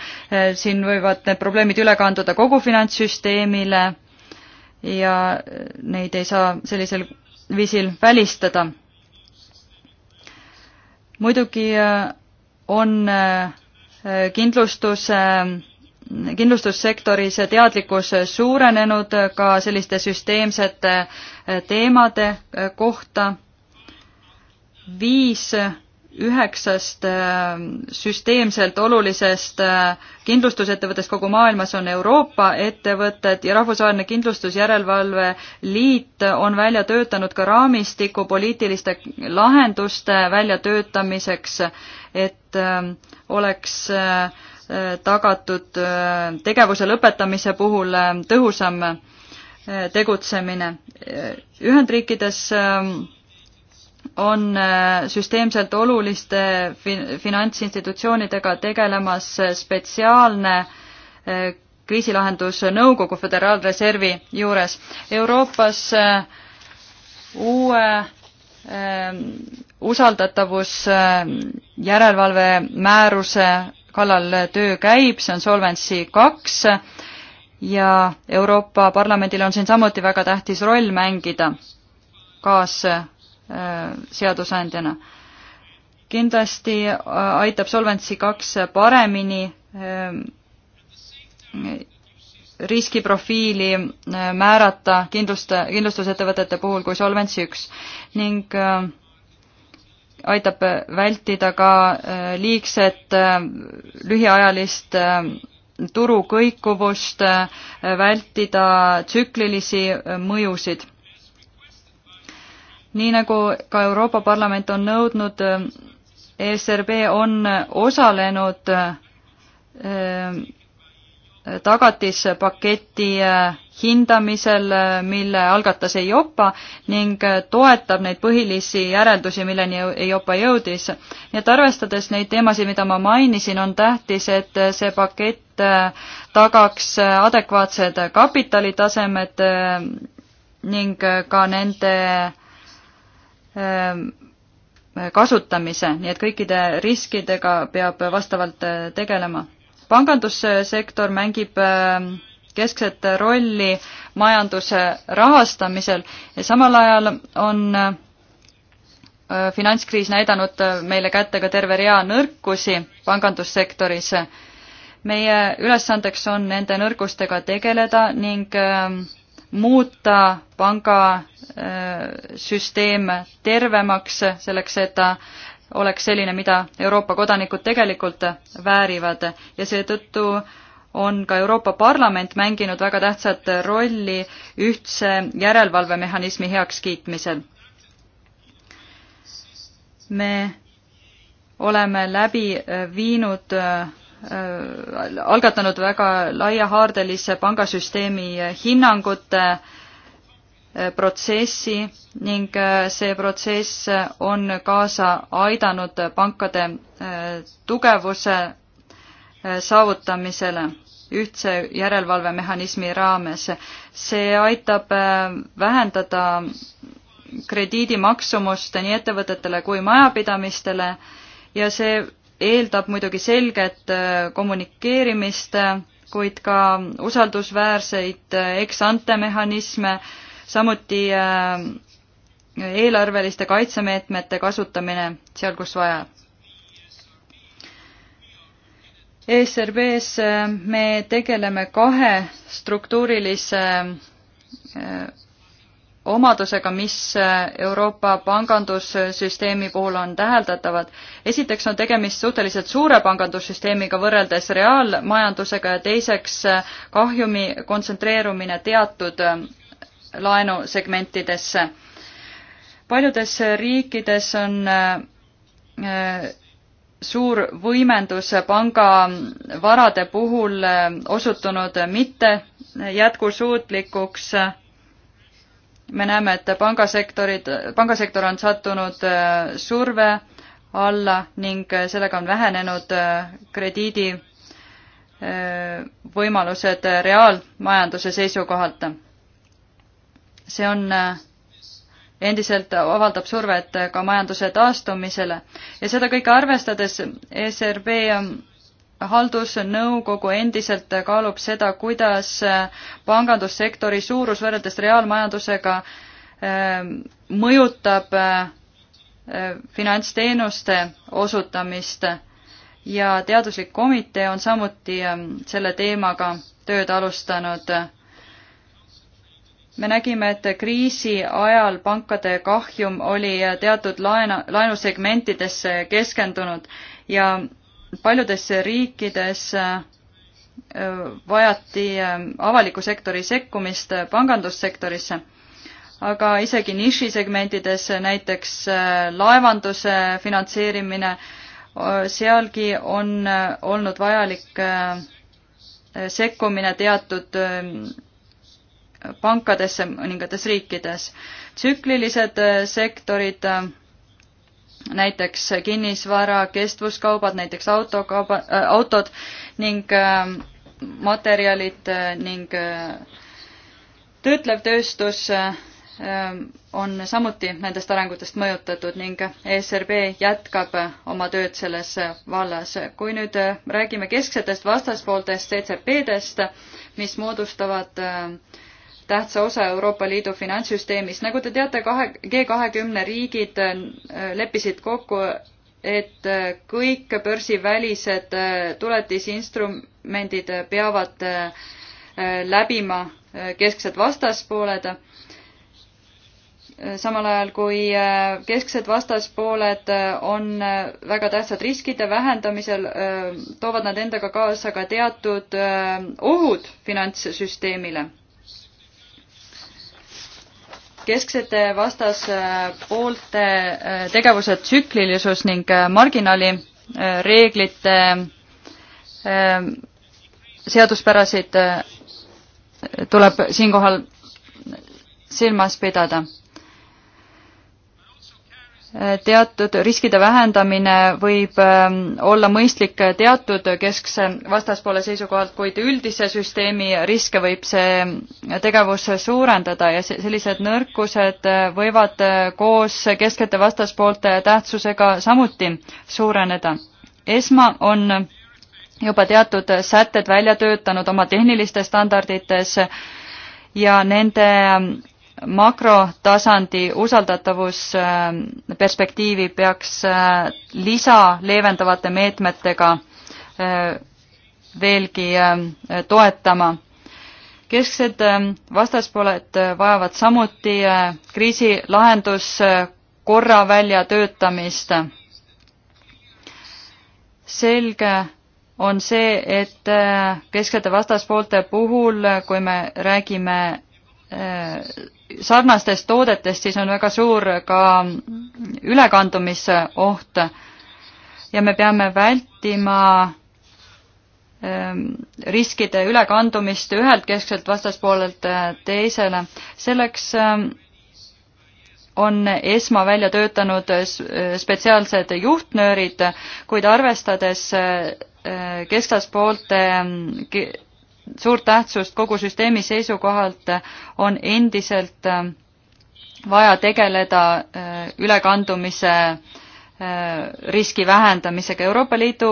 siin võivad need probleemid üle kanduda kogu finantssüsteemile ja neid ei saa sellisel viisil välistada. muidugi on äh, kindlustuse, kindlustussektoris teadlikkus suurenenud ka selliste süsteemsete teemade kohta. viis üheksast süsteemselt olulisest kindlustusettevõttest kogu maailmas on Euroopa ettevõtted ja Rahvusvaheline Kindlustusjärelevalve Liit on välja töötanud ka raamistiku poliitiliste lahenduste väljatöötamiseks, et et ähm, oleks äh, tagatud äh, tegevuse lõpetamise puhul ähm, tõhusam äh, tegutsemine. Ühendriikides ähm, on süsteemselt oluliste fin-, finantsinstitutsioonidega tegelemas spetsiaalne kriisilahendusnõukogu Föderaalreservi juures. Euroopas uue Ehm, usaldatavus ehm, järelevalve määruse kallal töö käib, see on Solvency kaks ja Euroopa Parlamendil on siin samuti väga tähtis roll mängida kaasseadusandjana. Ehm, kindlasti äh, aitab Solvency kaks paremini riskiprofiili äh, määrata kindlust, kindlustusettevõtete puhul kui Solvency üks ning äh, aitab vältida ka äh, liigset lühiajalist turu kõikuvust, vältida tsüklilisi mõjusid. nii nagu ka Euroopa Parlament on nõudnud, ESRB on osalenud tagatispaketi äh, hindamisel, äh, mille algatas EIOPA ning äh, toetab neid põhilisi järeldusi, milleni EIOPA jõudis. nii et arvestades neid teemasid, mida ma mainisin, on tähtis, et see pakett tagaks adekvaatsed kapitalitasemed ning ka nende kasutamise, nii et kõikide riskidega peab vastavalt tegelema pangandussektor mängib äh, keskset rolli majanduse rahastamisel ja samal ajal on äh, finantskriis näidanud meile kätte ka terve rea nõrkusi pangandussektoris. meie ülesandeks on nende nõrgustega tegeleda ning äh, muuta pangasüsteem tervemaks, selleks et ta oleks selline, mida Euroopa kodanikud tegelikult väärivad ja seetõttu on ka Euroopa Parlament mänginud väga tähtsat rolli ühtse järelevalvemehhanismi heakskiitmisel. me oleme läbi viinud äh, algatanud väga laiahaardelise pangasüsteemi hinnangute äh, Äh, protsessi ning äh, see protsess on kaasa aidanud pankade äh, tugevuse saavutamisele ühtse järelevalvemehhanismi raames. see aitab vähendada krediidi maksumust nii ettevõtetele kui majapidamistele ja see eeldab muidugi selget kommunikeerimist, kuid ka usaldusväärseid ex-ante mehhanisme, samuti äh, eelarveliste kaitsemeetmete kasutamine seal, kus vaja. ESRB-s äh, me tegeleme kahe struktuurilise äh, omadusega, mis Euroopa pangandussüsteemi puhul on täheldatavad. esiteks on tegemist suhteliselt suure pangandussüsteemiga võrreldes reaalmajandusega ja teiseks kahjumi kontsentreerumine teatud laenusegmentidesse. paljudes riikides on äh, suur võimendus panga varade puhul äh, osutunud mitte jätkusuutlikuks. me näeme, et pangasektorid, pangasektor on sattunud äh, surve alla ning sellega on vähenenud krediidi võimalused reaalmajanduse seisukohalt see on äh, endiselt avaldab survet äh, ka majanduse taastumisele ja seda kõike arvestades e SRB ähm, haldusnõukogu endiselt äh, kaalub seda, kuidas pangandussektori suurus võrreldes reaalmajandusega ähm, mõjutab finantsteenuste osutamist ja teaduslik komitee on samuti ähm, selle teemaga tööd alustanud me nägime, et kriisi ajal pankade kahjum oli teatud laenu, laenusegmentidesse keskendunud ja paljudes riikides äh, vajati äh, avaliku sektori sekkumist pangandussektorisse, aga isegi nišisegmentides, näiteks äh, laevanduse finantseerimine, sealgi on olnud vajalik sekkumine teatud pankadesse mõningates riikides. tsüklilised äh, sektorid, äh, näiteks kinnisvara, kestvuskaubad, näiteks autokauba äh,, autod ning äh, materjalid äh, ning äh, töötlev tööstus äh, on samuti nendest arengutest mõjutatud ning ESRB jätkab oma tööd selles vallas. kui nüüd räägime kesksetest vastaspooltest CCP-dest, mis moodustavad äh, tähtsa osa Euroopa Liidu finantssüsteemis. nagu te teate, kahe, G kahekümne riigid äh, leppisid kokku, et äh, kõik börsivälised äh, tuletisinstrumendid peavad läbima kesksed vastaspooled. samal ajal kui kesksed vastaspooled on väga tähtsad riskide vähendamisel, toovad nad endaga kaasa ka teatud ohud finantssüsteemile kesksete vastaspoolte äh, tegevuse tsüklilisus ning äh, marginaali äh, reeglite seaduspärasid tuleb siinkohal silmas pidada teatud riskide vähendamine võib ähm, olla mõistlik teatud keskse vastaspoole seisukohalt, kuid üldise süsteemi riske võib see tegevus suurendada ja sellised nõrkused võivad koos keskete vastaspoolte tähtsusega samuti suureneda. ESMA on juba teatud sätted välja töötanud oma tehnilistes standardites ja nende makrotasandi usaldatavus perspektiivi peaks äh, lisa leevendavate meetmetega äh, veelgi äh, toetama. kesksed vastaspooled vajavad samuti kriisi lahenduskorra väljatöötamist. selge on see, et kesksete vastaspoolte puhul, kui me räägime sarnastest toodetest, siis on väga suur ka ülekandumise oht ja me peame vältima ähm, riskide ülekandumist ühelt keskselt vastaspoolelt äh, teisele. selleks ähm, on ESMA välja töötanud äh, äh, spetsiaalsed juhtnöörid, kuid arvestades kesksas poolte ähm, suurt tähtsust kogu süsteemi seisukohalt on endiselt äh, vaja tegeleda äh, ülekandumise äh, riski vähendamisega. Euroopa Liidu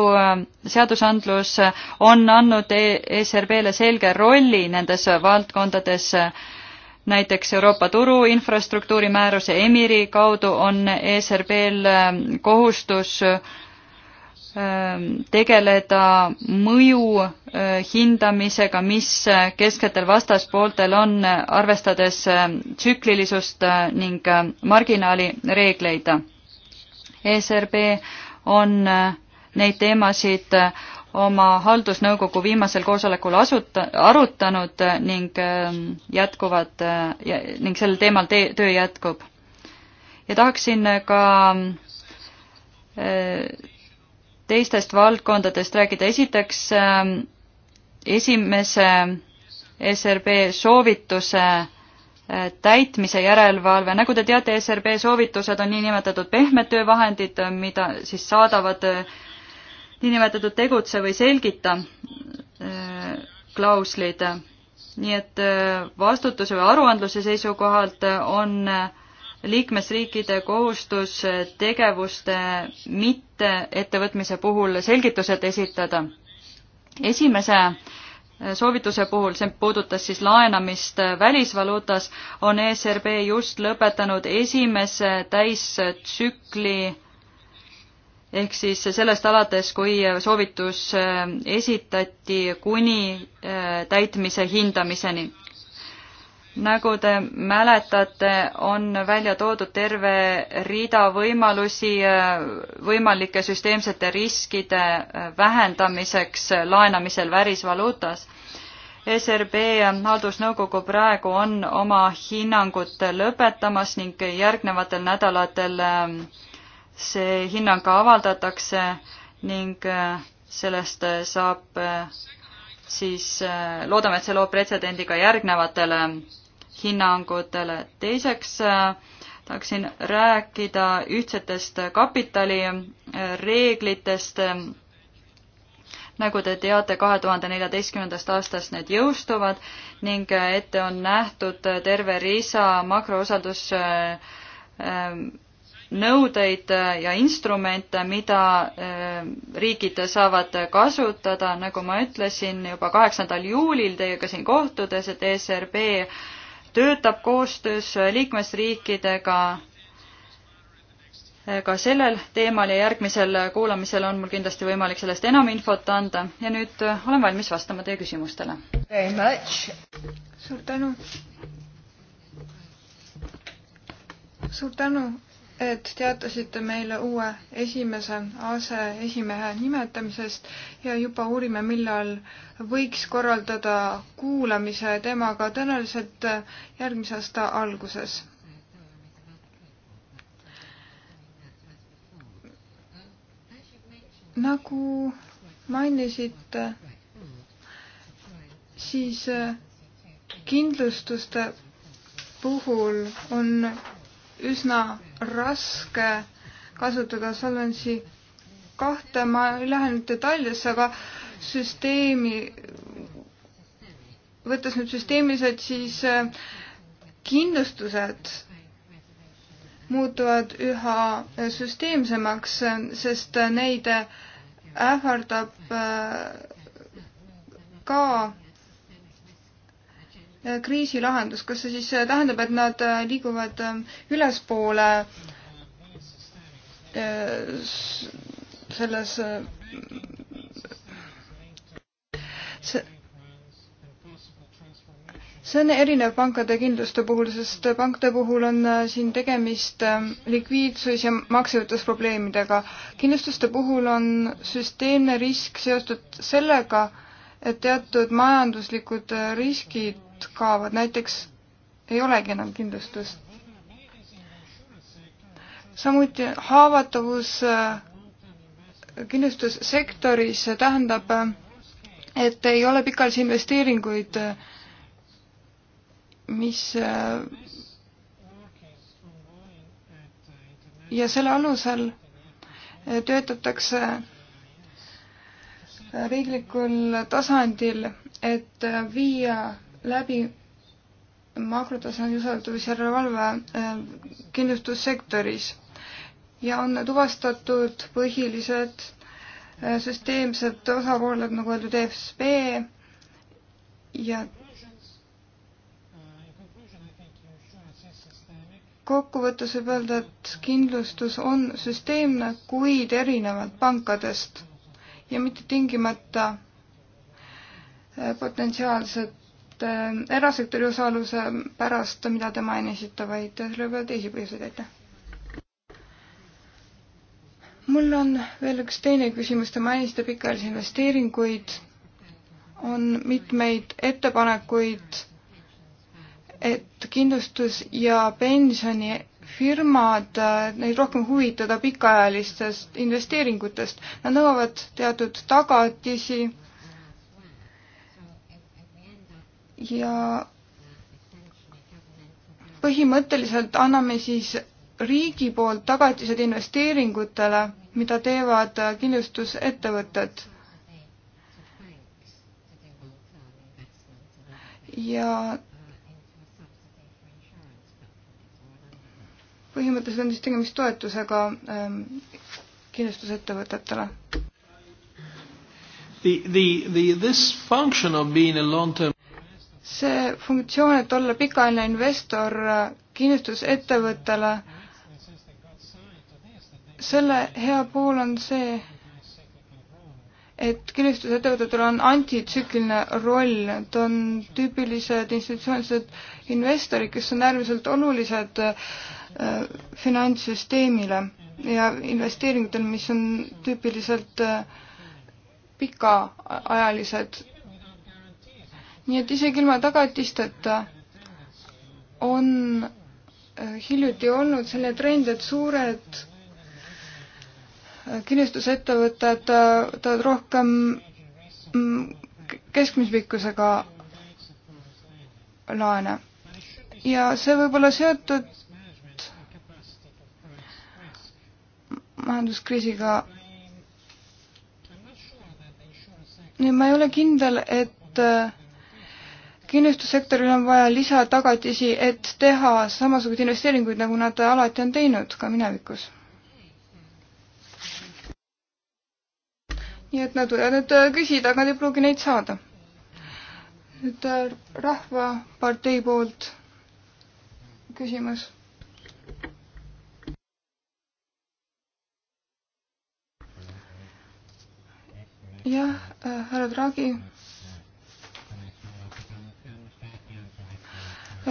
seadusandlus on andnud ESRB-le e selge rolli nendes valdkondades, näiteks Euroopa turu infrastruktuuri määruse EMIRi kaudu on ESRB-l kohustus äh, Ähm, tegeleda mõju äh, hindamisega, mis äh, kesketel vastaspooltel on, äh, arvestades tsüklilisust ning marginaalireegleid. ESRB on neid teemasid oma haldusnõukogu viimasel koosolekul asuta-, arutanud ning ähm, jätkuvad ning sel teemal tee, töö jätkub. ja tahaksin ka teistest valdkondadest rääkida. esiteks ähm, esimese SRB soovituse äh, täitmise järelevalve, nagu te teate, SRB soovitused on niinimetatud pehmed töövahendid, äh, mida siis saadavad äh, niinimetatud tegutse või selgita klauslid. nii et vastutuse või aruandluse seisukohalt on äh, liikmesriikide kohustus tegevuste mitteettevõtmise puhul selgitused esitada. esimese soovituse puhul, see puudutas siis laenamist välisvaluutas, on ESRB just lõpetanud esimese täistsükli ehk siis sellest alates, kui soovitus esitati kuni äh, täitmise hindamiseni nagu te mäletate, on välja toodud terve rida võimalusi äh, võimalike süsteemsete riskide äh, vähendamiseks äh, laenamisel värisvaluutas. SRB haldusnõukogu praegu on oma hinnangut lõpetamas ning järgnevatel nädalatel see hinnang ka avaldatakse ning sellest saab siis loodame, et see loob pretsedendi ka järgnevatele hinnangutele. teiseks äh, tahaksin rääkida ühtsetest kapitalireeglitest. Äh, nagu te teate, kahe tuhande neljateistkümnendast aastast need jõustuvad ning äh, ette on nähtud terve risa makrousaldus ähm, nõudeid ja instrumente, mida riigid saavad kasutada, nagu ma ütlesin juba kaheksandal juulil teiega siin kohtudes, et ESRB töötab koostöös liikmesriikidega eh, ka sellel teemal ja järgmisel kuulamisel on mul kindlasti võimalik sellest enam infot anda ja nüüd eh, olen valmis vastama teie küsimustele. suur tänu. suur tänu et teatasite meile uue esimese aseesimehe nimetamisest ja juba uurime, millal võiks korraldada kuulamise temaga tõenäoliselt järgmise aasta alguses. nagu mainisite, siis kindlustuste puhul on üsna raske kasutada Solvency kahte, ma ei lähe nüüd detailidesse, aga süsteemi, võttes nüüd süsteemiliselt, siis äh, kindlustused muutuvad üha äh, süsteemsemaks, äh, sest neid ähvardab ka Äh, kriisilahendus, kas see siis äh, tähendab, et nad äh, liiguvad ülespoole selles see, see on erinev pankade kindluste puhul, sest pankade puhul on siin tegemist likviidsus- ja maksejõutusprobleemidega. kindlustuste puhul on süsteemne risk seotud sellega, et teatud majanduslikud riskid paljud kaovad, näiteks ei olegi enam kindlustust. samuti haavatavus äh, kindlustussektoris tähendab, äh, et ei ole pikaajalisi investeeringuid, äh, mis ja selle alusel töötatakse riiklikul tasandil, et viia läbi makrotasandi usaldusjärelevalve äh, kindlustussektoris ja on tuvastatud põhilised äh, süsteemsed osapooled, nagu öeldud, FSB ja kokkuvõttes võib öelda, et kindlustus on süsteemne, kuid erinevalt pankadest ja mitte tingimata äh, potentsiaalset ainult äh, erasektori osaluse pärast, mida te mainisite, vaid seal võib olla teisi põhjuseid, aitäh. mul on veel üks teine küsimus, te mainisite pikaajalisi investeeringuid, on mitmeid ettepanekuid, et kindlustus- ja pensionifirmad, äh, neid rohkem huvitada pikaajalistest investeeringutest. Nad nõuavad teatud tagatisi ja põhimõtteliselt anname siis riigi poolt tagatised investeeringutele, mida teevad kindlustusettevõtted. ja põhimõtteliselt on siis tegemist toetusega ähm, kindlustusettevõtetele. The, the, the, this function of being a long term see funktsioon, et olla pikaajaline investor kindlustusettevõttele, selle hea pool on see, et kindlustusettevõtetel on antitsükliline roll, nad on tüüpilised institutsioonilised investorid, kes on äärmiselt olulised äh, finantssüsteemile ja investeeringutel, mis on tüüpiliselt äh, pikaajalised nii et isegi ilma tagatisteta on äh, hiljuti olnud selline trend, et suured äh, kinnistusettevõtted äh, tahavad rohkem mm, keskmispikkusega laene ja see võib olla seotud majanduskriisiga. nii ma ei ole kindel, et kindlustussektoril on vaja lisatagatisi, et teha samasuguseid investeeringuid, nagu nad alati on teinud ka minevikus. nii et nad võivad nüüd äh, küsida, aga nad ei pruugi neid saada. nüüd äh, Rahvapartei poolt küsimus. jah äh,, härra Draghi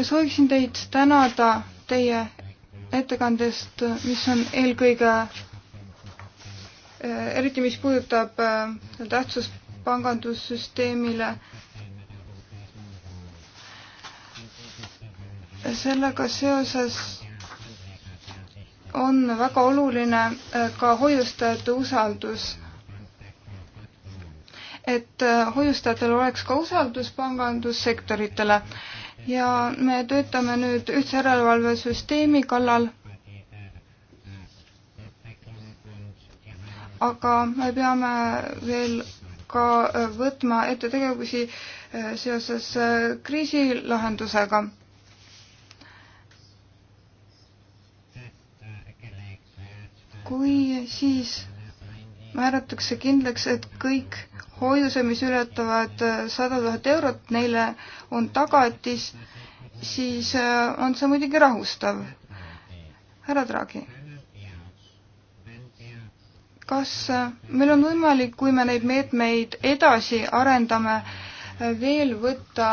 sooviksin teid tänada teie ettekandest, mis on eelkõige, eh, eriti mis puudutab eh, tähtsust pangandussüsteemile. sellega seoses on väga oluline eh, ka hoiustajate usaldus. et hoiustajatel oleks ka usaldus pangandussektoritele ja me töötame nüüd ühtse järelevalvesüsteemi kallal. aga me peame veel ka võtma ette tegevusi eh, seoses eh, kriisilahendusega kui siis määratakse kindlaks, et kõik hoiuse, mis ületavad äh, sada tuhat eurot, neile on tagatis, siis äh, on see muidugi rahustav. härra Draghi, kas äh, meil on võimalik, kui me neid meetmeid edasi arendame, veel võtta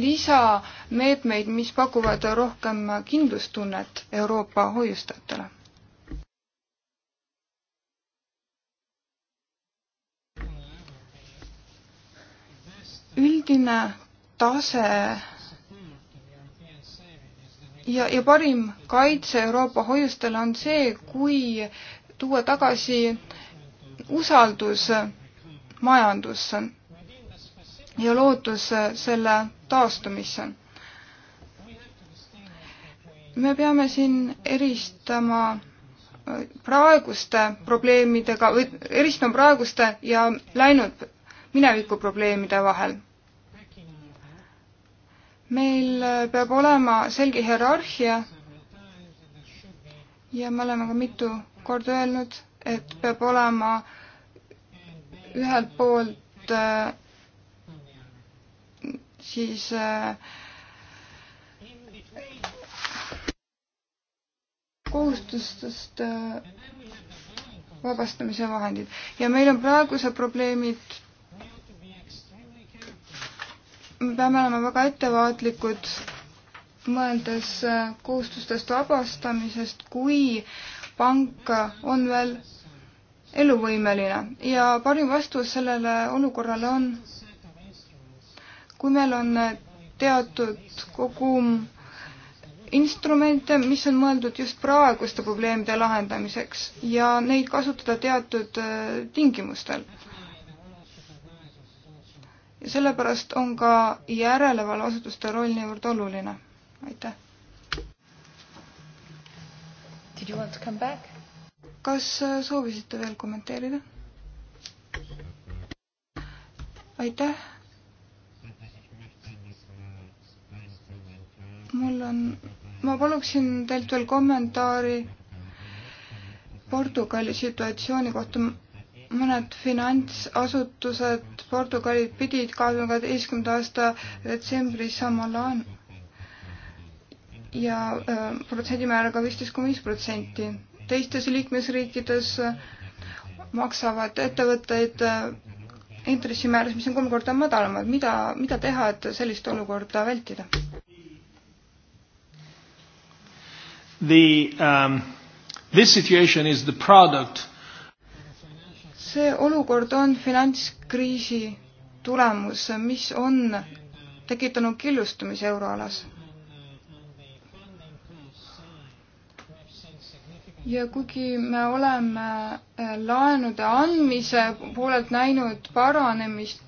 lisameetmeid, mis pakuvad rohkem kindlustunnet Euroopa hoiustajatele? üldine tase ja, ja parim kaitse Euroopa hoiustele on see, kui tuua tagasi usaldus majandusse ja lootus selle taastumisse. me peame siin eristama äh, praeguste probleemidega või eristama praeguste ja läinud mineviku probleemide vahel meil äh, peab olema selge hierarhia ja me oleme ka mitu korda öelnud, et peab olema ühelt poolt äh, siis äh, kohustustest vabastamise vahendid ja meil on praegused probleemid me peame olema väga ettevaatlikud, mõeldes äh, kohustustest vabastamisest, kui pank on veel eluvõimeline ja parim vastus sellele olukorrale on, kui meil on teatud kogum instrumente, mis on mõeldud just praeguste probleemide lahendamiseks ja neid kasutada teatud äh, tingimustel ja sellepärast on ka järelevalveasutuste roll niivõrd oluline. aitäh. kas äh, soovisite veel kommenteerida? aitäh. mul on, ma paluksin teilt veel kommentaari Portugali situatsiooni kohta mõned finantsasutused Portugalid pidid kahekümne kaheteistkümnenda aasta detsembris sama laenu ja äh, protsendimääraga viisteist koma viis protsenti. teistes liikmesriikides äh, maksavad ettevõtteid äh, intressimääras, mis on kolm korda madalamad. mida, mida teha, et sellist olukorda vältida? The um, this situation is the product see olukord on finantskriisi tulemus, mis on tekitanud killustumise euroalas. ja kuigi me oleme eh, laenude andmise poolelt näinud paranemist,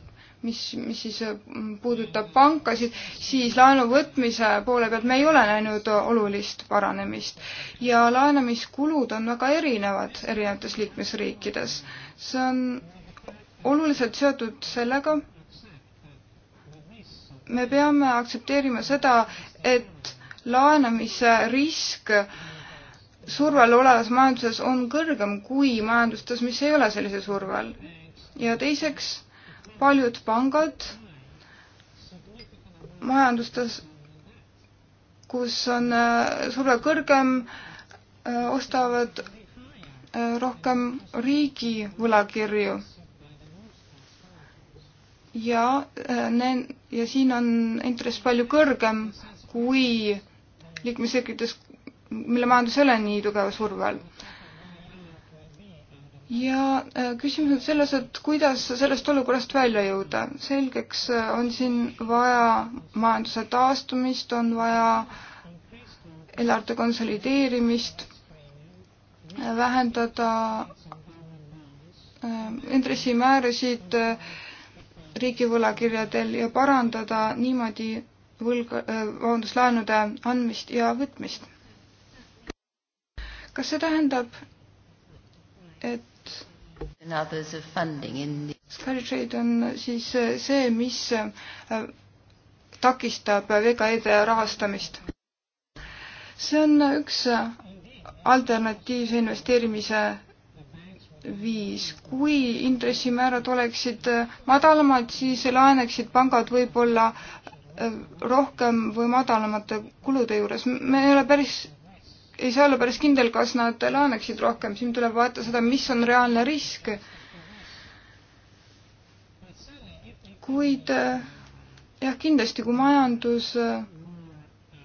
mis, mis siis äh, puudutab pankasid, siis laenu võtmise poole pealt me ei ole näinud olulist paranemist. ja laenamiskulud on väga erinevad erinevates liikmesriikides. see on oluliselt seotud sellega, me peame aktsepteerima seda, et laenamise risk survel olevas majanduses on kõrgem kui majandustes, mis ei ole sellise surve all. ja teiseks paljud pangad majandustes, kus on äh, surve kõrgem, äh, ostavad äh, rohkem riigi võlakirju. ja ne-, ja siin on intress palju kõrgem kui liikmesriikides, mille majandus ei ole nii tugeva surve all ja äh, küsimus on selles, et kuidas sellest olukorrast välja jõuda. selgeks äh, on siin vaja majanduse taastumist, on vaja eelarve konsolideerimist, äh, vähendada intressimäärasid riigivõlakirjadel ja parandada niimoodi võlga, vabandust, laenude andmist ja võtmist. kas see tähendab, et Scaritrade on siis eh, see, mis eh, takistab VKE-de rahastamist. see on üks eh, alternatiivse investeerimise viis. kui intressimäärad oleksid madalamad, siis laeneksid pangad võib-olla rohkem või madalamate kulude juures. me ei ole päris ei saa olla päris kindel, kas nad laenaksid rohkem, siin tuleb vaadata seda, mis on reaalne risk. kuid eh, jah, kindlasti kui majandus, eh,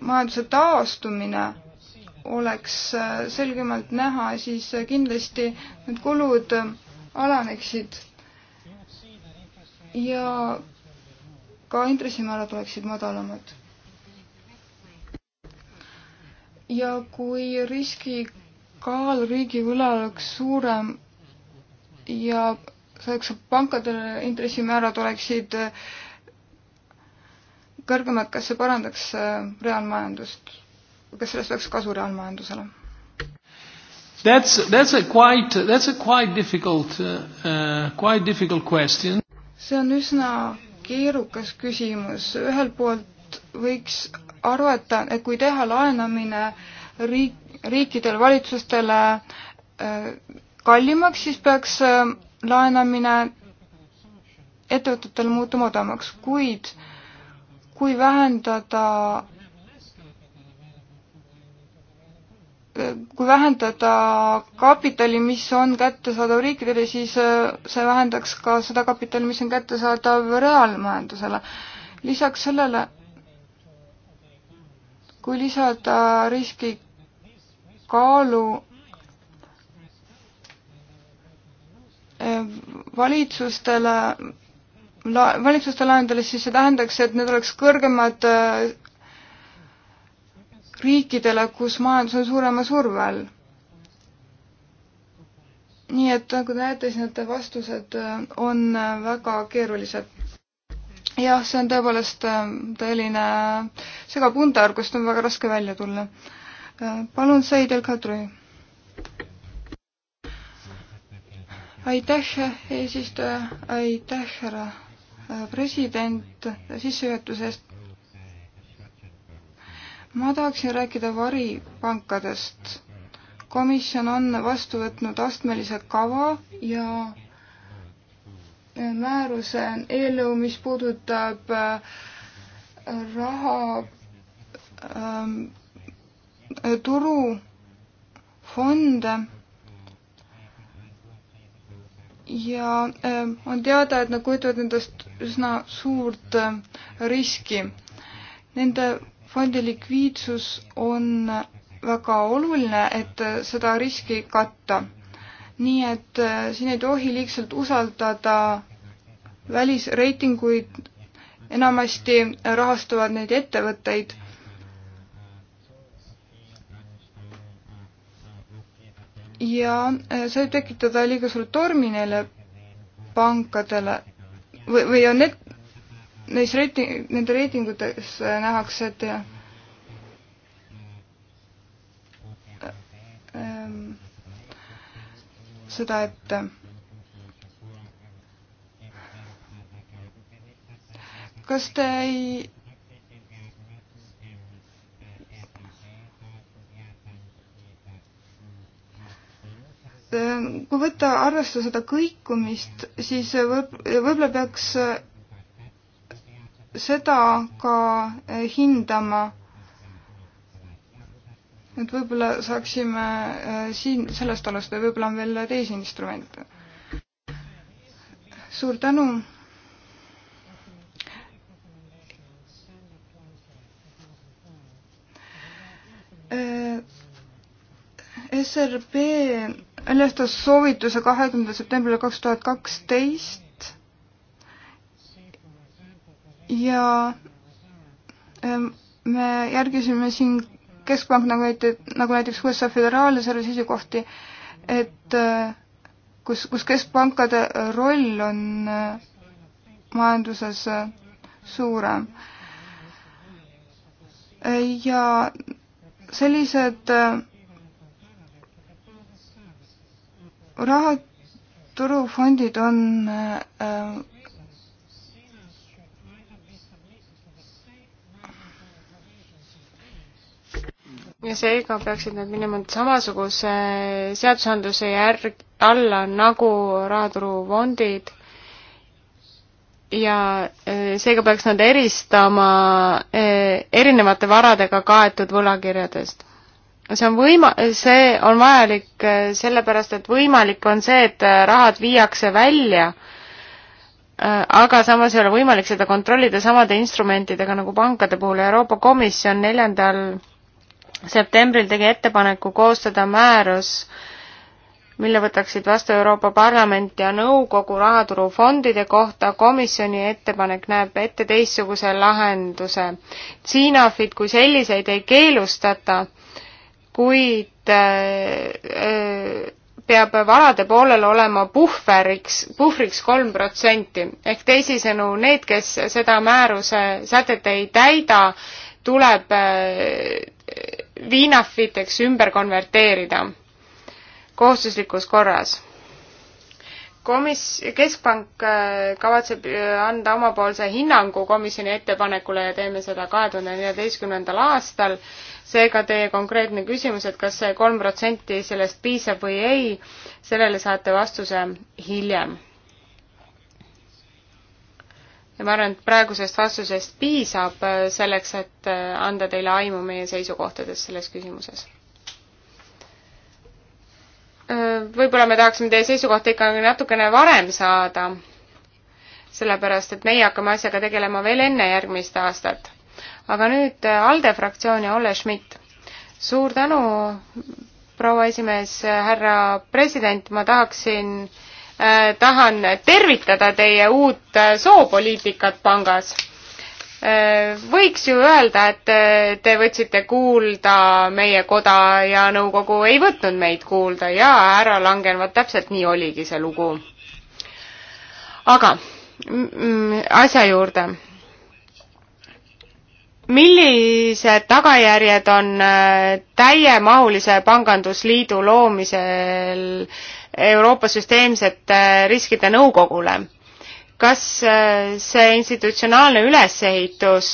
majanduse taastumine oleks eh, selgemalt näha, siis kindlasti need kulud alaneksid ja ka intressimäärad oleksid madalamad ja kui riskikaal riigi võlal oleks suurem ja selleks pankadele intressimäärad oleksid äh, kõrgemad, kas see parandaks äh, reaalmajandust? kas sellest oleks kasu reaalmajandusele? That's, that's a quite, that's a quite difficult uh,, uh quite difficult question. see on üsna keerukas küsimus, ühelt poolt võiks arvata, et kui teha laenamine riik, riikidele, valitsustele äh, kallimaks, siis peaks äh, laenamine ettevõtetel muutuma odavamaks, kuid kui vähendada äh, kui vähendada kapitali, mis on kättesaadav riikidele, siis see vähendaks ka seda kapitali, mis on kättesaadav reaalmajandusele. lisaks sellele kui lisada riski kaalu eh, valitsustele, valitsuste laenudele, siis see tähendaks, et need oleks kõrgemad eh, riikidele, kus majandus on suurema surve all. nii et nagu te näete, siis need vastused eh, on väga keerulised jah, see on tõepoolest ähm, tõeline äh, segapundar, kust on väga raske välja tulla. Äh, palun, Said El-Kadri. aitäh, eesistuja, aitäh, härra äh, president, sissejuhatuse eest. ma tahaksin rääkida varipankadest. komisjon on vastu võtnud astmelise kava ja määruse eelnõu, mis puudutab äh, raha ähm, turufonde ja äh, on teada, et nad kujutavad endast üsna suurt äh, riski. Nende fondi likviidsus on väga oluline, et seda riski katta nii et äh, siin ei tohi liigselt usaldada välisreitinguid, enamasti rahastavad neid ettevõtteid. ja äh, see võib tekitada liiga suurt tormi neile pankadele või, või on need, neis reiting, nende reitingutes äh, nähakse, et ähm, seda, et kas te ei kui võtta arvesse seda kõikumist, siis võib, võib-olla peaks seda ka hindama et võib-olla saaksime äh, siin sellest alustada, võib-olla on veel teisi instrumente. suur tänu. Äh, SRB väljastas soovituse kahekümnendal septembril kaks tuhat kaksteist ja äh, me järgisime siin keskpank nagu, nagu näiteks USA Föderaalreservi seisukohti, et äh, kus, kus keskpankade roll on äh, majanduses äh, suurem. ja sellised rahaturufondid on äh, ja seega peaksid nad minema samasuguse seadusandluse järg-, alla nagu rahaturufondid ja e, seega peaks nad eristama e, erinevate varadega kaetud võlakirjadest. see on võima-, see on vajalik e, sellepärast, et võimalik on see, et rahad viiakse välja, aga samas ei ole võimalik seda kontrollida samade instrumentidega nagu pankade puhul. Euroopa Komisjon neljandal 4 septembril tegi ettepaneku koostada määrus, mille võtaksid vastu Euroopa Parlament ja Nõukogu rahaturufondide kohta. komisjoni ettepanek näeb ette teistsuguse lahenduse. CINAFid kui selliseid ei keelustata, kuid äh, äh peab varade poolel olema puhveriks, puhvriks kolm protsenti. ehk teisisõnu, need, kes seda määruse sätet ei täida, tuleb äh, viinafiteks ümber konverteerida kohustuslikus korras. Komis-, Keskpank äh, kavatseb äh, anda omapoolse hinnangu komisjoni ettepanekule ja teeme seda kahe tuhande neljateistkümnendal aastal, seega teie konkreetne küsimus, et kas see kolm protsenti sellest piisab või ei, sellele saate vastuse hiljem ja ma arvan, et praegusest vastusest piisab äh, selleks, et äh, anda teile aimu meie seisukohtadest selles küsimuses. Äh, võib-olla me tahaksime teie seisukohta ikkagi natukene varem saada, sellepärast et meie hakkame asjaga tegelema veel enne järgmist aastat. aga nüüd ALDE fraktsioon ja Olle Schmidt. suur tänu, proua esimees, härra president, ma tahaksin äh, Äh, tahan tervitada teie uut äh, soopoliitikat pangas. Äh, võiks ju öelda, et te võtsite kuulda meie koda ja nõukogu ei võtnud meid kuulda ja ära langenud, täpselt nii oligi see lugu. aga asja juurde millised tagajärjed on täiemahulise pangandusliidu loomisel äh, Euroopa Süsteemsete äh, Riskide Nõukogule. kas äh, see institutsionaalne ülesehitus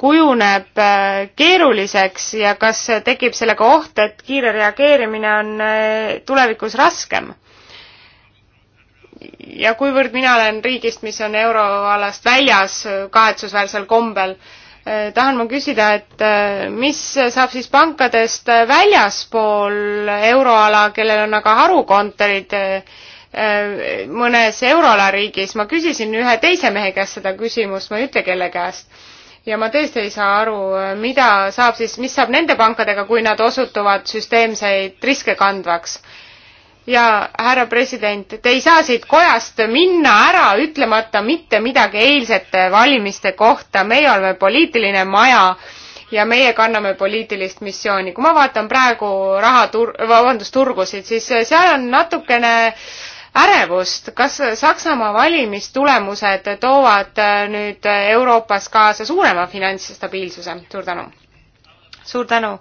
kujuneb äh, keeruliseks ja kas tekib sellega oht, et kiire reageerimine on tulevikus raskem? ja kuivõrd mina olen riigist, mis on euroalast väljas kahetsusväärsel kombel, Eh, tahan ma küsida, et eh, mis saab siis pankadest eh, väljaspool euroala, kellel on aga harukontorid mõnes euroala riigis, ma küsisin ühe teise mehe käest seda küsimust, ma ei ütle kelle käest, ja ma tõesti ei saa aru, mida saab siis, mis saab nende pankadega, kui nad osutuvad süsteemseid riske kandvaks ja härra president, te ei saa siit kojast minna ära ütlemata mitte midagi eilsete valimiste kohta, meie oleme poliitiline maja ja meie kanname poliitilist missiooni. kui ma vaatan praegu rahatur-, vabandust, turgusid, siis seal on natukene ärevust, kas Saksamaa valimistulemused toovad nüüd Euroopas kaasa suurema finantsstabiilsuse? suur tänu! suur tänu!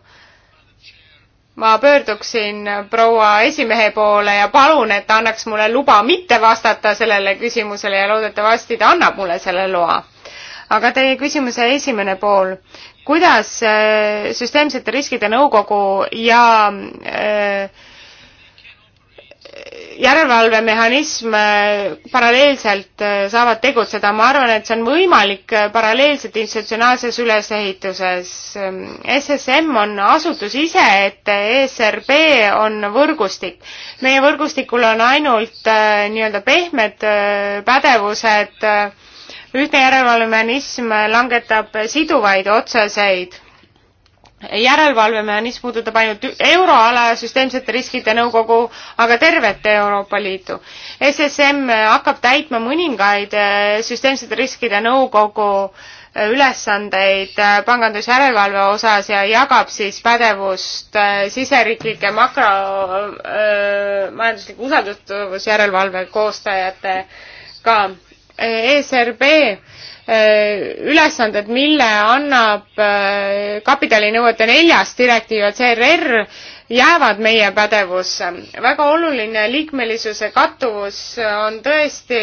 ma pöörduksin proua esimehe poole ja palun, et ta annaks mulle luba mitte vastata sellele küsimusele ja loodetavasti ta annab mulle selle loa. aga teie küsimuse esimene pool, kuidas äh, süsteemsete riskide nõukogu ja äh, järelevalvemehhanism äh, paralleelselt äh, saavad tegutseda, ma arvan, et see on võimalik äh, paralleelselt institutsionaalses ülesehituses. SSM ähm, on asutus ise, et ESRB on võrgustik. meie võrgustikul on ainult nii-öelda pehmed pädevused, ühtne järelevalvemehhanism langetab siduvaid otseseid järelevalvemehhanism puudutab ainult euroala süsteemsete riskide nõukogu, aga tervet Euroopa Liitu. SSM hakkab täitma mõningaid äh, süsteemsete riskide nõukogu äh, ülesandeid äh, pangandusjärelevalve osas ja jagab siis pädevust siseriiklike makromajandusliku äh, usaldatavusjärelevalve koostajatega. ESRB Äh, ülesanded, mille annab äh, kapitalinõuete neljas direktiiv ja CRR, jäävad meie pädevusse. väga oluline liikmelisuse kattuvus on tõesti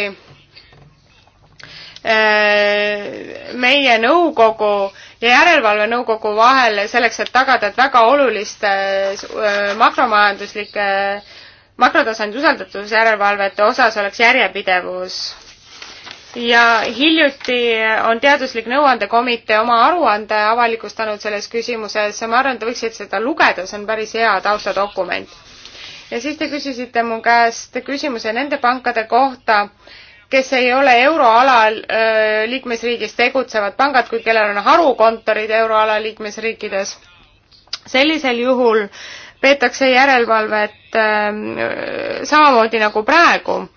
äh, meie nõukogu ja järelevalvenõukogu vahel selleks, et tagada, et väga oluliste makromajanduslike, makrotasandi usaldatavuse järelevalvete osas oleks järjepidevus ja hiljuti on Teaduslik Nõuandekomitee oma aruande avalikustanud selles küsimuses ja ma arvan, et te võiksite seda lugeda, see on päris hea taustadokument. ja siis te küsisite mu käest küsimuse nende pankade kohta, kes ei ole euroala äh, liikmesriigis tegutsevad pangad, kuid kellel on harukontorid euroala liikmesriikides. sellisel juhul peetakse järelevalvet äh, samamoodi nagu praegu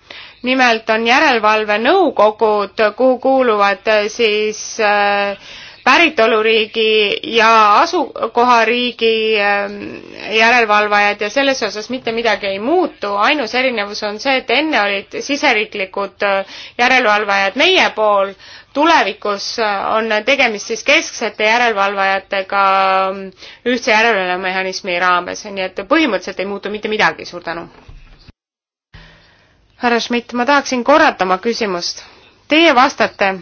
nimelt on järelevalvenõukogud, kuhu kuuluvad äh, siis äh, päritoluriigi ja asukohariigi äh, järelevalvajad ja selles osas mitte midagi ei muutu, ainus erinevus on see, et enne olid siseriiklikud järelevalvajad meie pool, tulevikus on tegemist siis kesksete järelevalvajatega ähm, ühtse järelevalvemehhanismi raames, nii et põhimõtteliselt ei muutu mitte midagi, suur tänu! härra Schmidt, ma tahaksin korrata oma küsimust. Teie vastate,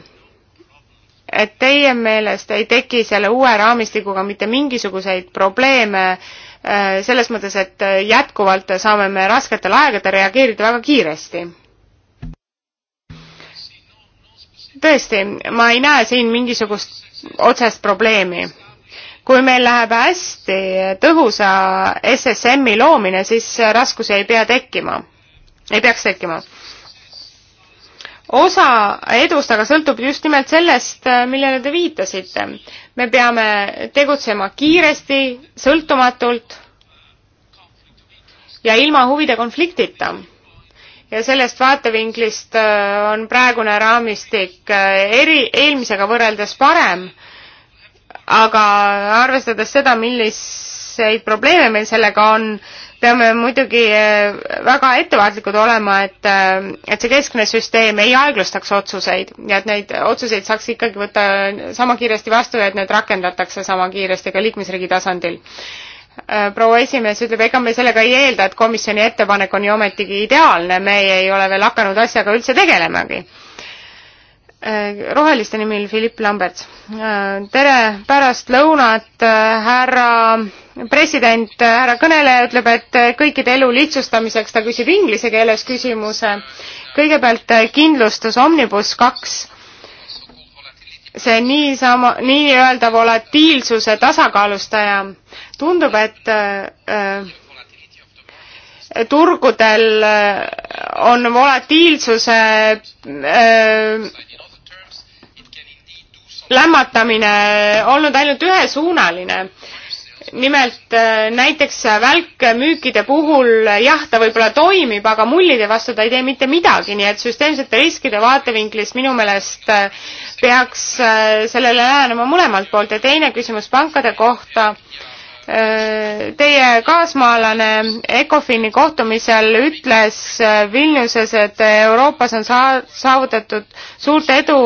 et teie meelest ei teki selle uue raamistikuga mitte mingisuguseid probleeme äh, selles mõttes, et jätkuvalt saame me rasketel aegadel reageerida väga kiiresti. tõesti, ma ei näe siin mingisugust otsest probleemi kui meil läheb hästi tõhusa SSM-i loomine, siis raskusi ei pea tekkima ei peaks tekkima. osa edust aga sõltub just nimelt sellest, äh, millele te viitasite. me peame tegutsema kiiresti, sõltumatult ja ilma huvide konfliktita ja sellest vaatevinklist äh, on praegune raamistik äh, eri, eelmisega võrreldes parem, aga arvestades seda, milliseid probleeme meil sellega on, peame muidugi eh, väga ettevaatlikud olema, et, eh, et see keskne süsteem ei aeglustaks otsuseid ja et neid otsuseid saaks ikkagi võtta sama kiiresti vastu ja et need rakendatakse sama kiiresti ka liikmesriigi tasandil. Eh, proua esimees ütleb, ega me sellega ei eelda, et komisjoni ettepanek on ju ometigi ideaalne, me ei ole veel hakanud asjaga üldse tegelemagi roheliste nimel Philipp Lambert. tere pärastlõunat, härra president, härra kõneleja ütleb, et kõikide elu lihtsustamiseks ta küsib inglise keeles küsimuse. kõigepealt eh, kindlustus Omnibus kaks. see niisama, nii-öelda volatiilsuse tasakaalustaja. tundub, et äh, turgudel eh, on volatiilsuse äh, lämmatamine olnud ainult ühesuunaline äh, nimelt äh, näiteks välkmüükide puhul äh, jah, ta võib-olla toimib, aga mullide vastu ta ei tee mitte midagi, nii et süsteemsete riskide vaatevinklist minu meelest äh, peaks sellele lähenema mõlemalt poolt ja teine küsimus pankade kohta. Teie kaasmaalane Ecofini kohtumisel ütles Vilniuses, et Euroopas on saa-, saavutatud suurt edu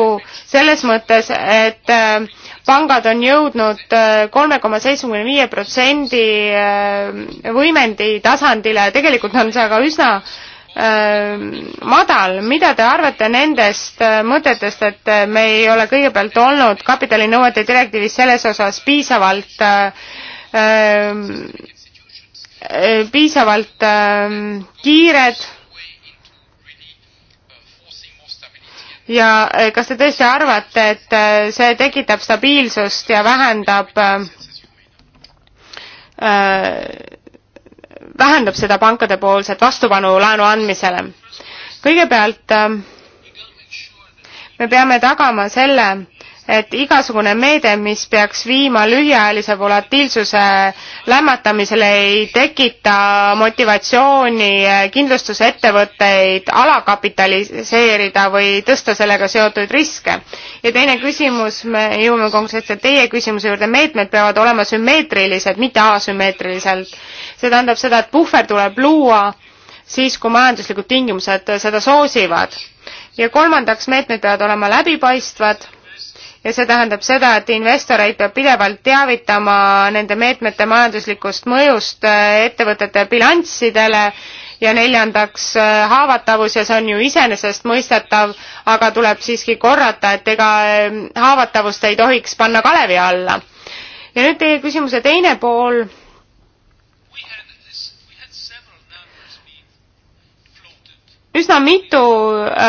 selles mõttes, et äh, pangad on jõudnud äh, kolme koma seitsmekümne viie protsendi äh, võimendi tasandile, tegelikult on see aga üsna äh, madal, mida te arvate nendest mõtetest, et me ei ole kõigepealt olnud kapitalinõuete direktiivis selles osas piisavalt piisavalt kiired ja eh, kas te tõesti arvate, et eh, see tekitab stabiilsust ja vähendab eh, vähendab seda pankade poolset vastupanu laenu andmisele. kõigepealt me peame tagama selle, et igasugune meede, mis peaks viima lühiajalise volatiilsuse lämmatamisele, ei tekita motivatsiooni kindlustusettevõtteid alakapitaliseerida või tõsta sellega seotuid riske. ja teine küsimus, me jõuame konkreetselt teie küsimuse juurde, meetmed peavad olema sümmeetrilised, mitte asümmeetriliselt. see tähendab seda, et puhver tuleb luua siis, kui majanduslikud tingimused seda soosivad. ja kolmandaks, meetmed peavad olema läbipaistvad ja see tähendab seda, et investoreid peab pidevalt teavitama nende meetmete majanduslikust mõjust äh, ettevõtete bilanssidele ja neljandaks äh, haavatavus ja see on ju iseenesestmõistetav, aga tuleb siiski korrata, et ega äh, haavatavust ei tohiks panna kalevi alla. ja nüüd teie küsimuse teine pool. üsna mitu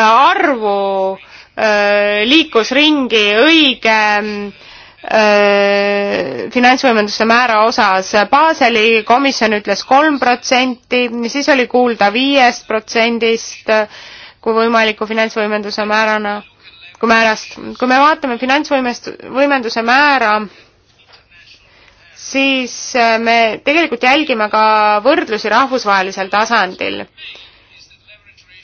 arvu Äh, liikus ringi õige äh, finantsvõimenduste määra osas. Baseli komisjon ütles kolm protsenti, siis oli kuulda viiest protsendist äh, kui võimaliku finantsvõimenduse määrana, kui määrast. kui me vaatame finantsvõimenduse määra, siis me tegelikult jälgime ka võrdlusi rahvusvahelisel tasandil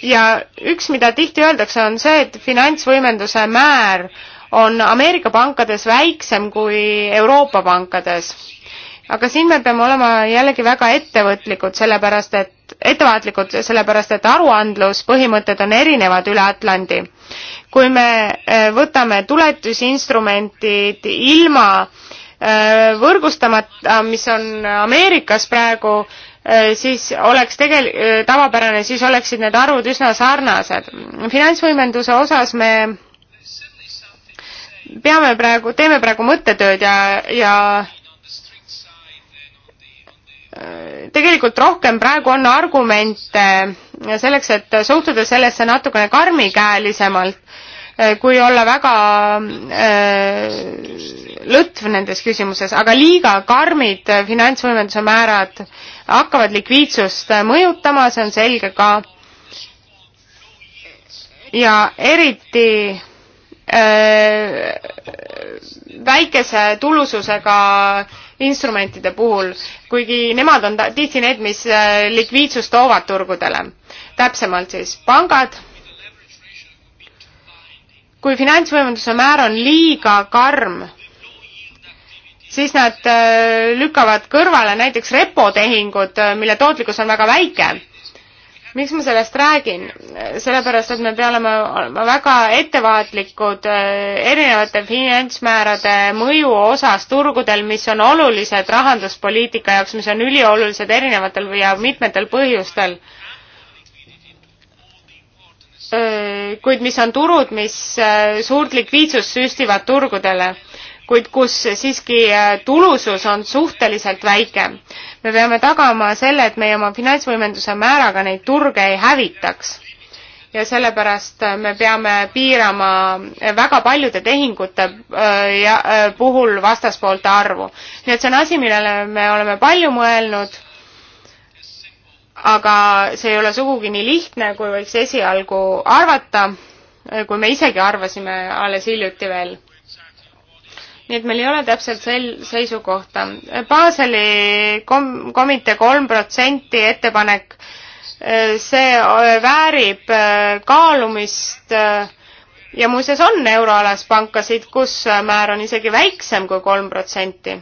ja üks, mida tihti öeldakse, on see, et finantsvõimenduse määr on Ameerika pankades väiksem kui Euroopa pankades. aga siin me peame olema jällegi väga ettevõtlikud, sellepärast et, ettevaatlikud, sellepärast et aruandluspõhimõtted on erinevad üle Atlandi. kui me eh, võtame tuletusinstrumentid ilma eh, võrgustamata, mis on Ameerikas praegu äh, Äh, siis oleks tegel-, äh, tavapärane, siis oleksid need arvud üsna sarnased. finantsvõimenduse osas me peame praegu, teeme praegu mõttetööd ja, ja äh, tegelikult rohkem praegu on argumente selleks, et suhtuda sellesse natukene karmikäelisemalt, kui olla väga äh, lõtv nendes küsimuses, aga liiga karmid finantsvõimenduse määrad äh, hakkavad likviidsust mõjutama, see on selge ka ja eriti öö, äh, väikese tulususega instrumentide puhul, kuigi nemad on tihti need, mis äh, likviidsust toovad turgudele. täpsemalt siis pangad. kui finantsvõimenduse määr on liiga karm siis nad äh, lükkavad kõrvale näiteks repotehingud, äh, mille tootlikkus on väga väike. miks ma sellest räägin? sellepärast, et me peame olema väga ettevaatlikud äh, erinevate finantsmäärade mõju osas turgudel, mis on olulised rahanduspoliitika jaoks, mis on üliolulised erinevatel ja mitmetel põhjustel kuid mis on turud, mis suurt likviidsust süstivad turgudele kuid kus siiski äh, tulusus on suhteliselt väike. me peame tagama selle, et meie oma finantsvõimenduse määraga neid turge ei hävitaks. ja sellepärast äh, me peame piirama äh, väga paljude tehingute puhul vastaspoolte arvu. nii et see on asi, millele me oleme palju mõelnud, aga see ei ole sugugi nii lihtne, kui võiks esialgu arvata, kui me isegi arvasime alles hiljuti veel nii et meil ei ole täpselt sel-, seisukohta. Baseli kom-, komitee kolm protsenti ettepanek, eh, see eh, väärib eh, kaalumist ja muuseas on euroalas pankasid, kus määr on isegi väiksem kui kolm protsenti.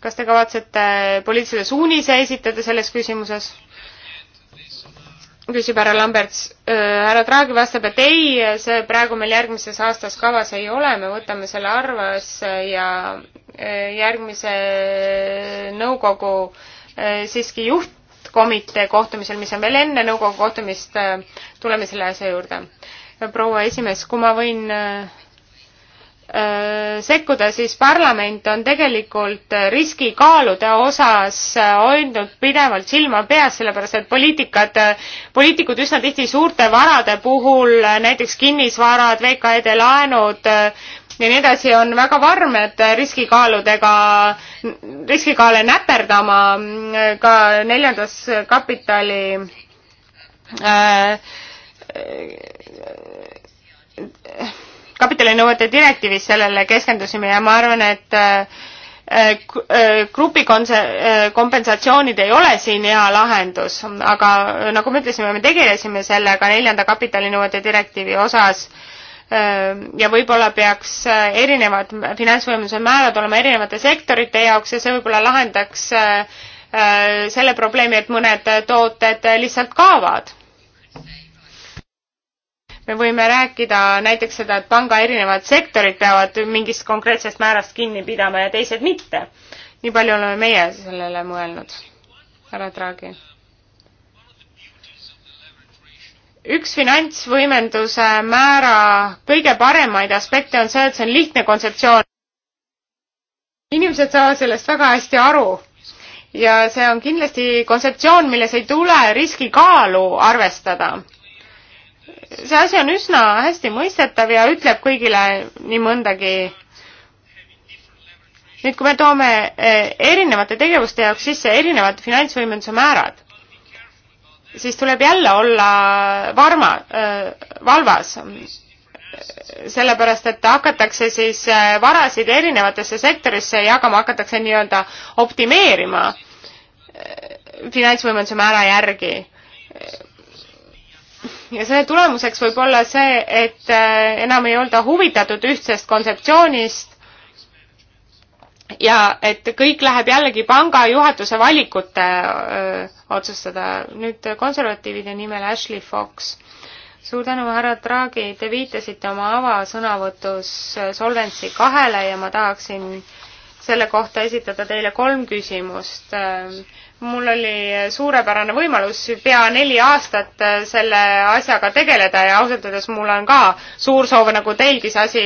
kas te kavatsete poliitilise suunise esitada selles küsimuses? küsib härra Lamberts. Äh, härra Draghi vastab, et ei, see praegu meil järgmises aastas kavas ei ole, me võtame selle arvesse ja äh, järgmise nõukogu äh, siiski juhtkomitee kohtumisel, mis on veel enne nõukogu kohtumist, tuleme selle asja juurde. proua esimees, kui ma võin Äh, sekkuda, siis parlament on tegelikult äh, riskikaalude osas äh, hoidnud pidevalt silma peas, sellepärast et poliitikad, poliitikud üsna tihti suurte varade puhul, näiteks kinnisvarad, VKE-de laenud, ja nii edasi on väga varmed riskikaaludega, riskikaale näperdama ka neljandas kapitali äh, äh, kapitalinõuete direktiivis sellele keskendusime ja ma arvan, et äh, äh, grupi äh, kompensatsioonid ei ole siin hea lahendus, aga nagu me ütlesime, me tegelesime sellega neljanda kapitalinõuete direktiivi osas ja võib-olla peaks erinevad finantsvõimluse määrad olema erinevate sektorite jaoks ja see võib-olla lahendaks selle probleemi, et mõned tooted lihtsalt kaovad me võime rääkida näiteks seda, et panga erinevad sektorid peavad mingist konkreetsest määrast kinni pidama ja teised mitte. nii palju oleme meie sellele mõelnud, härra Draghi. üks finantsvõimenduse määra kõige paremaid aspekte on see, et see on lihtne kontseptsioon. inimesed saavad sellest väga hästi aru ja see on kindlasti kontseptsioon, milles ei tule riskikaalu arvestada see asi on üsna hästi mõistetav ja ütleb kõigile nii mõndagi. nüüd, kui me toome eh, erinevate tegevuste jaoks sisse erinevad finantsvõimenduse määrad, siis tuleb jälle olla varma, eh, valvas sellepärast, et hakatakse siis eh, varasid erinevatesse sektorisse jagama, hakatakse nii-öelda optimeerima finantsvõimenduse määra järgi ja selle tulemuseks võib olla see, et äh, enam ei olda huvitatud ühtsest kontseptsioonist ja et kõik läheb jällegi panga juhatuse valikute öö, äh, otsustada. nüüd konservatiivide nimel Ashley Fox. suur tänu, härra Draghi, te viitasite oma avasõnavõtus äh, Solvency kahele ja ma tahaksin selle kohta esitada teile kolm küsimust mul oli suurepärane võimalus pea neli aastat äh, selle asjaga tegeleda ja ausalt öeldes mul on ka suur soov nagu teilgi see asi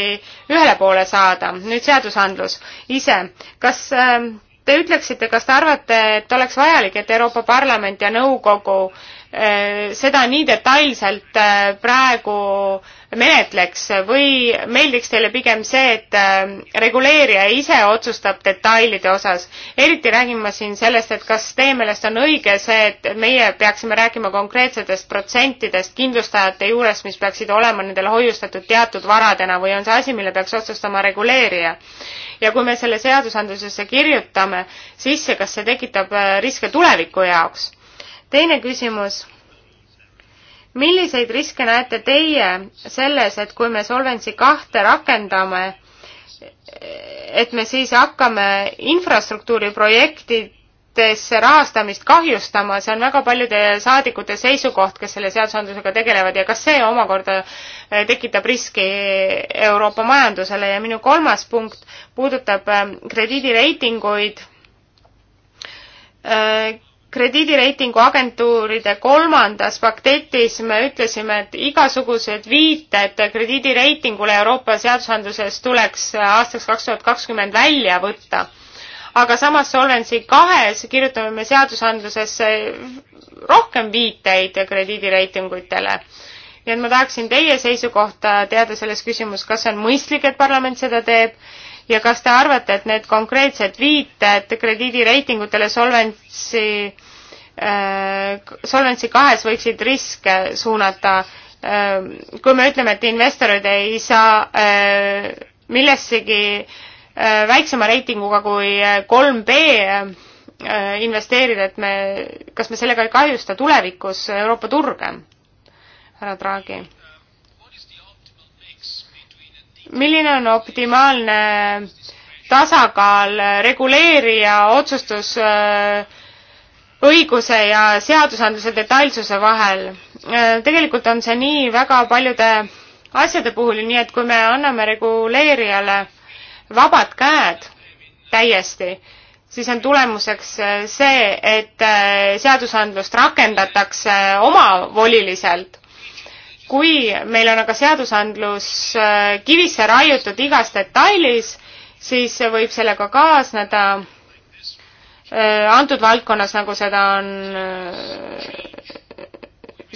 ühele poole saada. nüüd seadusandlus ise, kas äh, te ütleksite, kas te arvate, et oleks vajalik, et Euroopa Parlament ja Nõukogu äh, seda nii detailselt praegu äh, menetleks või meeldiks teile pigem see, et äh, reguleerija ise otsustab detailide osas? eriti räägin ma siin sellest, et kas teie meelest on õige see, et meie peaksime rääkima konkreetsetest protsentidest kindlustajate juures, mis peaksid olema nendele hoiustatud teatud varadena või on see asi, mille peaks otsustama reguleerija? ja kui me selle seadusandlusesse kirjutame sisse, kas see tekitab äh, riske tuleviku jaoks? teine küsimus milliseid riske näete teie selles, et kui me Solvency kahte rakendame, et me siis hakkame infrastruktuuriprojektidesse rahastamist kahjustama, see on väga paljude saadikute seisukoht, kes selle seadusandlusega tegelevad ja kas see omakorda äh, tekitab riski Euroopa majandusele ja minu kolmas punkt puudutab äh, krediidireitinguid äh, krediidireitingu agentuuride kolmandas paketis me ütlesime, et igasugused viited krediidireitingule Euroopa seadusandluses tuleks aastaks kaks tuhat kakskümmend välja võtta. aga samas Solvency kahes kirjutame me seadusandlusesse rohkem viiteid krediidireitingutele nii et ma tahaksin teie seisukohta teada selles küsimus, kas on mõistlik, et parlament seda teeb ja kas te arvate, et need konkreetsed viited krediidireitingutele Solventsi Äh, Solvency kahes võiksid riske suunata. Äh, kui me ütleme, et investorid ei saa äh, millessegi väiksema reitinguga kui kolm B investeerida, et me, kas me sellega ei kahjusta tulevikus Euroopa turge? härra Draghi. milline on optimaalne tasakaal reguleerija otsustus äh, õiguse ja seadusandluse detailsuse vahel. Äh, tegelikult on see nii väga paljude asjade puhul, nii et kui me anname reguleerijale vabad käed täiesti, siis on tulemuseks äh, see, et äh, seadusandlust rakendatakse omavoliliselt. kui meil on aga seadusandlus kivisse raiutud igas detailis, siis võib sellega kaasneda Äh, antud valdkonnas, nagu seda on äh,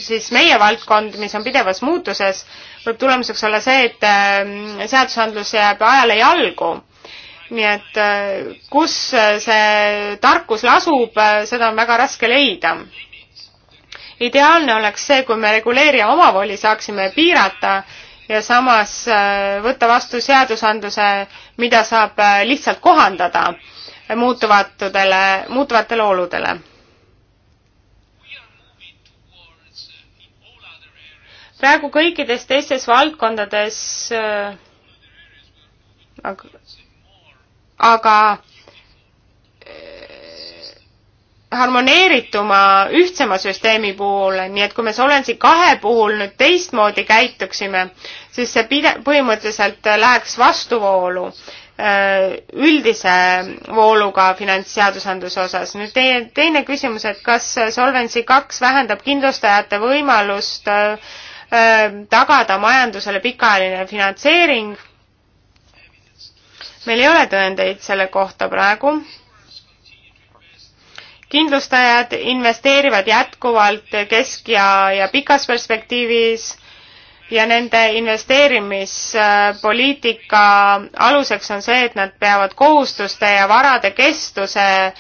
siis meie valdkond, mis on pidevas muutuses, võib tulemuseks olla see, et äh, seadusandlus jääb ajale jalgu. nii et kus see tarkus lasub, seda on väga raske leida. ideaalne oleks see, kui me reguleerija omavoli saaksime piirata ja samas võtta vastu seadusandluse, mida saab lihtsalt kohandada muutuvatele, muutuvatele oludele. praegu kõikides teistes valdkondades aga, aga harmoneerituma ühtsema süsteemi puhul, nii et kui me Solensi kahe puhul nüüd teistmoodi käituksime, siis see pide-, põhimõtteliselt läheks vastuvoolu. Äh, üldise vooluga finantsseadusandluse osas. nüüd teie teine küsimus, et kas Solvency kaks vähendab kindlustajate võimalust äh, äh, tagada majandusele pikaajaline finantseering. meil ei ole tõendeid selle kohta praegu. kindlustajad investeerivad jätkuvalt kesk- ja, ja pikas perspektiivis ja nende investeerimispoliitika aluseks on see, et nad peavad kohustuste ja varade kestuse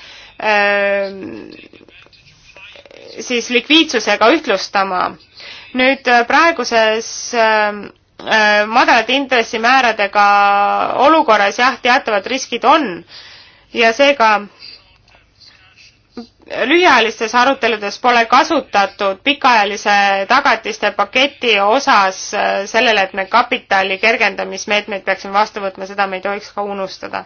siis likviidsusega ühtlustama. nüüd praeguses madalate intressimääradega olukorras jah, teatavad riskid on ja seega lühiajalistes aruteludes pole kasutatud pikaajalise tagatiste paketi osas äh, sellele, et me kapitali kergendamismeetmeid peaksime vastu võtma, seda me ei tohiks ka unustada.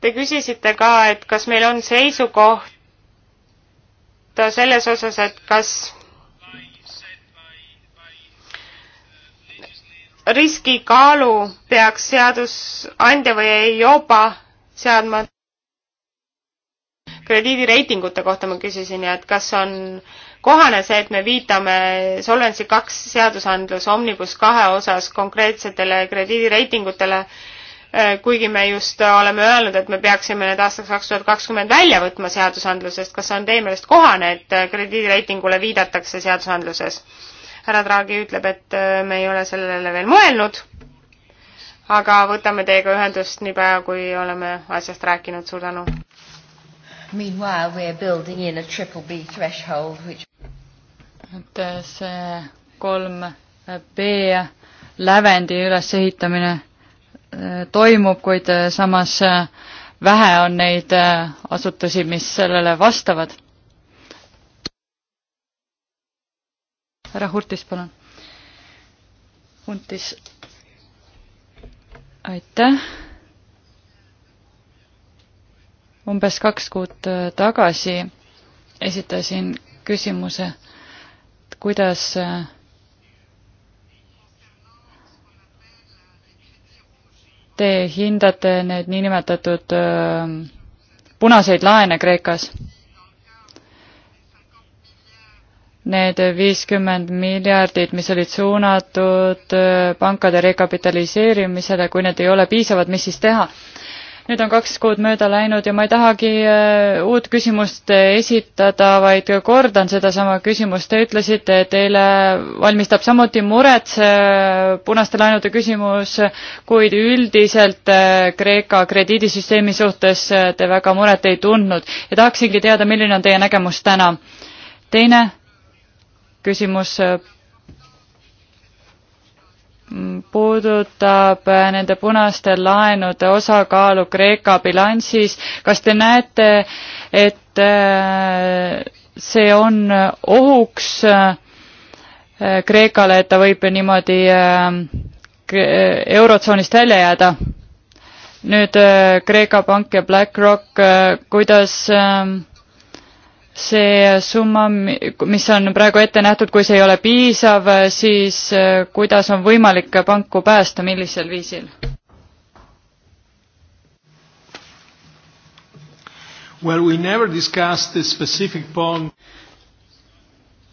Te küsisite ka, et kas meil on seisukoht selles osas, et kas riskikaalu peaks seadusandja või EIOPA seadma krediidireitingute kohta ma küsisin ja et kas on kohane see, et me viitame Solvency kaks seadusandlus Omnibus kahe osas konkreetsetele krediidireitingutele, eh, kuigi me just oleme öelnud, et me peaksime need aastaks kaks tuhat kakskümmend välja võtma seadusandlusest, kas on teie meelest kohane, et krediidireitingule viidatakse seadusandluses? härra Draghi ütleb, et äh, me ei ole sellele veel mõelnud, aga võtame teiega ühendust niipea, kui oleme asjast rääkinud, suur tänu! Meanwhile we are building in a triple B threshold which et äh, see kolm äh, B lävendi ülesehitamine toimub, kuid samas vähe on neid asutusi, mis sellele vastavad härra Hurtis, palun. Huntis. aitäh. umbes kaks kuud äh, tagasi esitasin küsimuse, et kuidas äh, te hindate need niinimetatud äh, punaseid laene Kreekas? need viiskümmend miljardit, mis olid suunatud äh, pankade rekapitaliseerimisele, kui need ei ole piisavad, mis siis teha? nüüd on kaks kuud mööda läinud ja ma ei tahagi äh, uut küsimust esitada, vaid kordan sedasama küsimust. Te ütlesite, et teile valmistab samuti muret see äh, punaste laenude küsimus, kuid üldiselt Kreeka krediidisüsteemi suhtes te väga muret ei tundnud ja tahaksingi teada, milline on teie nägemus täna. teine küsimus äh, mm, puudutab äh, nende punaste laenude osakaalu Kreeka bilansis. kas te näete, et äh, see on ohuks Kreekale, et ta võib niimoodi eurotsoonist välja jääda? nüüd Kreeka Pank ja BlackRock, kuidas äh, see summa, mis on praegu ette nähtud, kui see ei ole piisav, siis eh, kuidas on võimalik panku päästa, millisel viisil? Well, we never discussed the specific bond.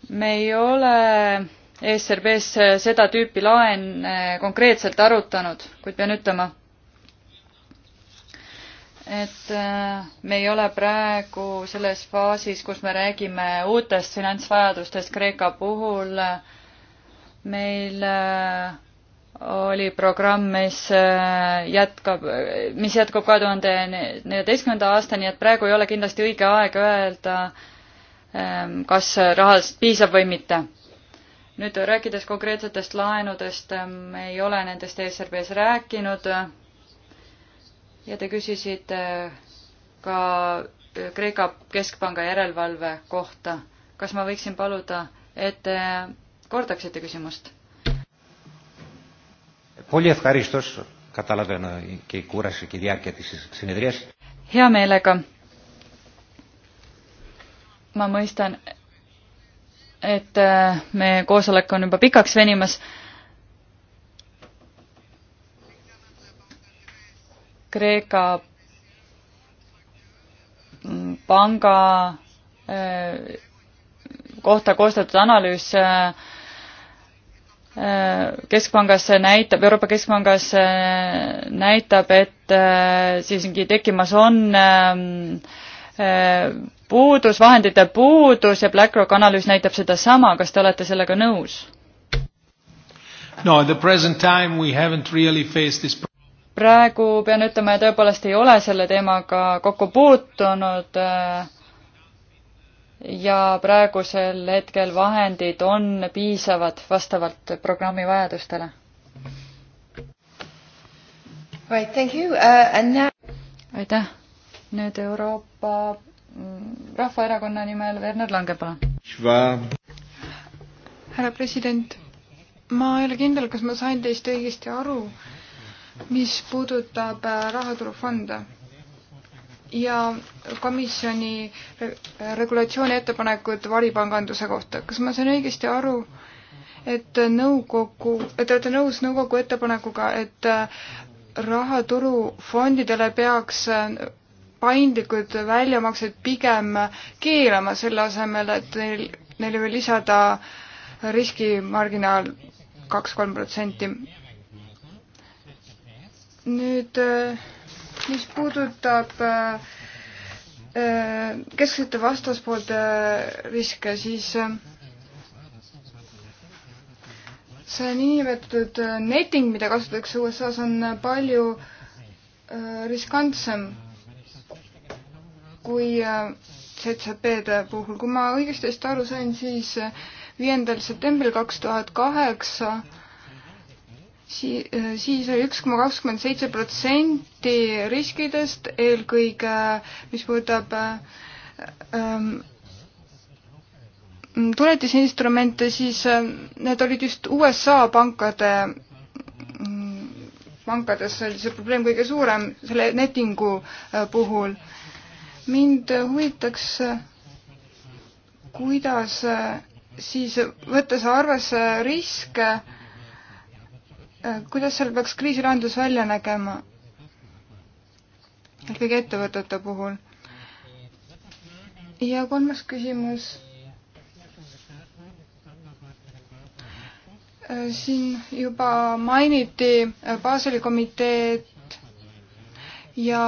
me ei ole ESRB-s seda tüüpi laen konkreetselt arutanud, kuid pean ütlema et äh, me ei ole praegu selles faasis, kus me räägime uutest finantsvajadustest Kreeka puhul. meil äh, oli programm, mis äh, jätkab, mis jätkub kahe tuhande neljateistkümnenda aastani, et praegu ei ole kindlasti õige aeg öelda, ähm, kas rahast piisab või mitte nüüd rääkides konkreetsetest laenudest, ähm, me ei ole nendest ESRB-s rääkinud ja te küsisite äh, ka äh, Kreeka Keskpanga järelevalve kohta. kas ma võiksin paluda, et te kordaksite küsimust? hea meelega. ma mõistan, et äh, meie koosolek on juba pikaks venimas Kreeka panga eh, kohta koostatud analüüs eh, keskpangas näitab, Euroopa Keskpangas eh, näitab, et siiski tekkimas on puudus, vahendite puudus ja BlackRock analüüs näitab sedasama, kas te olete sellega nõus? No, at the present time we haven't really faced this praegu pean ütlema, tõepoolest ei ole selle teemaga kokku puutunud äh, ja praegusel hetkel vahendid on piisavad vastavalt programmi vajadustele. Right, thank you uh, and now aitäh. nüüd Euroopa mm, Rahvaerakonna nimel Werner Lange, palun. härra president, ma ei ole kindel, kas ma sain teist õigesti aru mis puudutab äh, rahaturufonde ja komisjoni regulatsiooni ettepanekut varipanganduse kohta. kas ma sain õigesti aru, et nõukogu, et te olete nõus nõukogu ettepanekuga, et äh, rahaturufondidele peaks äh, paindlikud väljamaksed pigem keelama, selle asemel, et neil, neile veel lisada riskimarginaal kaks-kolm protsenti nüüd, äh, mis puudutab äh, äh, kesksete vastaspoolte riske, siis see niinimetatud netting, mida kasutatakse USA-s, on palju riskantsem kui ZZP-de puhul. kui ma õigesti aru sain, siis viiendal septembril kaks tuhat kaheksa si-, äh, siis oli üks koma kakskümmend seitse protsenti riskidest, eelkõige äh, mis puudutab äh, ähm, tuletisinstrumente, siis äh, need olid just USA pankade, mm, pankades oli see probleem kõige suurem selle netingu äh, puhul. mind huvitaks, kuidas äh, siis võttes arvesse riske äh, Äh, kuidas seal peaks kriisilahendus välja nägema? eelkõige ettevõtete puhul. ja kolmas küsimus. Äh, siin juba mainiti äh, Baseli komiteed ja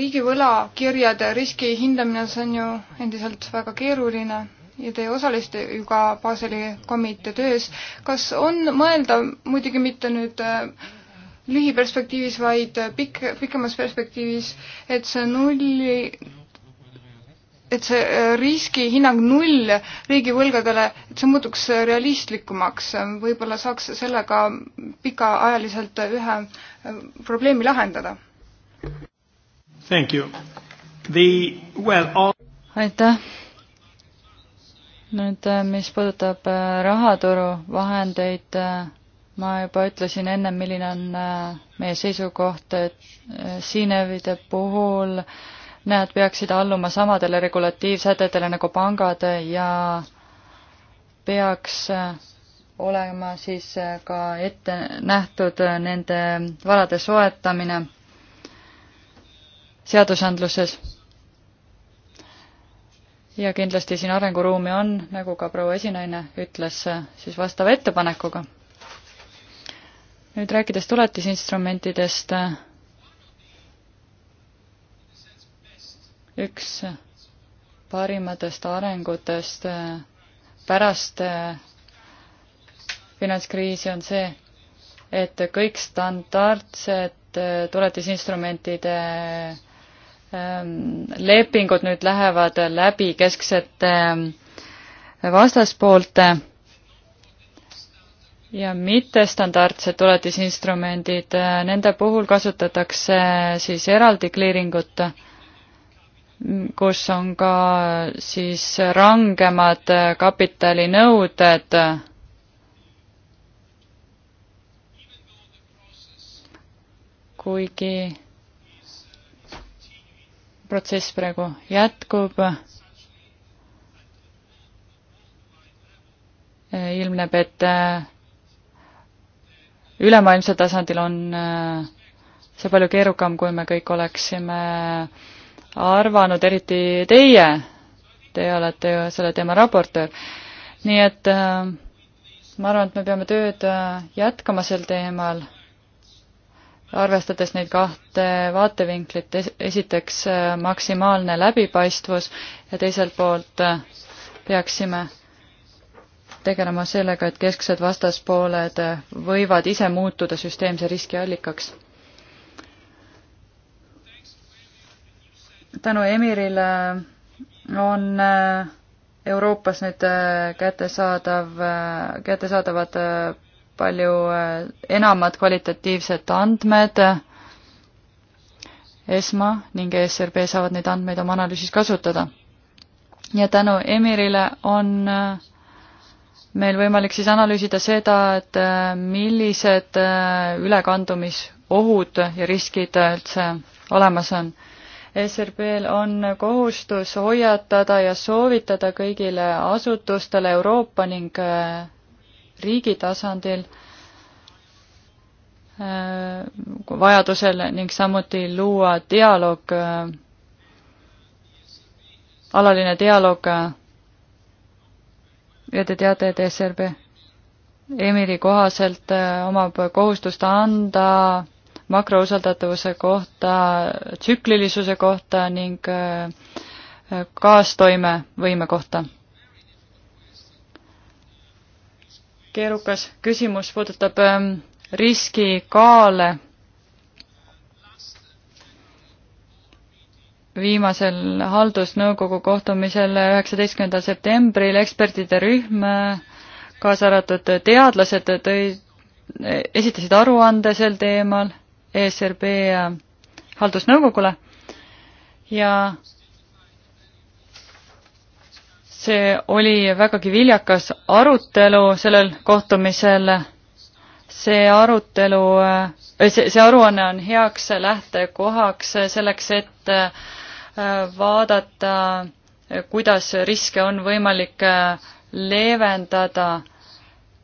riigi võlakirjade riski hindamine, see on ju endiselt väga keeruline ja teie osalesite ju ka Baseli komitee töös. kas on mõeldav, muidugi mitte nüüd äh, lühiperspektiivis, vaid äh, pikk, pikemas perspektiivis, et see nulli, et see äh, riskihinnang null riigivõlgadele, et see muutuks realistlikumaks, võib-olla saaks sellega pikaajaliselt ühe probleemi lahendada? aitäh nüüd, äh, mis puudutab äh, rahaturu vahendeid, äh, ma juba ütlesin ennem, milline on meie seisukoht, et siinevide puhul nad peaksid alluma samadele regulatiivsätetele nagu pangad ja peaks olema siis ka ette nähtud nende varade soetamine seadusandluses ja kindlasti siin arenguruumi on, nagu ka proua esinaine ütles siis vastava ettepanekuga. nüüd rääkides tuletisinstrumentidest, üks parimatest arengutest pärast finantskriisi on see, et kõik standardsed tuletisinstrumentide Ähm, lepingud nüüd lähevad läbi kesksete ähm, vastaspoolte ja mittestandardsed tuletisinstrumendid, äh, nende puhul kasutatakse äh, siis eraldi kliiringut, kus on ka äh, siis rangemad kapitalinõuded kuigi protsess praegu jätkub. ilmneb, et äh, ülemaailmsel tasandil on äh, see palju keerukam, kui me kõik oleksime arvanud, eriti teie. Teie olete ju selle teema raportöör. nii et äh, ma arvan, et me peame tööd jätkama sel teemal arvestades neid kahte vaatevinklit, esiteks äh, maksimaalne läbipaistvus ja teiselt poolt äh, peaksime tegelema sellega, et kesksed vastaspooled äh, võivad ise muutuda süsteemse riski allikaks. tänu Emirile on Euroopas nüüd kättesaadav, kättesaadavad palju äh, enamad kvalitatiivsed andmed. Äh, ESMA ning ESRB saavad neid andmeid oma analüüsis kasutada. ja tänu Emirile on äh, meil võimalik siis analüüsida seda, et millised ülekandumisohud ja riskid üldse olemas on e SRB-l on kohustus hoiatada ja soovitada kõigile asutustele Euroopa ning riigi tasandil äh, vajadusel ning samuti luua dialoog, äh, alaline dialoog äh, ja te teate, et SRB Emiri kohaselt omab kohustust anda makrousaldatavuse kohta, tsüklilisuse kohta ning kaastoimevõime kohta keerukas küsimus, puudutab ähm, riskikaale. viimasel haldusnõukogu kohtumisel üheksateistkümnendal septembril ekspertide rühm, äh, kaasa arvatud teadlased, tõi, esitasid aruande sel teemal ESRB äh, haldusnõukogule ja see oli vägagi viljakas arutelu sellel kohtumisel. see arutelu, see, see aruanne on heaks lähtekohaks selleks, et äh, vaadata, kuidas riske on võimalik äh, leevendada,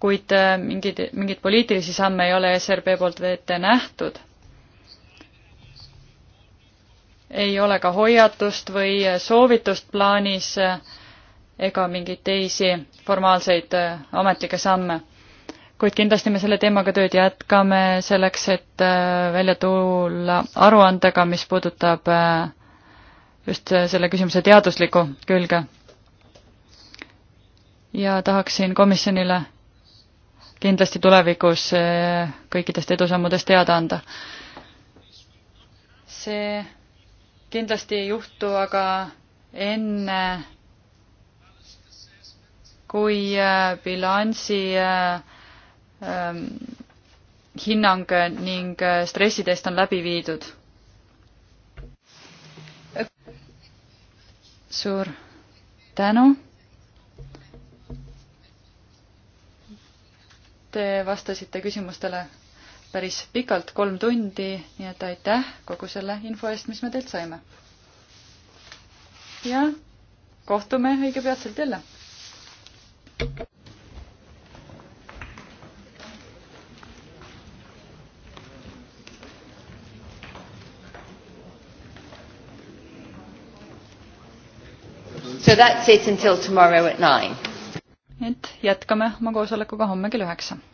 kuid äh, mingeid, mingeid poliitilisi samme ei ole SRB poolt ette nähtud ei ole ka hoiatust või soovitust plaanis ega mingeid teisi formaalseid äh, ametlikke samme. kuid kindlasti me selle teemaga tööd jätkame selleks, et äh, välja tulla aruandega, mis puudutab äh, just selle küsimuse teaduslikku külge. ja tahaksin komisjonile kindlasti tulevikus kõikidest edusammudest teada anda. see kindlasti ei juhtu aga enne kui äh, bilansi äh, ähm, hinnang ning äh, stressitest on läbi viidud. suur tänu. Te vastasite küsimustele päris pikalt, kolm tundi, nii et aitäh kogu selle info eest, mis me teilt saime. ja kohtume õige peatselt jälle So that's it until tomorrow at nine. et jätkame oma koosolekuga homme kell üheksa.